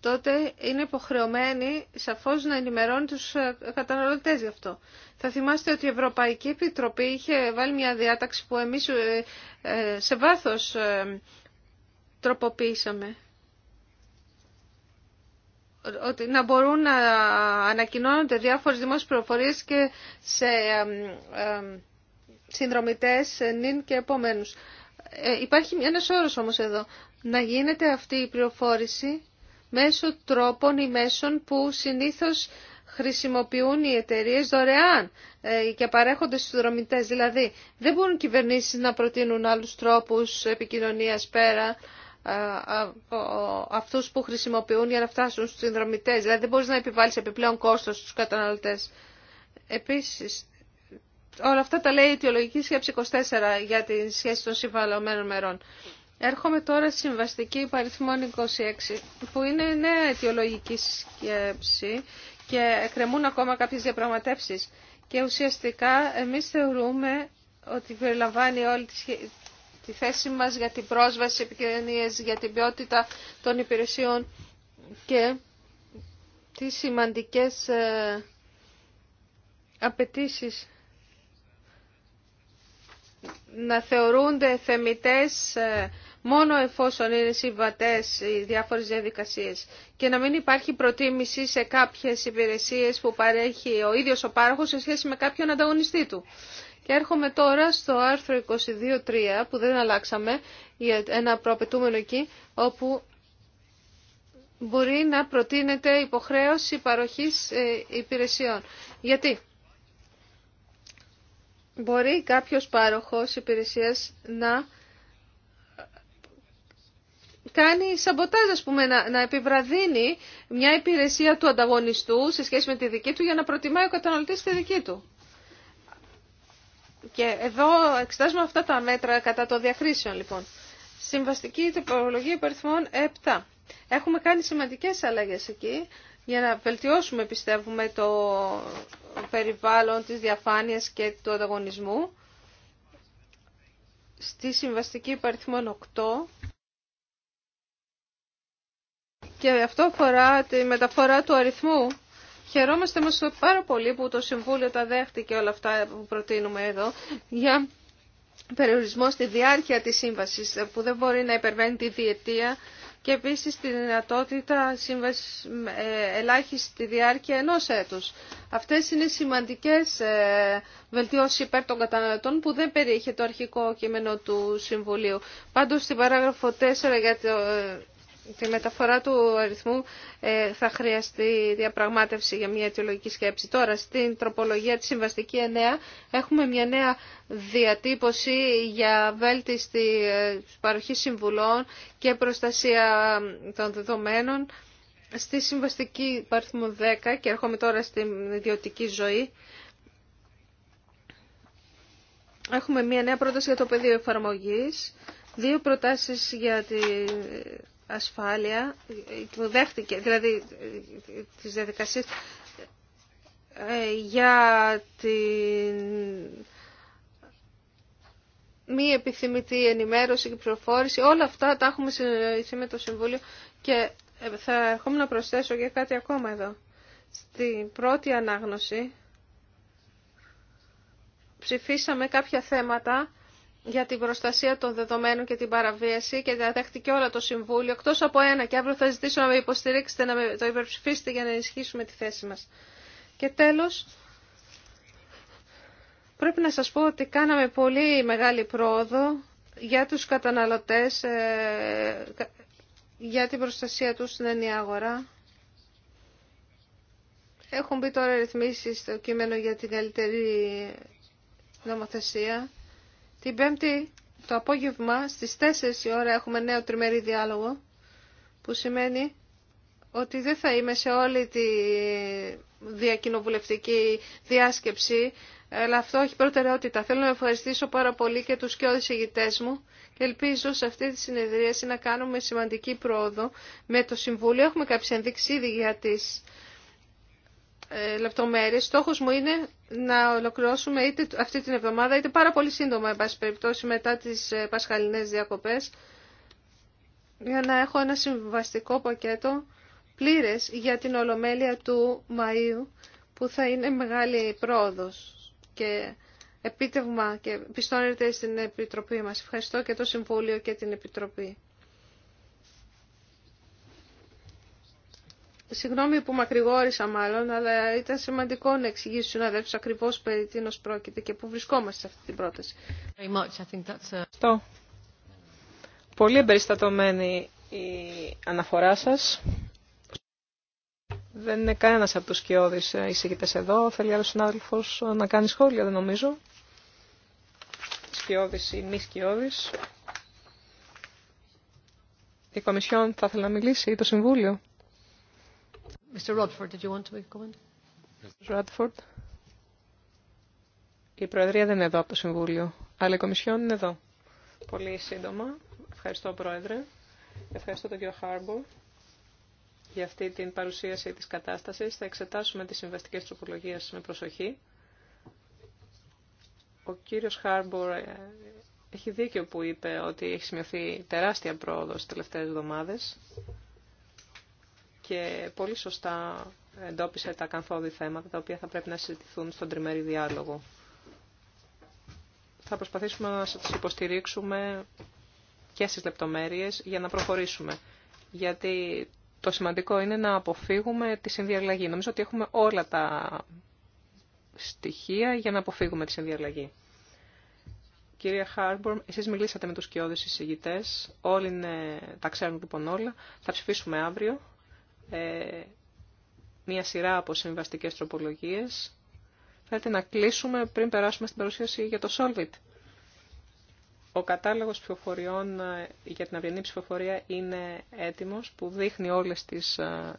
τότε είναι υποχρεωμένοι σαφώς να ενημερώνει τους καταναλωτές γι' αυτό. Θα θυμάστε ότι η Ευρωπαϊκή Επιτροπή είχε βάλει μια διάταξη που εμείς ε, ε, σε βάθος ε, τροποποίησαμε. Ότι να μπορούν να ανακοινώνονται διάφορες δημόσιες πληροφορίες και σε συνδρομητές νυν και επομένους. Υπάρχει ένας όρος όμως εδώ. Να γίνεται αυτή η πληροφόρηση μέσω τρόπων ή μέσων που συνήθως χρησιμοποιούν οι εταιρείε δωρεάν ε, και παρέχονται στους δρομητές. Δηλαδή δεν μπορούν οι κυβερνήσεις να προτείνουν άλλους τρόπους επικοινωνίας πέρα ε, από αυτούς που χρησιμοποιούν για να φτάσουν στους συνδρομητές. Δηλαδή δεν μπορείς να επιβάλλεις επιπλέον κόστος στους καταναλωτές. Επίσης, όλα αυτά τα λέει η αιτιολογική σκέψη 24 για τη σχέση των συμβαλωμένων μερών. Έρχομαι τώρα στη συμβαστική υπαριθμόν 26, που είναι νέα αιτιολογική σκέψη και εκκρεμούν ακόμα κάποιες διαπραγματεύσεις. Και ουσιαστικά εμείς θεωρούμε ότι περιλαμβάνει όλη τη θέση μας για την πρόσβαση επικοινωνίες, για την ποιότητα των υπηρεσιών και τις σημαντικές ε, απαιτήσει να θεωρούνται θεμητές ε, μόνο εφόσον είναι συμβατές οι διάφορες διαδικασίες και να μην υπάρχει προτίμηση σε κάποιες υπηρεσίες που παρέχει ο ίδιος ο πάροχος σε σχέση με κάποιον ανταγωνιστή του. Και έρχομαι τώρα στο άρθρο 22.3 που δεν αλλάξαμε, ένα προαπαιτούμενο εκεί, όπου μπορεί να προτείνεται υποχρέωση παροχής ε, υπηρεσιών. Γιατί μπορεί κάποιος πάροχος υπηρεσίας να κάνει σαμποτάζ, ας πούμε, να, να επιβραδύνει μια υπηρεσία του ανταγωνιστού σε σχέση με τη δική του για να προτιμάει ο καταναλωτής τη δική του. Και εδώ εξετάζουμε αυτά τα μέτρα κατά το διαχρήσεων, λοιπόν. Συμβαστική τυπολογία υπερθμών 7. Έχουμε κάνει σημαντικές αλλαγές εκεί για να βελτιώσουμε, πιστεύουμε, το περιβάλλον της διαφάνειας και του ανταγωνισμού. Στη συμβαστική υπερθμών 8 και αυτό αφορά τη μεταφορά του αριθμού. Χαιρόμαστε μας πάρα πολύ που το Συμβούλιο τα δέχτηκε όλα αυτά που προτείνουμε εδώ για περιορισμό στη διάρκεια της σύμβασης που δεν μπορεί να υπερβαίνει τη διετία και επίσης τη δυνατότητα σύμβαση ε, ελάχιστη διάρκεια ενός έτους. Αυτές είναι σημαντικές ε, βελτιώσεις υπέρ των καταναλωτών που δεν περιείχε το αρχικό κείμενο του Συμβουλίου. Πάντως στην παράγραφο 4 για το ε, τη μεταφορά του αριθμού ε, θα χρειαστεί διαπραγμάτευση για μια αιτιολογική σκέψη. Τώρα, στην τροπολογία της Συμβαστική 9 έχουμε μια νέα διατύπωση για βέλτιστη ε, παροχή συμβουλών και προστασία ε, των δεδομένων. Στη Συμβαστική παρθμού 10 και έρχομαι τώρα στην ιδιωτική ζωή. Έχουμε μια νέα πρόταση για το πεδίο εφαρμογής, δύο προτάσεις για τη ασφάλεια που δέχτηκε, δηλαδή τις διαδικασίες ε, για την μη επιθυμητή ενημέρωση και πληροφόρηση. Όλα αυτά τα έχουμε συνεργαστεί με το Συμβούλιο και ε, θα ερχόμουν να προσθέσω και κάτι ακόμα εδώ. Στην πρώτη ανάγνωση ψηφίσαμε κάποια θέματα για την προστασία των δεδομένων και την παραβίαση και τα δέχτηκε όλα το Συμβούλιο, εκτό από ένα και αύριο θα ζητήσω να με υποστηρίξετε, να με το υπερψηφίσετε για να ενισχύσουμε τη θέση μα. Και τέλο, πρέπει να σα πω ότι κάναμε πολύ μεγάλη πρόοδο για τους καταναλωτές, ε, για την προστασία του στην ενιαία αγορά. Έχουν μπει τώρα ρυθμίσει στο κείμενο για την καλύτερη νομοθεσία την Πέμπτη το απόγευμα στις 4 η ώρα έχουμε νέο τριμερή διάλογο που σημαίνει ότι δεν θα είμαι σε όλη τη διακοινοβουλευτική διάσκεψη αλλά αυτό έχει προτεραιότητα. Θέλω να ευχαριστήσω πάρα πολύ και τους και ηγητές μου και ελπίζω σε αυτή τη συνεδρίαση να κάνουμε σημαντική πρόοδο με το Συμβούλιο. Έχουμε κάποιες ενδείξεις ήδη για τις ε, λεπτομέρειες. Στόχος μου είναι να ολοκληρώσουμε είτε αυτή την εβδομάδα, είτε πάρα πολύ σύντομα, εν πάση περιπτώσει, μετά τις ε, πασχαλινές διακοπές, για να έχω ένα συμβαστικό πακέτο πλήρες για την Ολομέλεια του Μαΐου, που θα είναι μεγάλη πρόοδος και επίτευγμα και πιστώνεται στην Επιτροπή μας. Ευχαριστώ και το Συμβούλιο και την Επιτροπή. Συγγνώμη που μακρηγόρησα μάλλον, αλλά ήταν σημαντικό να εξηγήσω στους συναδέλφους ακριβώς περί τίνος πρόκειται και πού βρισκόμαστε σε αυτή την πρόταση. Ευχαριστώ. Πολύ εμπεριστατωμένη η αναφορά σας. Δεν είναι κανένα από τους σκιώδεις εισηγητές εδώ. Θέλει άλλο συνάδελφος να κάνει σχόλια, δεν νομίζω. Σκιώδης ή μη σκιώδης. Η Κομισιόν θα ήθελε να μιλήσει ή το Συμβούλιο. Mr. Rodford, did you want to Η Προεδρία δεν είναι εδώ από το Συμβούλιο, αλλά η Κομισιόν είναι εδώ. Πολύ σύντομα. Ευχαριστώ, Πρόεδρε. Ευχαριστώ τον κύριο Χάρμπορ για αυτή την παρουσίαση της κατάστασης. Θα εξετάσουμε τις συμβαστικές τροπολογίες με προσοχή. Ο κύριος Χάρμπορ ε, έχει δίκιο που είπε ότι έχει σημειωθεί τεράστια πρόοδος τις τελευταίες εβδομάδες και πολύ σωστά εντόπισε τα κανθόδη θέματα τα οποία θα πρέπει να συζητηθούν στον τριμερή διάλογο. Θα προσπαθήσουμε να σα υποστηρίξουμε και στις λεπτομέρειες για να προχωρήσουμε. Γιατί το σημαντικό είναι να αποφύγουμε τη συνδιαλλαγή. Νομίζω ότι έχουμε όλα τα στοιχεία για να αποφύγουμε τη συνδιαλλαγή. Κυρία Χάρμπορν, εσείς μιλήσατε με τους κοιόδες εισηγητές, όλοι τα ξέρουν λοιπόν όλα. Θα ψηφίσουμε αύριο ε, μία σειρά από συμβαστικές τροπολογίες. Θέλετε να κλείσουμε πριν περάσουμε στην παρουσίαση για το Solvit. Ο κατάλογος ψηφοφοριών ε, για την αυριανή ψηφοφορία είναι έτοιμος που δείχνει όλες τις, ε,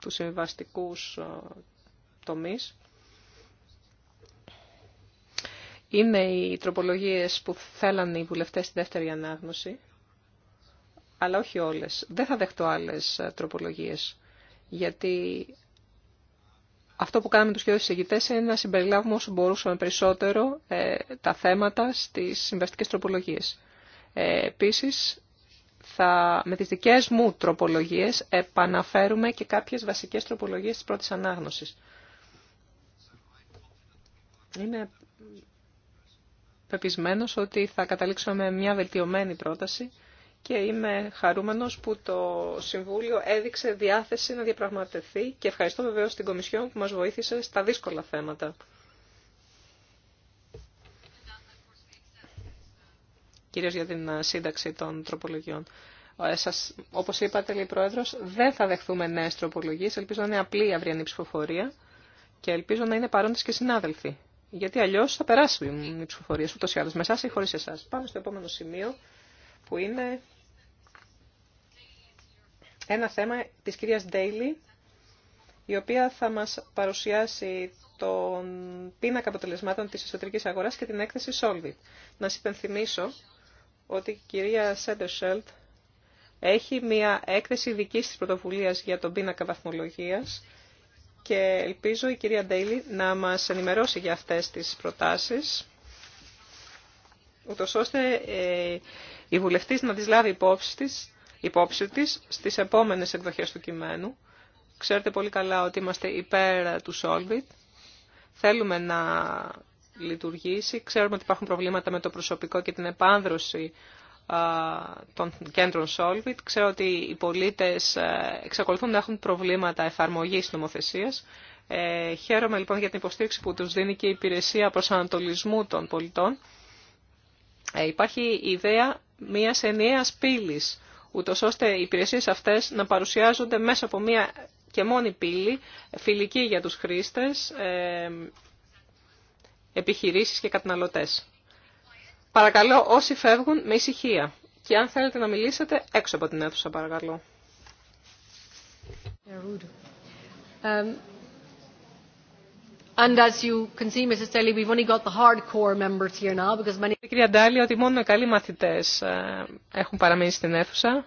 τους συμβαστικούς ε, τομείς. Είναι οι τροπολογίες που θέλαν οι βουλευτές στη δεύτερη ανάγνωση αλλά όχι όλες. Δεν θα δεχτώ άλλες ε, τροπολογίες, γιατί αυτό που κάναμε τους κοινούς εισηγητές είναι να συμπεριλάβουμε όσο μπορούσαμε περισσότερο ε, τα θέματα στις συμβαστικές τροπολογίες. Ε, επίσης, θα, με τις δικές μου τροπολογίες επαναφέρουμε και κάποιες βασικές τροπολογίες της πρώτης ανάγνωσης. Είμαι πεπισμένος ότι θα καταλήξουμε μια βελτιωμένη πρόταση και είμαι χαρούμενος που το Συμβούλιο έδειξε διάθεση να διαπραγματευτεί και ευχαριστώ βεβαίως την Κομισιόν που μας βοήθησε στα δύσκολα θέματα. κυρίως για την ε, σύνταξη των τροπολογιών. Ε, σας, όπως είπατε, λέει Πρόεδρος, δεν θα δεχθούμε νέες τροπολογίες. Ελπίζω να είναι απλή η αυριανή ψηφοφορία και ελπίζω να είναι παρόντες και συνάδελφοι. Γιατί αλλιώς θα περάσουν η ψηφοφορία, ούτως ή άλλως, με εσάς ή χωρίς εσάς. Πάμε στο επόμενο σημείο που είναι ένα θέμα της κυρίας Ντέιλι, η οποία θα μας παρουσιάσει τον πίνακα αποτελεσμάτων της εσωτερικής αγοράς και την έκθεση Solvit. Να σας υπενθυμίσω ότι η κυρία Σέντερσελτ έχει μια έκθεση δική της πρωτοβουλίας για τον πίνακα βαθμολογίας και ελπίζω η κυρία Ντέιλι να μας ενημερώσει για αυτές τις προτάσεις ούτως ώστε ε, η βουλευτής να τις λάβει υπόψη της, υπόψη της στις επόμενες εκδοχές του κειμένου. Ξέρετε πολύ καλά ότι είμαστε υπέρ του Solvit. Θέλουμε να λειτουργήσει. Ξέρουμε ότι υπάρχουν προβλήματα με το προσωπικό και την επάνδρωση των κέντρων Solvit. Ξέρω ότι οι πολίτες ε, εξακολουθούν να έχουν προβλήματα εφαρμογής νομοθεσίας. Ε, χαίρομαι λοιπόν για την υποστήριξη που τους δίνει και η υπηρεσία ανατολισμού των πολιτών ε, υπάρχει η ιδέα μιας ενιαίας πύλης, ούτως ώστε οι υπηρεσίες αυτές να παρουσιάζονται μέσα από μια και μόνη πύλη, φιλική για τους χρήστες, ε, επιχειρήσεις και καταναλωτές. Παρακαλώ όσοι φεύγουν με ησυχία. Και αν θέλετε να μιλήσετε, έξω από την αίθουσα παρακαλώ. And as you can see, κυρία ότι μόνο οι καλοί μαθητές ε, έχουν παραμείνει στην αίθουσα.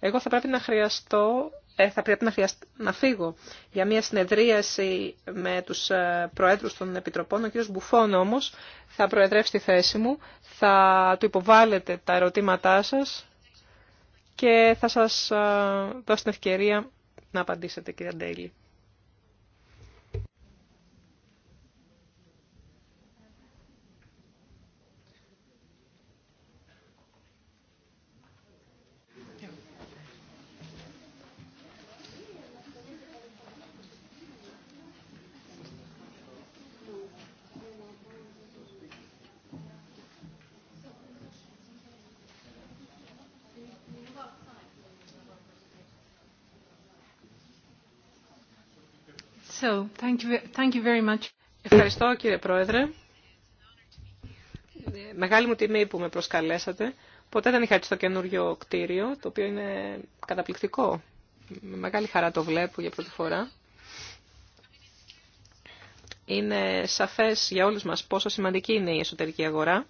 Εγώ θα πρέπει να χρειαστώ, ε, θα πρέπει να, φύγω για μια συνεδρίαση με τους ε, προέδρους των Επιτροπών. Ο κ. Μπουφών όμως θα προεδρεύσει τη θέση μου, θα του υποβάλλετε τα ερωτήματά σας και θα σας δώσω την ευκαιρία να απαντήσετε, κυρία Ντέιλι. Ευχαριστώ κύριε Πρόεδρε. Ε, μεγάλη μου τιμή που με προσκαλέσατε. Ποτέ δεν είχα έτσι το καινούριο κτίριο, το οποίο είναι καταπληκτικό. Με μεγάλη χαρά το βλέπω για πρώτη φορά. Είναι σαφές για όλους μας πόσο σημαντική είναι η εσωτερική αγορά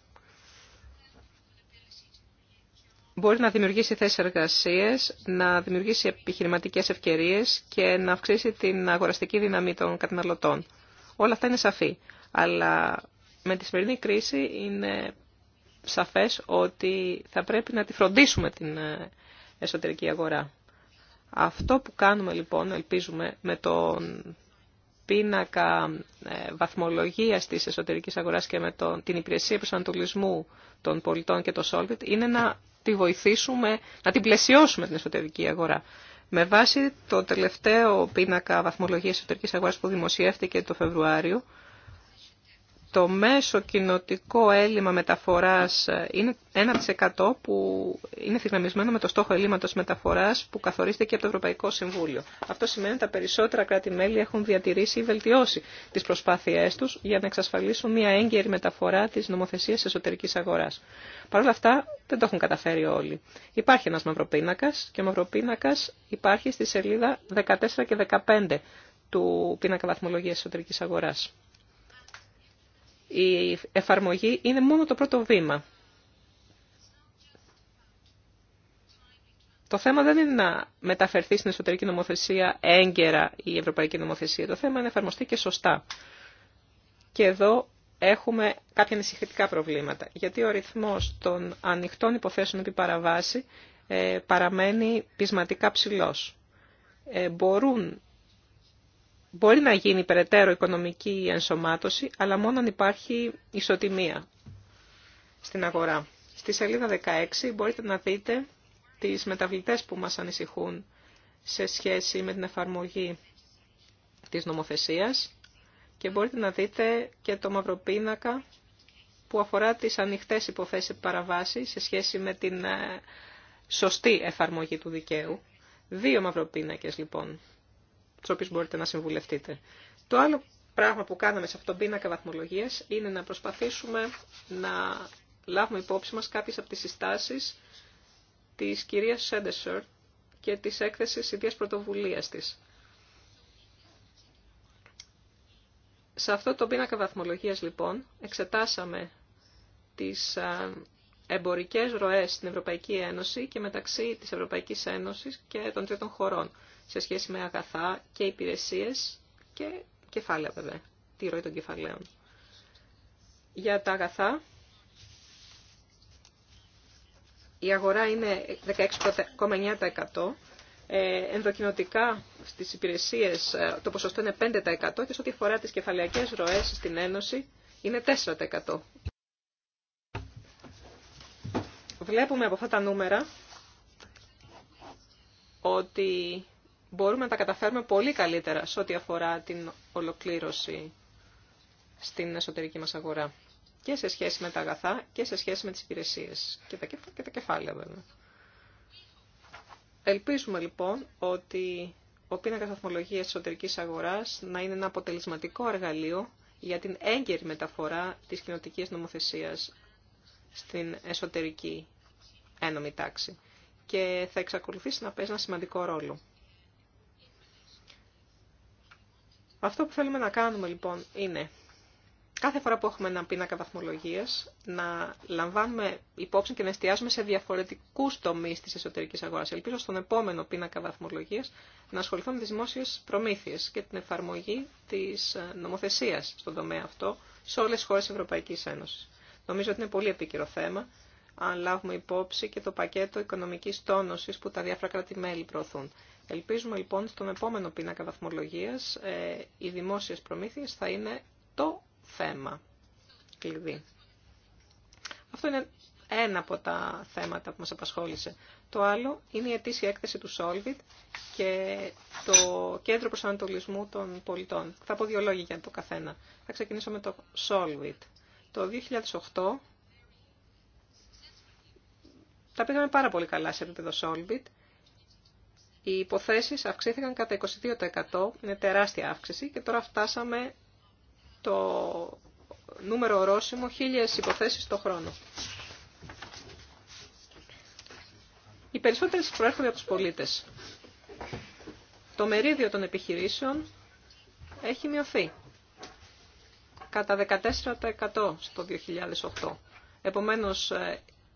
μπορεί να δημιουργήσει θέσεις εργασίας, να δημιουργήσει επιχειρηματικές ευκαιρίες και να αυξήσει την αγοραστική δύναμη των καταναλωτών. Όλα αυτά είναι σαφή. Αλλά με τη σημερινή κρίση είναι σαφές ότι θα πρέπει να τη φροντίσουμε την ε, εσωτερική αγορά. Αυτό που κάνουμε λοιπόν, ελπίζουμε, με τον πίνακα ε, βαθμολογίας της εσωτερικής αγοράς και με τον, την υπηρεσία προσανατολισμού των πολιτών και το Solvit είναι να τη βοηθήσουμε, να την πλαισιώσουμε την εσωτερική αγορά. Με βάση το τελευταίο πίνακα βαθμολογίας εσωτερικής αγοράς που δημοσιεύτηκε το Φεβρουάριο, το μέσο κοινοτικό έλλειμμα μεταφοράς είναι 1% που είναι θυγραμμισμένο με το στόχο έλλειμματος μεταφοράς που καθορίζεται και από το Ευρωπαϊκό Συμβούλιο. Αυτό σημαίνει ότι τα περισσότερα κράτη-μέλη έχουν διατηρήσει ή βελτιώσει τις προσπάθειές τους για να εξασφαλίσουν μια έγκαιρη μεταφορά της νομοθεσίας εσωτερικής αγοράς. Παρ' όλα αυτά δεν το έχουν καταφέρει όλοι. Υπάρχει ένας μαυροπίνακας και ο μαυροπίνακας υπάρχει στη σελίδα 14 και 15 του πίνακα βαθμολογίας εσωτερικής αγοράς η εφαρμογή είναι μόνο το πρώτο βήμα. Το θέμα δεν είναι να μεταφερθεί στην εσωτερική νομοθεσία έγκαιρα η ευρωπαϊκή νομοθεσία. Το θέμα είναι να εφαρμοστεί και σωστά. Και εδώ έχουμε κάποια ανησυχητικά προβλήματα. Γιατί ο ρυθμός των ανοιχτών υποθέσεων επί παραβάση ε, παραμένει πεισματικά ψηλός. Ε, μπορούν Μπορεί να γίνει περαιτέρω οικονομική ενσωμάτωση, αλλά μόνο αν υπάρχει ισοτιμία στην αγορά. Στη σελίδα 16 μπορείτε να δείτε τις μεταβλητές που μας ανησυχούν σε σχέση με την εφαρμογή της νομοθεσίας και μπορείτε να δείτε και το μαυροπίνακα που αφορά τις ανοιχτές υποθέσεις παραβάσεις σε σχέση με την ε, σωστή εφαρμογή του δικαίου. Δύο μαυροπίνακες λοιπόν τι οποίε μπορείτε να συμβουλευτείτε. Το άλλο πράγμα που κάναμε σε αυτόν τον πίνακα βαθμολογία είναι να προσπαθήσουμε να λάβουμε υπόψη μας κάποιες από τις συστάσεις της κυρίας Σέντεσορ και τη Έκθεση Ιδία πρωτοβουλίας της. Σε αυτό το πίνακα βαθμολογία λοιπόν εξετάσαμε τις εμπορικέ ροέ στην Ευρωπαϊκή Ένωση και μεταξύ τη Ευρωπαϊκή Ένωση και των τρίτων χωρών σε σχέση με αγαθά και υπηρεσίες και κεφάλαια βέβαια, τη ροή των κεφαλαίων. Για τα αγαθά, η αγορά είναι 16,9%. Ε, ενδοκινοτικά στις υπηρεσίες ε, το ποσοστό είναι 5% και σε ό,τι αφορά τις κεφαλαιακές ροές στην Ένωση είναι 4%. Βλέπουμε από αυτά τα νούμερα ότι μπορούμε να τα καταφέρουμε πολύ καλύτερα σε ό,τι αφορά την ολοκλήρωση στην εσωτερική μας αγορά. Και σε σχέση με τα αγαθά και σε σχέση με τις υπηρεσίες και τα, και κεφάλαια βέβαια. Ελπίζουμε λοιπόν ότι ο πίνακα βαθμολογία εσωτερική αγορά να είναι ένα αποτελεσματικό εργαλείο για την έγκαιρη μεταφορά τη κοινοτική νομοθεσία στην εσωτερική ένωμη τάξη και θα εξακολουθήσει να παίζει ένα σημαντικό ρόλο. Αυτό που θέλουμε να κάνουμε λοιπόν είναι κάθε φορά που έχουμε ένα πίνακα βαθμολογία να λαμβάνουμε υπόψη και να εστιάζουμε σε διαφορετικού τομεί τη εσωτερική αγορά, Ελπίζω στον επόμενο πίνακα βαθμολογία, να ασχοληθούμε με τι δημόσιε προμήθειε και την εφαρμογή τη νομοθεσία στον τομέα αυτό σε όλε τις χώρες Ευρωπαϊκή Ένωση. Νομίζω ότι είναι πολύ επίκαιρο θέμα αν λάβουμε υπόψη και το πακέτο οικονομικής τόνωσης που τα διάφορα κράτη-μέλη προωθούν. Ελπίζουμε λοιπόν στον επόμενο πίνακα βαθμολογίας ε, οι δημόσιες προμήθειες θα είναι το θέμα κλειδί. Αυτό είναι ένα από τα θέματα που μας απασχόλησε. Το άλλο είναι η ετήσια έκθεση του Solvit και το Κέντρο Προσανατολισμού των Πολιτών. Θα πω δύο λόγια για το καθένα. Θα ξεκινήσω με το Solvit. Το 2008 τα πήγαμε πάρα πολύ καλά σε επίπεδο Solvit οι υποθέσεις αυξήθηκαν κατά 22%, είναι τεράστια αύξηση και τώρα φτάσαμε το νούμερο ορόσημο χίλιες υποθέσεις το χρόνο. Οι περισσότερες προέρχονται από τους πολίτες. Το μερίδιο των επιχειρήσεων έχει μειωθεί κατά 14% στο 2008. Επομένως,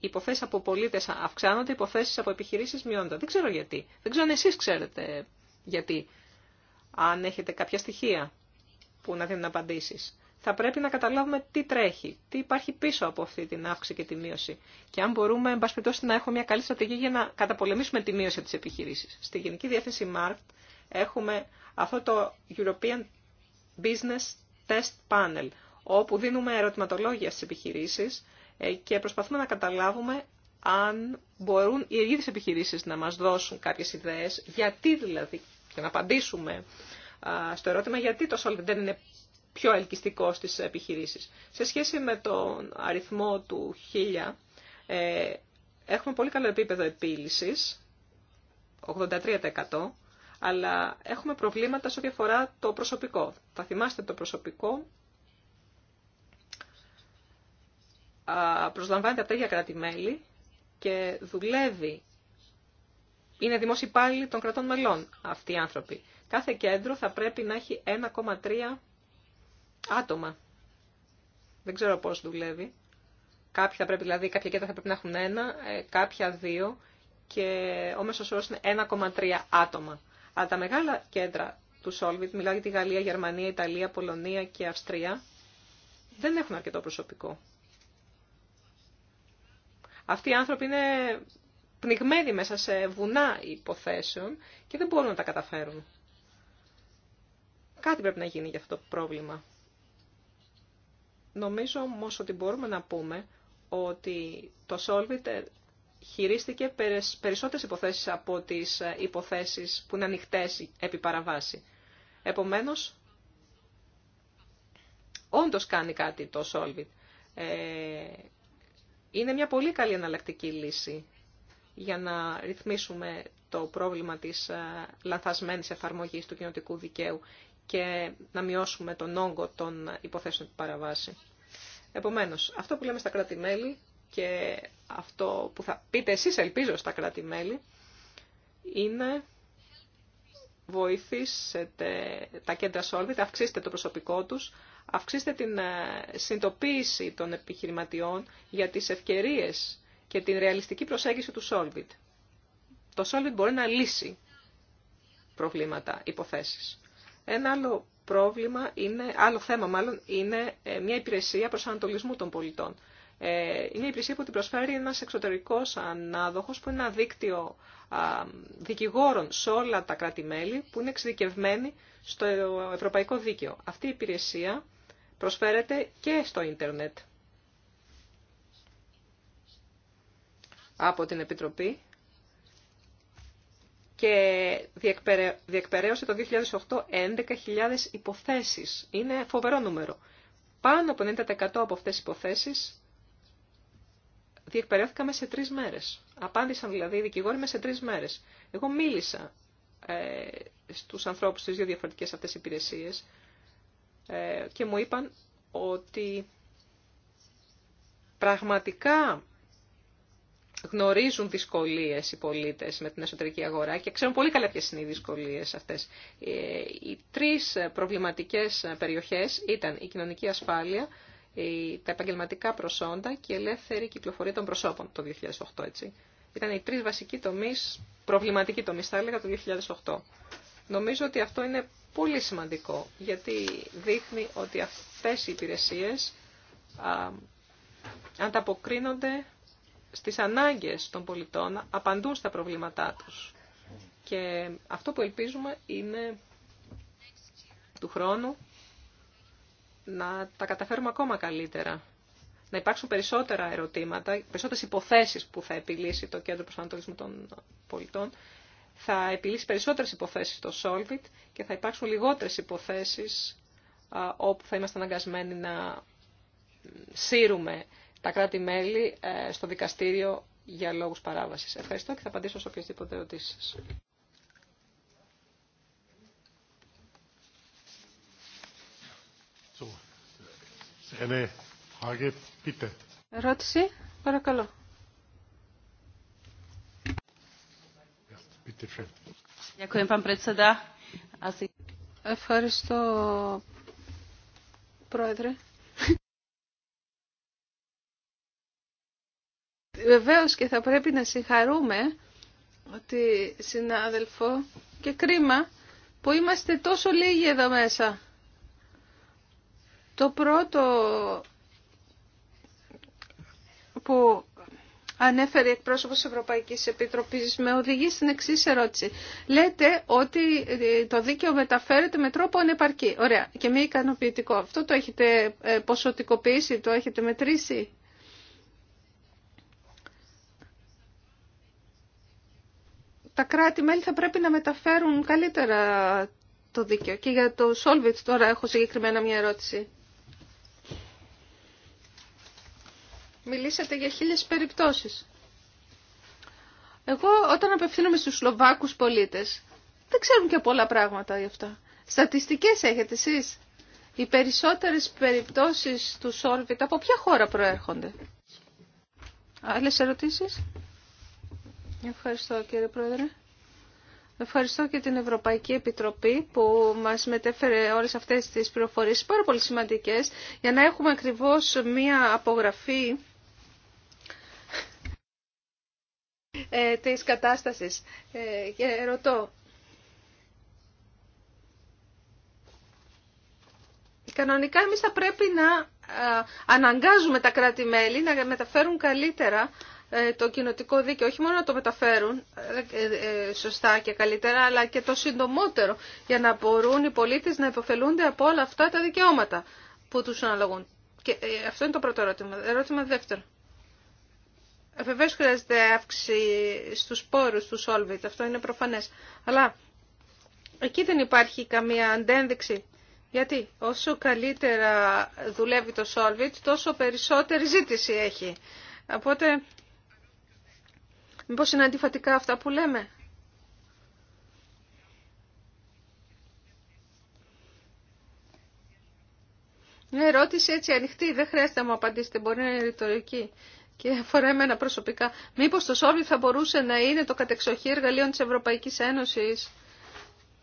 υποθέσει από πολίτε αυξάνονται, υποθέσει από επιχειρήσει μειώνονται. Δεν ξέρω γιατί. Δεν ξέρω αν εσεί ξέρετε γιατί. Αν έχετε κάποια στοιχεία που να δίνουν απαντήσει. Θα πρέπει να καταλάβουμε τι τρέχει, τι υπάρχει πίσω από αυτή την αύξηση και τη μείωση. Και αν μπορούμε, εν πάση περιπτώσει, να έχουμε μια καλή στρατηγική για να καταπολεμήσουμε τη μείωση τη επιχειρήση. Στη Γενική Διεύθυνση Markt έχουμε αυτό το European Business Test Panel, όπου δίνουμε ερωτηματολόγια στις επιχειρήσεις ε, και προσπαθούμε να καταλάβουμε αν μπορούν οι ίδιες επιχειρήσεις να μας δώσουν κάποιες ιδέες, γιατί δηλαδή, και να απαντήσουμε στο ερώτημα γιατί το solid δεν είναι πιο ελκυστικό στις επιχειρήσεις. Σε σχέση με τον αριθμό του 1000, ε, έχουμε πολύ καλό επίπεδο επίλυσης, 83%, αλλά έχουμε προβλήματα σε ό,τι αφορά το προσωπικό. Θα θυμάστε το προσωπικό προσλαμβάνεται από τα ίδια κράτη-μέλη και δουλεύει. Είναι δημόσιοι υπάλληλοι των κρατών μελών αυτοί οι άνθρωποι. Κάθε κέντρο θα πρέπει να έχει 1,3 άτομα. Δεν ξέρω πώς δουλεύει. Κάποια, πρέπει, δηλαδή, κάποια κέντρα θα πρέπει να έχουν ένα, ε, κάποια δύο και ο μέσος όρος είναι 1,3 άτομα. Αλλά τα μεγάλα κέντρα του Solvit, μιλάει για τη Γαλλία, Γερμανία, Ιταλία, Πολωνία και Αυστρία, δεν έχουν αρκετό προσωπικό. Αυτοί οι άνθρωποι είναι πνιγμένοι μέσα σε βουνά υποθέσεων και δεν μπορούν να τα καταφέρουν. Κάτι πρέπει να γίνει για αυτό το πρόβλημα. Νομίζω όμω ότι μπορούμε να πούμε ότι το Solvit χειρίστηκε περισσότερες υποθέσεις από τις υποθέσεις που είναι ανοιχτές επί παραβάση. Επομένως, όντως κάνει κάτι το Solvit. Ε, είναι μια πολύ καλή εναλλακτική λύση για να ρυθμίσουμε το πρόβλημα της ε, λανθασμένης εφαρμογής του κοινωτικού δικαίου και να μειώσουμε τον όγκο των υποθέσεων του παραβάση. Επομένως, αυτό που λέμε στα κράτη-μέλη και αυτό που θα πείτε εσείς ελπίζω στα κράτη-μέλη είναι βοηθήσετε τα κέντρα Solvit, αυξήστε το προσωπικό τους, αυξήστε την ε, συνειδητοποίηση των επιχειρηματιών για τις ευκαιρίες και την ρεαλιστική προσέγγιση του Solvit. Το Solvit μπορεί να λύσει προβλήματα, υποθέσεις. Ένα άλλο πρόβλημα είναι, άλλο θέμα μάλλον, είναι ε, μια υπηρεσία ανατολισμού των πολιτών. Ε, είναι η υπηρεσία που την προσφέρει ένας εξωτερικός ανάδοχος που είναι ένα δίκτυο δικηγόρων σε όλα τα κράτη-μέλη που είναι εξειδικευμένοι στο ευρωπαϊκό δίκαιο. Αυτή η υπηρεσία προσφέρεται και στο ίντερνετ. από την Επιτροπή και διεκπαιρέωσε το 2008 11.000 υποθέσεις. Είναι φοβερό νούμερο. Πάνω από 90% από αυτές τις υποθέσεις διεκπαιρέωθηκαν μέσα σε τρεις μέρες. Απάντησαν δηλαδή οι δικηγόροι μέσα σε τρεις μέρες. Εγώ μίλησα ε, στους ανθρώπους στις δύο διαφορετικές αυτές υπηρεσίες ε, και μου είπαν ότι πραγματικά γνωρίζουν δυσκολίες οι πολίτες με την εσωτερική αγορά και ξέρουν πολύ καλά ποιες είναι οι δυσκολίες αυτές. Ε, οι τρεις προβληματικές περιοχές ήταν η κοινωνική ασφάλεια, τα επαγγελματικά προσόντα και η ελεύθερη κυκλοφορία των προσώπων το 2008 έτσι. Ήταν οι τρεις βασικοί τομείς, προβληματικοί τομείς θα έλεγα το 2008. Νομίζω ότι αυτό είναι πολύ σημαντικό, γιατί δείχνει ότι αυτές οι υπηρεσίες ανταποκρίνονται στις ανάγκες των πολιτών, απαντούν στα προβλήματά τους. Και αυτό που ελπίζουμε είναι του χρόνου να τα καταφέρουμε ακόμα καλύτερα. Να υπάρξουν περισσότερα ερωτήματα, περισσότερες υποθέσεις που θα επιλύσει το Κέντρο Προσανατολισμού των Πολιτών θα επιλύσει περισσότερες υποθέσεις το Solvit και θα υπάρξουν λιγότερες υποθέσεις όπου θα είμαστε αναγκασμένοι να σύρουμε τα κράτη-μέλη ε, στο δικαστήριο για λόγους παράβασης. Ευχαριστώ και θα απαντήσω σε οποιασδήποτε ερωτήσει. Ερώτηση, παρακαλώ. Ευχαριστώ, Πρόεδρε. Βεβαίω και θα πρέπει να συγχαρούμε ότι συνάδελφο και κρίμα που είμαστε τόσο λίγοι εδώ μέσα. Το πρώτο που ανέφερε η Ευρωπαϊκή Επίτροπή Ευρωπαϊκής με οδηγεί στην εξή ερώτηση. Λέτε ότι ε, το δίκαιο μεταφέρεται με τρόπο ανεπαρκή. Ωραία. Και μη ικανοποιητικό. Αυτό το έχετε ε, ποσοτικοποιήσει, το έχετε μετρήσει. Τα κράτη-μέλη θα πρέπει να μεταφέρουν καλύτερα το δίκαιο. Και για το Σόλβιτ. τώρα έχω συγκεκριμένα μια ερώτηση. Μιλήσατε για χίλιες περιπτώσεις. Εγώ όταν απευθύνομαι στους Σλοβάκους πολίτες, δεν ξέρουν και πολλά πράγματα γι' αυτά. Στατιστικές έχετε εσείς. Οι περισσότερες περιπτώσεις του Σόρβιτ από ποια χώρα προέρχονται. Άλλες ερωτήσεις. Ευχαριστώ κύριε Πρόεδρε. Ευχαριστώ και την Ευρωπαϊκή Επιτροπή που μας μετέφερε όλες αυτές τις πληροφορίες πάρα πολύ σημαντικές για να έχουμε ακριβώς μία απογραφή ε, της κατάστασης. Ε, και ρωτώ, Κανονικά εμείς θα πρέπει να ε, αναγκάζουμε τα κράτη-μέλη να μεταφέρουν καλύτερα ε, το κοινοτικό δίκαιο. Όχι μόνο να το μεταφέρουν ε, σωστά και καλύτερα, αλλά και το συντομότερο για να μπορούν οι πολίτες να υποφελούνται από όλα αυτά τα δικαιώματα που τους αναλογούν. Και αυτό είναι το πρώτο ερώτημα. Ερώτημα δεύτερο. Βεβαίω χρειάζεται αύξηση στους πόρους του Solvit, αυτό είναι προφανές. Αλλά εκεί δεν υπάρχει καμία αντένδειξη. Γιατί όσο καλύτερα δουλεύει το Solvit, τόσο περισσότερη ζήτηση έχει. Οπότε, μήπως είναι αντιφατικά αυτά που λέμε. Μια ερώτηση έτσι ανοιχτή, δεν χρειάζεται να μου απαντήσετε, μπορεί να είναι ρητορική και αφορά εμένα προσωπικά. Μήπω το Solvit θα μπορούσε να είναι το κατεξοχή εργαλείο της Ευρωπαϊκής Ένωσης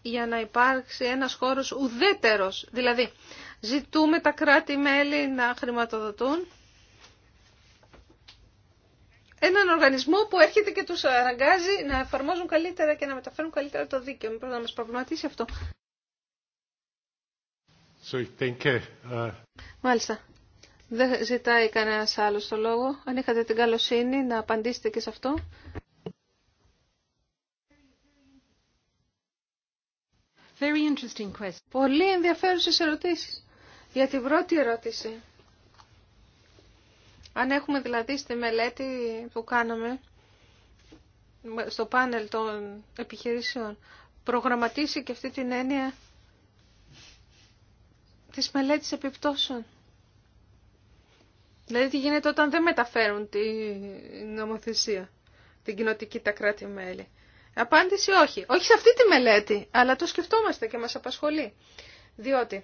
για να υπάρξει ένας χώρος ουδέτερος. Δηλαδή, ζητούμε τα κράτη-μέλη να χρηματοδοτούν έναν οργανισμό που έρχεται και τους αναγκάζει να εφαρμόζουν καλύτερα και να μεταφέρουν καλύτερα το δίκαιο. Μήπως να μας προβληματίσει αυτό. Uh, Μάλιστα. Δεν ζητάει κανένα άλλο το λόγο. Αν είχατε την καλοσύνη να απαντήσετε και σε αυτό. Very interesting question. Πολύ ενδιαφέρουσες ερωτήσεις. Για την πρώτη ερώτηση. Αν έχουμε δηλαδή στη μελέτη που κάναμε στο πάνελ των επιχειρήσεων προγραμματίσει και αυτή την έννοια της μελέτης επιπτώσεων. Δηλαδή τι γίνεται όταν δεν μεταφέρουν την νομοθεσία, την κοινοτική τα κράτη-μέλη. Απάντηση όχι. Όχι σε αυτή τη μελέτη, αλλά το σκεφτόμαστε και μας απασχολεί. Διότι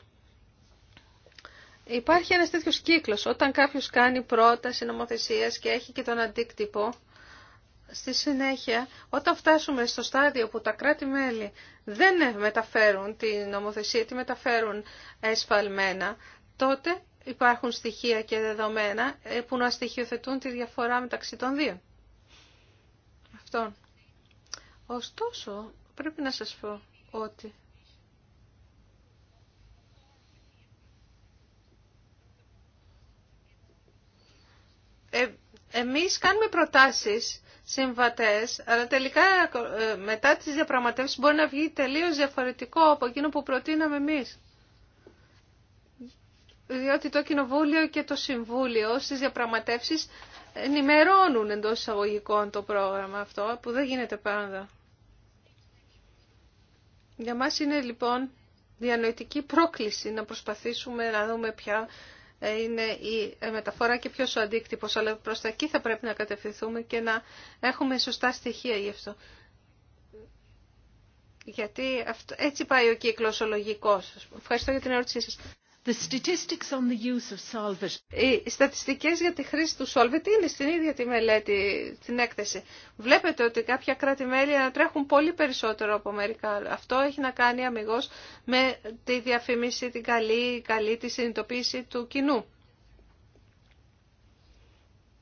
υπάρχει ένας τέτοιος κύκλος. Όταν κάποιος κάνει πρόταση νομοθεσίας και έχει και τον αντίκτυπο, στη συνέχεια, όταν φτάσουμε στο στάδιο που τα κράτη-μέλη δεν μεταφέρουν την νομοθεσία, τη μεταφέρουν εσφαλμένα, τότε υπάρχουν στοιχεία και δεδομένα ε, που να στοιχειοθετούν τη διαφορά μεταξύ των δύο. Αυτόν. Ωστόσο, πρέπει να σας πω ότι ε, εμείς κάνουμε προτάσεις συμβατές, αλλά τελικά ε, μετά τις διαπραγματεύσεις μπορεί να βγει τελείως διαφορετικό από εκείνο που προτείναμε εμείς διότι το Κοινοβούλιο και το Συμβούλιο στις διαπραγματεύσεις ενημερώνουν εντός εισαγωγικών το πρόγραμμα αυτό, που δεν γίνεται πάντα. Για μας είναι λοιπόν διανοητική πρόκληση να προσπαθήσουμε να δούμε ποια ε, είναι η ε, μεταφορά και ποιος ο αντίκτυπος, αλλά προς τα εκεί θα πρέπει να κατευθυνθούμε και να έχουμε σωστά στοιχεία γι' αυτό. Γιατί αυτό, έτσι πάει ο κύκλος ο λογικός. Ευχαριστώ για την ερώτησή σας. The statistics Οι στατιστικές για τη χρήση του Solvit είναι στην ίδια τη μελέτη, την έκθεση. Βλέπετε ότι κάποια κράτη-μέλη ανατρέχουν πολύ περισσότερο από μερικά. Αυτό έχει να κάνει αμυγός με τη διαφήμιση, την καλή, καλή τη συνειδητοποίηση του κοινού.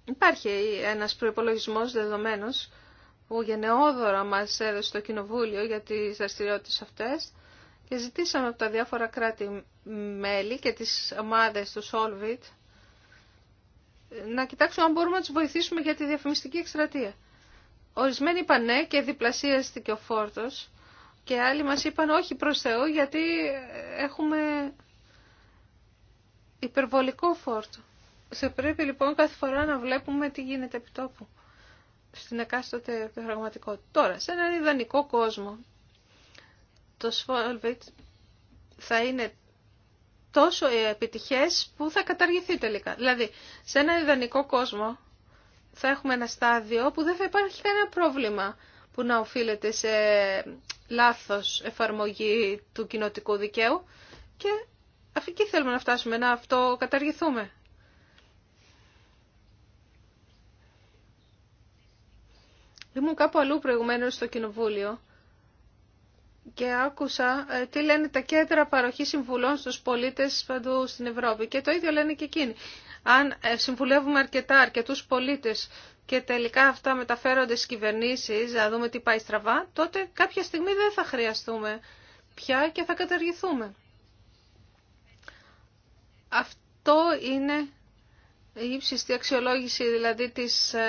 Υπάρχει ένας προϋπολογισμός δεδομένος που γενναιόδωρα μας έδωσε το Κοινοβούλιο για τις δραστηριότητε αυτές και ζητήσαμε από τα διάφορα κράτη-μέλη και τις ομάδες του Solvit να κοιτάξουμε αν μπορούμε να τους βοηθήσουμε για τη διαφημιστική εκστρατεία. Ορισμένοι είπαν ναι και διπλασίαστηκε ο φόρτος και άλλοι μας είπαν όχι προς Θεού γιατί έχουμε υπερβολικό φόρτο. Σε πρέπει λοιπόν κάθε φορά να βλέπουμε τι γίνεται επί στην εκάστοτε πραγματικότητα. Τώρα, σε έναν ιδανικό κόσμο, το θα είναι τόσο επιτυχές που θα καταργηθεί τελικά. Δηλαδή, σε ένα ιδανικό κόσμο θα έχουμε ένα στάδιο που δεν θα υπάρχει κανένα πρόβλημα που να οφείλεται σε λάθος εφαρμογή του κοινοτικού δικαίου και εκεί θέλουμε να φτάσουμε, να αυτό καταργηθούμε. Ήμουν κάπου αλλού προηγουμένως στο Κοινοβούλιο και άκουσα ε, τι λένε τα κέντρα παροχή συμβουλών στους πολίτες παντού στην Ευρώπη και το ίδιο λένε και εκείνοι. Αν ε, συμβουλεύουμε αρκετά αρκετούς πολίτες και τελικά αυτά μεταφέρονται στις κυβερνήσεις, να δούμε τι πάει στραβά, τότε κάποια στιγμή δεν θα χρειαστούμε πια και θα καταργηθούμε. Αυτό είναι η ύψιστη αξιολόγηση δηλαδή της ε,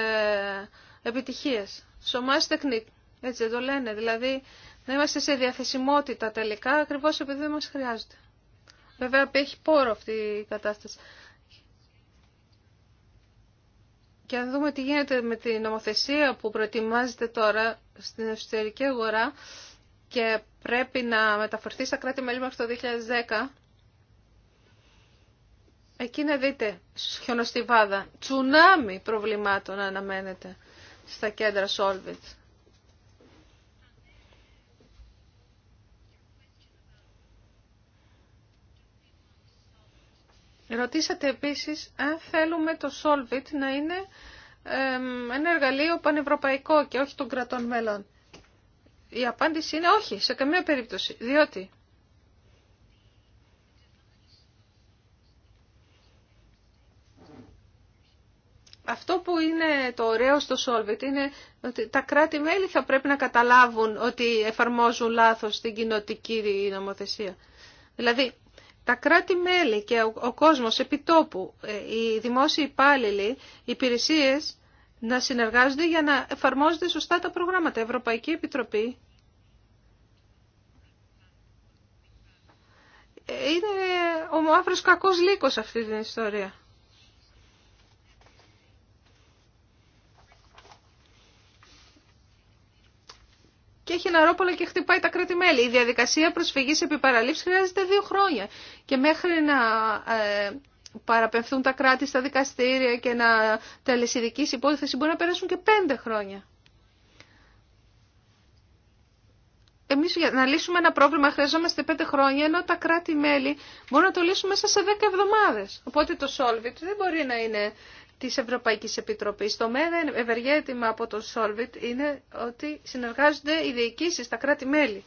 επιτυχίας. Σωμάς τεχνικ, έτσι το λένε, δηλαδή να είμαστε σε διαθεσιμότητα τελικά ακριβώς επειδή δεν μας χρειάζεται. Βέβαια έχει πόρο αυτή η κατάσταση. Και αν δούμε τι γίνεται με την νομοθεσία που προετοιμάζεται τώρα στην εσωτερική αγορά και πρέπει να μεταφερθεί στα κράτη-μέλη μέχρι το 2010, εκεί να δείτε χιονοστιβάδα, τσουνάμι προβλημάτων αναμένεται στα κέντρα Solvit. Ρωτήσατε επίσης αν θέλουμε το Solvit να είναι ένα εργαλείο πανευρωπαϊκό και όχι των κρατών μέλων. Η απάντηση είναι όχι, σε καμία περίπτωση, διότι Αυτό που είναι το ωραίο στο Solvit είναι ότι τα κράτη-μέλη θα πρέπει να καταλάβουν ότι εφαρμόζουν λάθος την κοινοτική νομοθεσία. Δηλαδή, τα κράτη-μέλη και ο, ο κόσμος επιτόπου, ε, οι δημόσιοι υπάλληλοι, οι υπηρεσίες να συνεργάζονται για να εφαρμόζονται σωστά τα προγράμματα. Ευρωπαϊκή Επιτροπή ε, είναι ο μαύρος κακός λύκος αυτή την ιστορία. και έχει ναρόπολα και χτυπάει τα κράτη-μέλη. Η διαδικασία προσφυγής επί παραλήψη χρειάζεται δύο χρόνια και μέχρι να ε, παραπευθούν τα κράτη στα δικαστήρια και να τελεσιδικήσει υπόθεση μπορεί να περάσουν και πέντε χρόνια. Εμείς για να λύσουμε ένα πρόβλημα χρειαζόμαστε πέντε χρόνια, ενώ τα κράτη-μέλη μπορούν να το λύσουν μέσα σε δέκα εβδομάδες. Οπότε το Solvit δεν μπορεί να είναι της Ευρωπαϊκής Επιτροπής. Το μέγα ευεργέτημα από το Solvit είναι ότι συνεργάζονται οι διοικήσεις, τα κράτη-μέλη.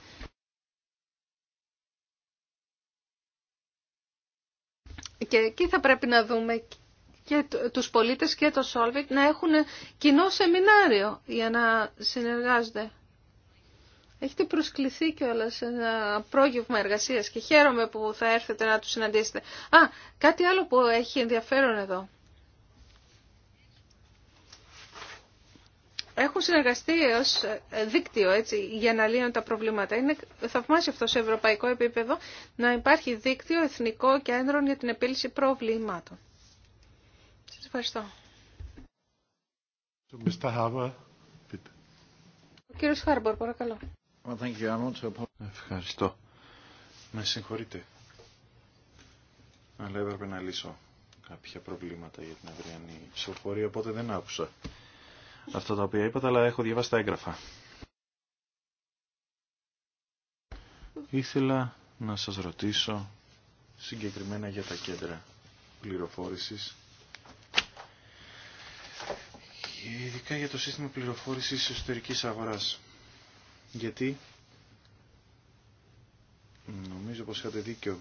Και εκεί θα πρέπει να δούμε και τους πολίτες και το Solvit να έχουν κοινό σεμινάριο για να συνεργάζονται. Έχετε προσκληθεί κιόλα σε ένα πρόγευμα εργασία και χαίρομαι που θα έρθετε να τους συναντήσετε. Α, κάτι άλλο που έχει ενδιαφέρον εδώ. έχουν συνεργαστεί ως ε, δίκτυο έτσι, για να λύνουν τα προβλήματα. Είναι θαυμάσιο αυτό σε ευρωπαϊκό επίπεδο να υπάρχει δίκτυο εθνικό και κέντρο για την επίλυση προβλημάτων. Σα ευχαριστώ. Ο κύριο Χάρμπορ, παρακαλώ. Ευχαριστώ. Με συγχωρείτε. Αλλά έπρεπε να λύσω κάποια προβλήματα για την αυριανή ψηφοφορία, οπότε δεν άκουσα αυτά τα οποία είπατε, αλλά έχω διαβάσει τα έγγραφα. Ήθελα να σας ρωτήσω συγκεκριμένα για τα κέντρα πληροφόρησης και ειδικά για το σύστημα πληροφόρησης εσωτερικής αγοράς. Γιατί νομίζω πως είχατε δίκιο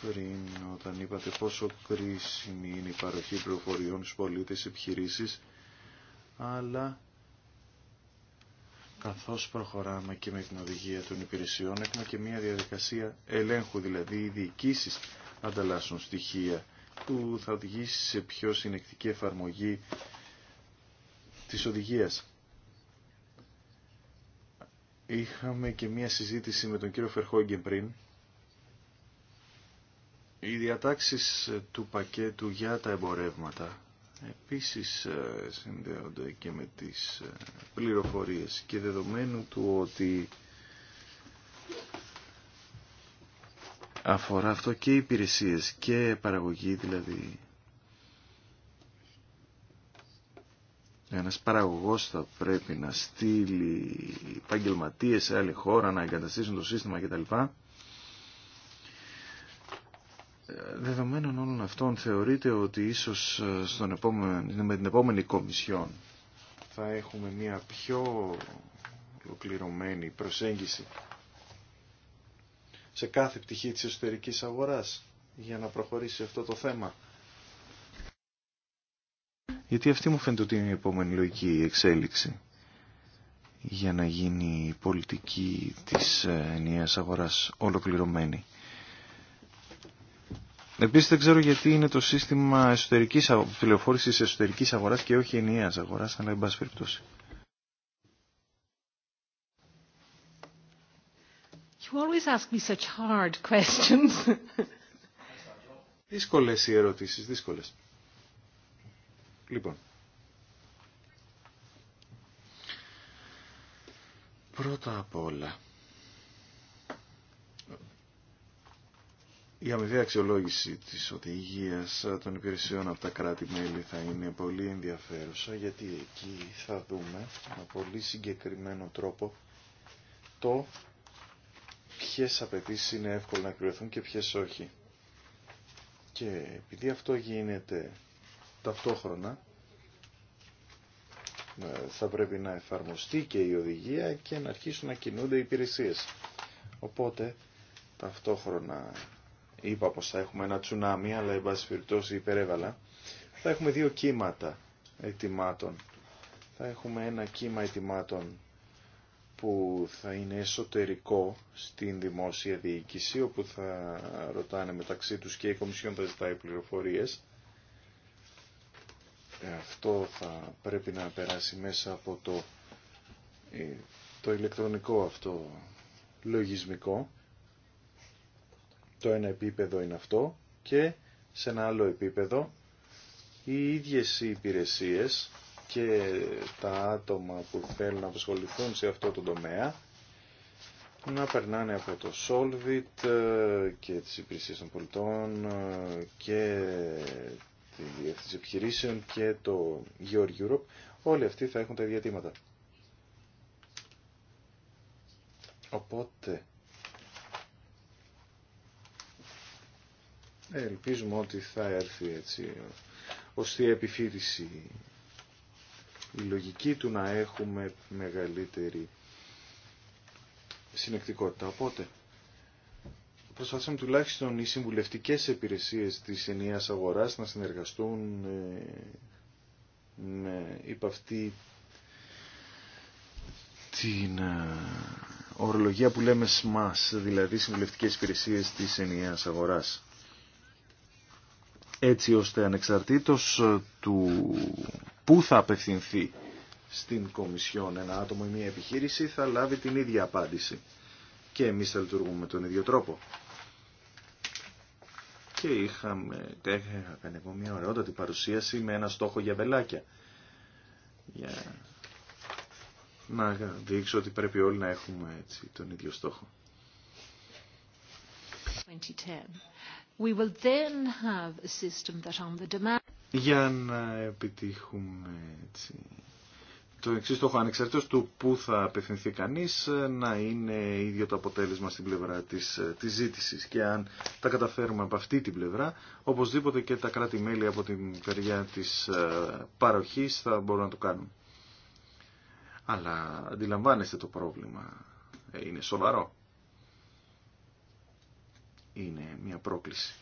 πριν όταν είπατε πόσο κρίσιμη είναι η παροχή πληροφοριών στους πολίτες επιχειρήσεις αλλά καθώς προχωράμε και με την οδηγία των υπηρεσιών έχουμε και μια διαδικασία ελέγχου, δηλαδή οι διοικήσει ανταλλάσσουν στοιχεία που θα οδηγήσει σε πιο συνεκτική εφαρμογή της οδηγίας. Είχαμε και μια συζήτηση με τον κύριο Φερχόγγεν πριν. Οι διατάξεις του πακέτου για τα εμπορεύματα επίσης ε, συνδέονται και με τις ε, πληροφορίες και δεδομένου του ότι αφορά αυτό και υπηρεσίες και παραγωγή δηλαδή Ένας παραγωγός θα πρέπει να στείλει επαγγελματίε σε άλλη χώρα να εγκαταστήσουν το σύστημα κτλ δεδομένων όλων αυτών θεωρείτε ότι ίσως ε, στον επόμενο, με την επόμενη κομισιόν θα έχουμε μια πιο ολοκληρωμένη προσέγγιση σε κάθε πτυχή της εσωτερικής αγοράς για να προχωρήσει αυτό το θέμα. Γιατί αυτή μου φαίνεται ότι είναι η επόμενη λογική εξέλιξη για να γίνει η πολιτική της ε, ενιαίας αγοράς ολοκληρωμένη. Επίση, δεν ξέρω γιατί είναι το σύστημα εσωτερικής πληροφόρησης εσωτερικής αγοράς και όχι ενιαίας αγοράς, αλλά εν πάση περιπτώσει. You always ask me such hard questions. δύσκολες οι ερωτήσεις, δύσκολες. Λοιπόν. Πρώτα απ' όλα, Η αμοιβή αξιολόγηση της οδηγία των υπηρεσιών από τα κράτη-μέλη θα είναι πολύ ενδιαφέρουσα γιατί εκεί θα δούμε με πολύ συγκεκριμένο τρόπο το ποιε απαιτήσει είναι εύκολο να εκπληρωθούν και ποιε όχι. Και επειδή αυτό γίνεται ταυτόχρονα ε, θα πρέπει να εφαρμοστεί και η οδηγία και να αρχίσουν να κινούνται οι υπηρεσίε Οπότε ταυτόχρονα είπα πως θα έχουμε ένα τσουνάμι, αλλά εν πάση περιπτώσει υπερέβαλα, θα έχουμε δύο κύματα ετοιμάτων. Θα έχουμε ένα κύμα ετοιμάτων που θα είναι εσωτερικό στην δημόσια διοίκηση, όπου θα ρωτάνε μεταξύ τους και η Κομισιόν θα ζητάει πληροφορίες. Ε, αυτό θα πρέπει να περάσει μέσα από το, ε, το ηλεκτρονικό αυτό λογισμικό το ένα επίπεδο είναι αυτό και σε ένα άλλο επίπεδο οι ίδιες οι υπηρεσίες και τα άτομα που θέλουν να απασχοληθούν σε αυτό το τομέα να περνάνε από το Solvit ε, και τις υπηρεσίες των πολιτών ε, και τη διεύθυνση επιχειρήσεων και το Your Europe, όλοι αυτοί θα έχουν τα ίδια Οπότε, Ε, ελπίζουμε ότι θα έρθει έτσι ώστε η επιφύρηση η λογική του να έχουμε μεγαλύτερη συνεκτικότητα. Οπότε προσπαθήσαμε τουλάχιστον οι συμβουλευτικές υπηρεσίες της ενιαίας αγοράς να συνεργαστούν ε, με υπ' αυτή την ε, ορολογία που λέμε SMAS, δηλαδή συμβουλευτικές υπηρεσίες της ενιαίας αγοράς έτσι ώστε ανεξαρτήτως ε, του πού θα απευθυνθεί στην Κομισιόν ένα άτομο ή μια επιχείρηση θα λάβει την ίδια απάντηση. Και εμείς θα λειτουργούμε με τον ίδιο τρόπο. Και είχαμε, είχα κάνει εγώ μια ωραιότατη παρουσίαση με ένα στόχο για βελάκια. Για να δείξω ότι πρέπει όλοι να έχουμε έτσι, τον ίδιο στόχο. 2010. Για να επιτύχουμε έτσι. Το εξή στόχο, ανεξαρτήτως του πού θα απευθυνθεί κανείς, να είναι ίδιο το αποτέλεσμα στην πλευρά της, ε, της ζήτησης. Και αν τα καταφέρουμε από αυτή την πλευρά, οπωσδήποτε και τα κράτη-μέλη από την περιά της ε, παροχής θα μπορούν να το κάνουν. Αλλά αντιλαμβάνεστε το πρόβλημα. Είναι σοβαρό είναι μια πρόκληση.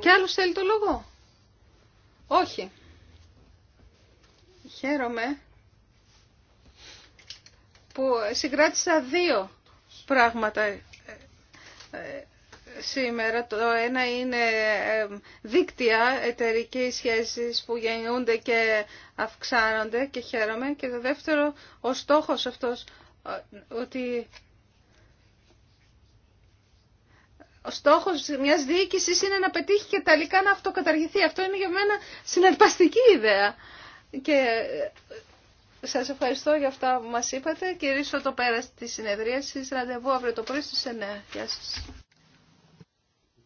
Και άλλο θέλει το λόγο. Όχι. Χαίρομαι που συγκράτησα δύο πράγματα ε, ε, σήμερα. Το ένα είναι ε, δίκτυα εταιρική σχέσης που γεννιούνται και αυξάνονται και χαίρομαι. Και το δεύτερο, ο στόχος αυτός ότι ο στόχος μιας διοίκησης είναι να πετύχει και τελικά να αυτοκαταργηθεί. Αυτό είναι για μένα συναρπαστική ιδέα. Και ε, σας ευχαριστώ για αυτά που μας είπατε. Κυρίσω το πέρας της συνεδρίασης. Ραντεβού αύριο το πρωί στις 9. Γεια σας.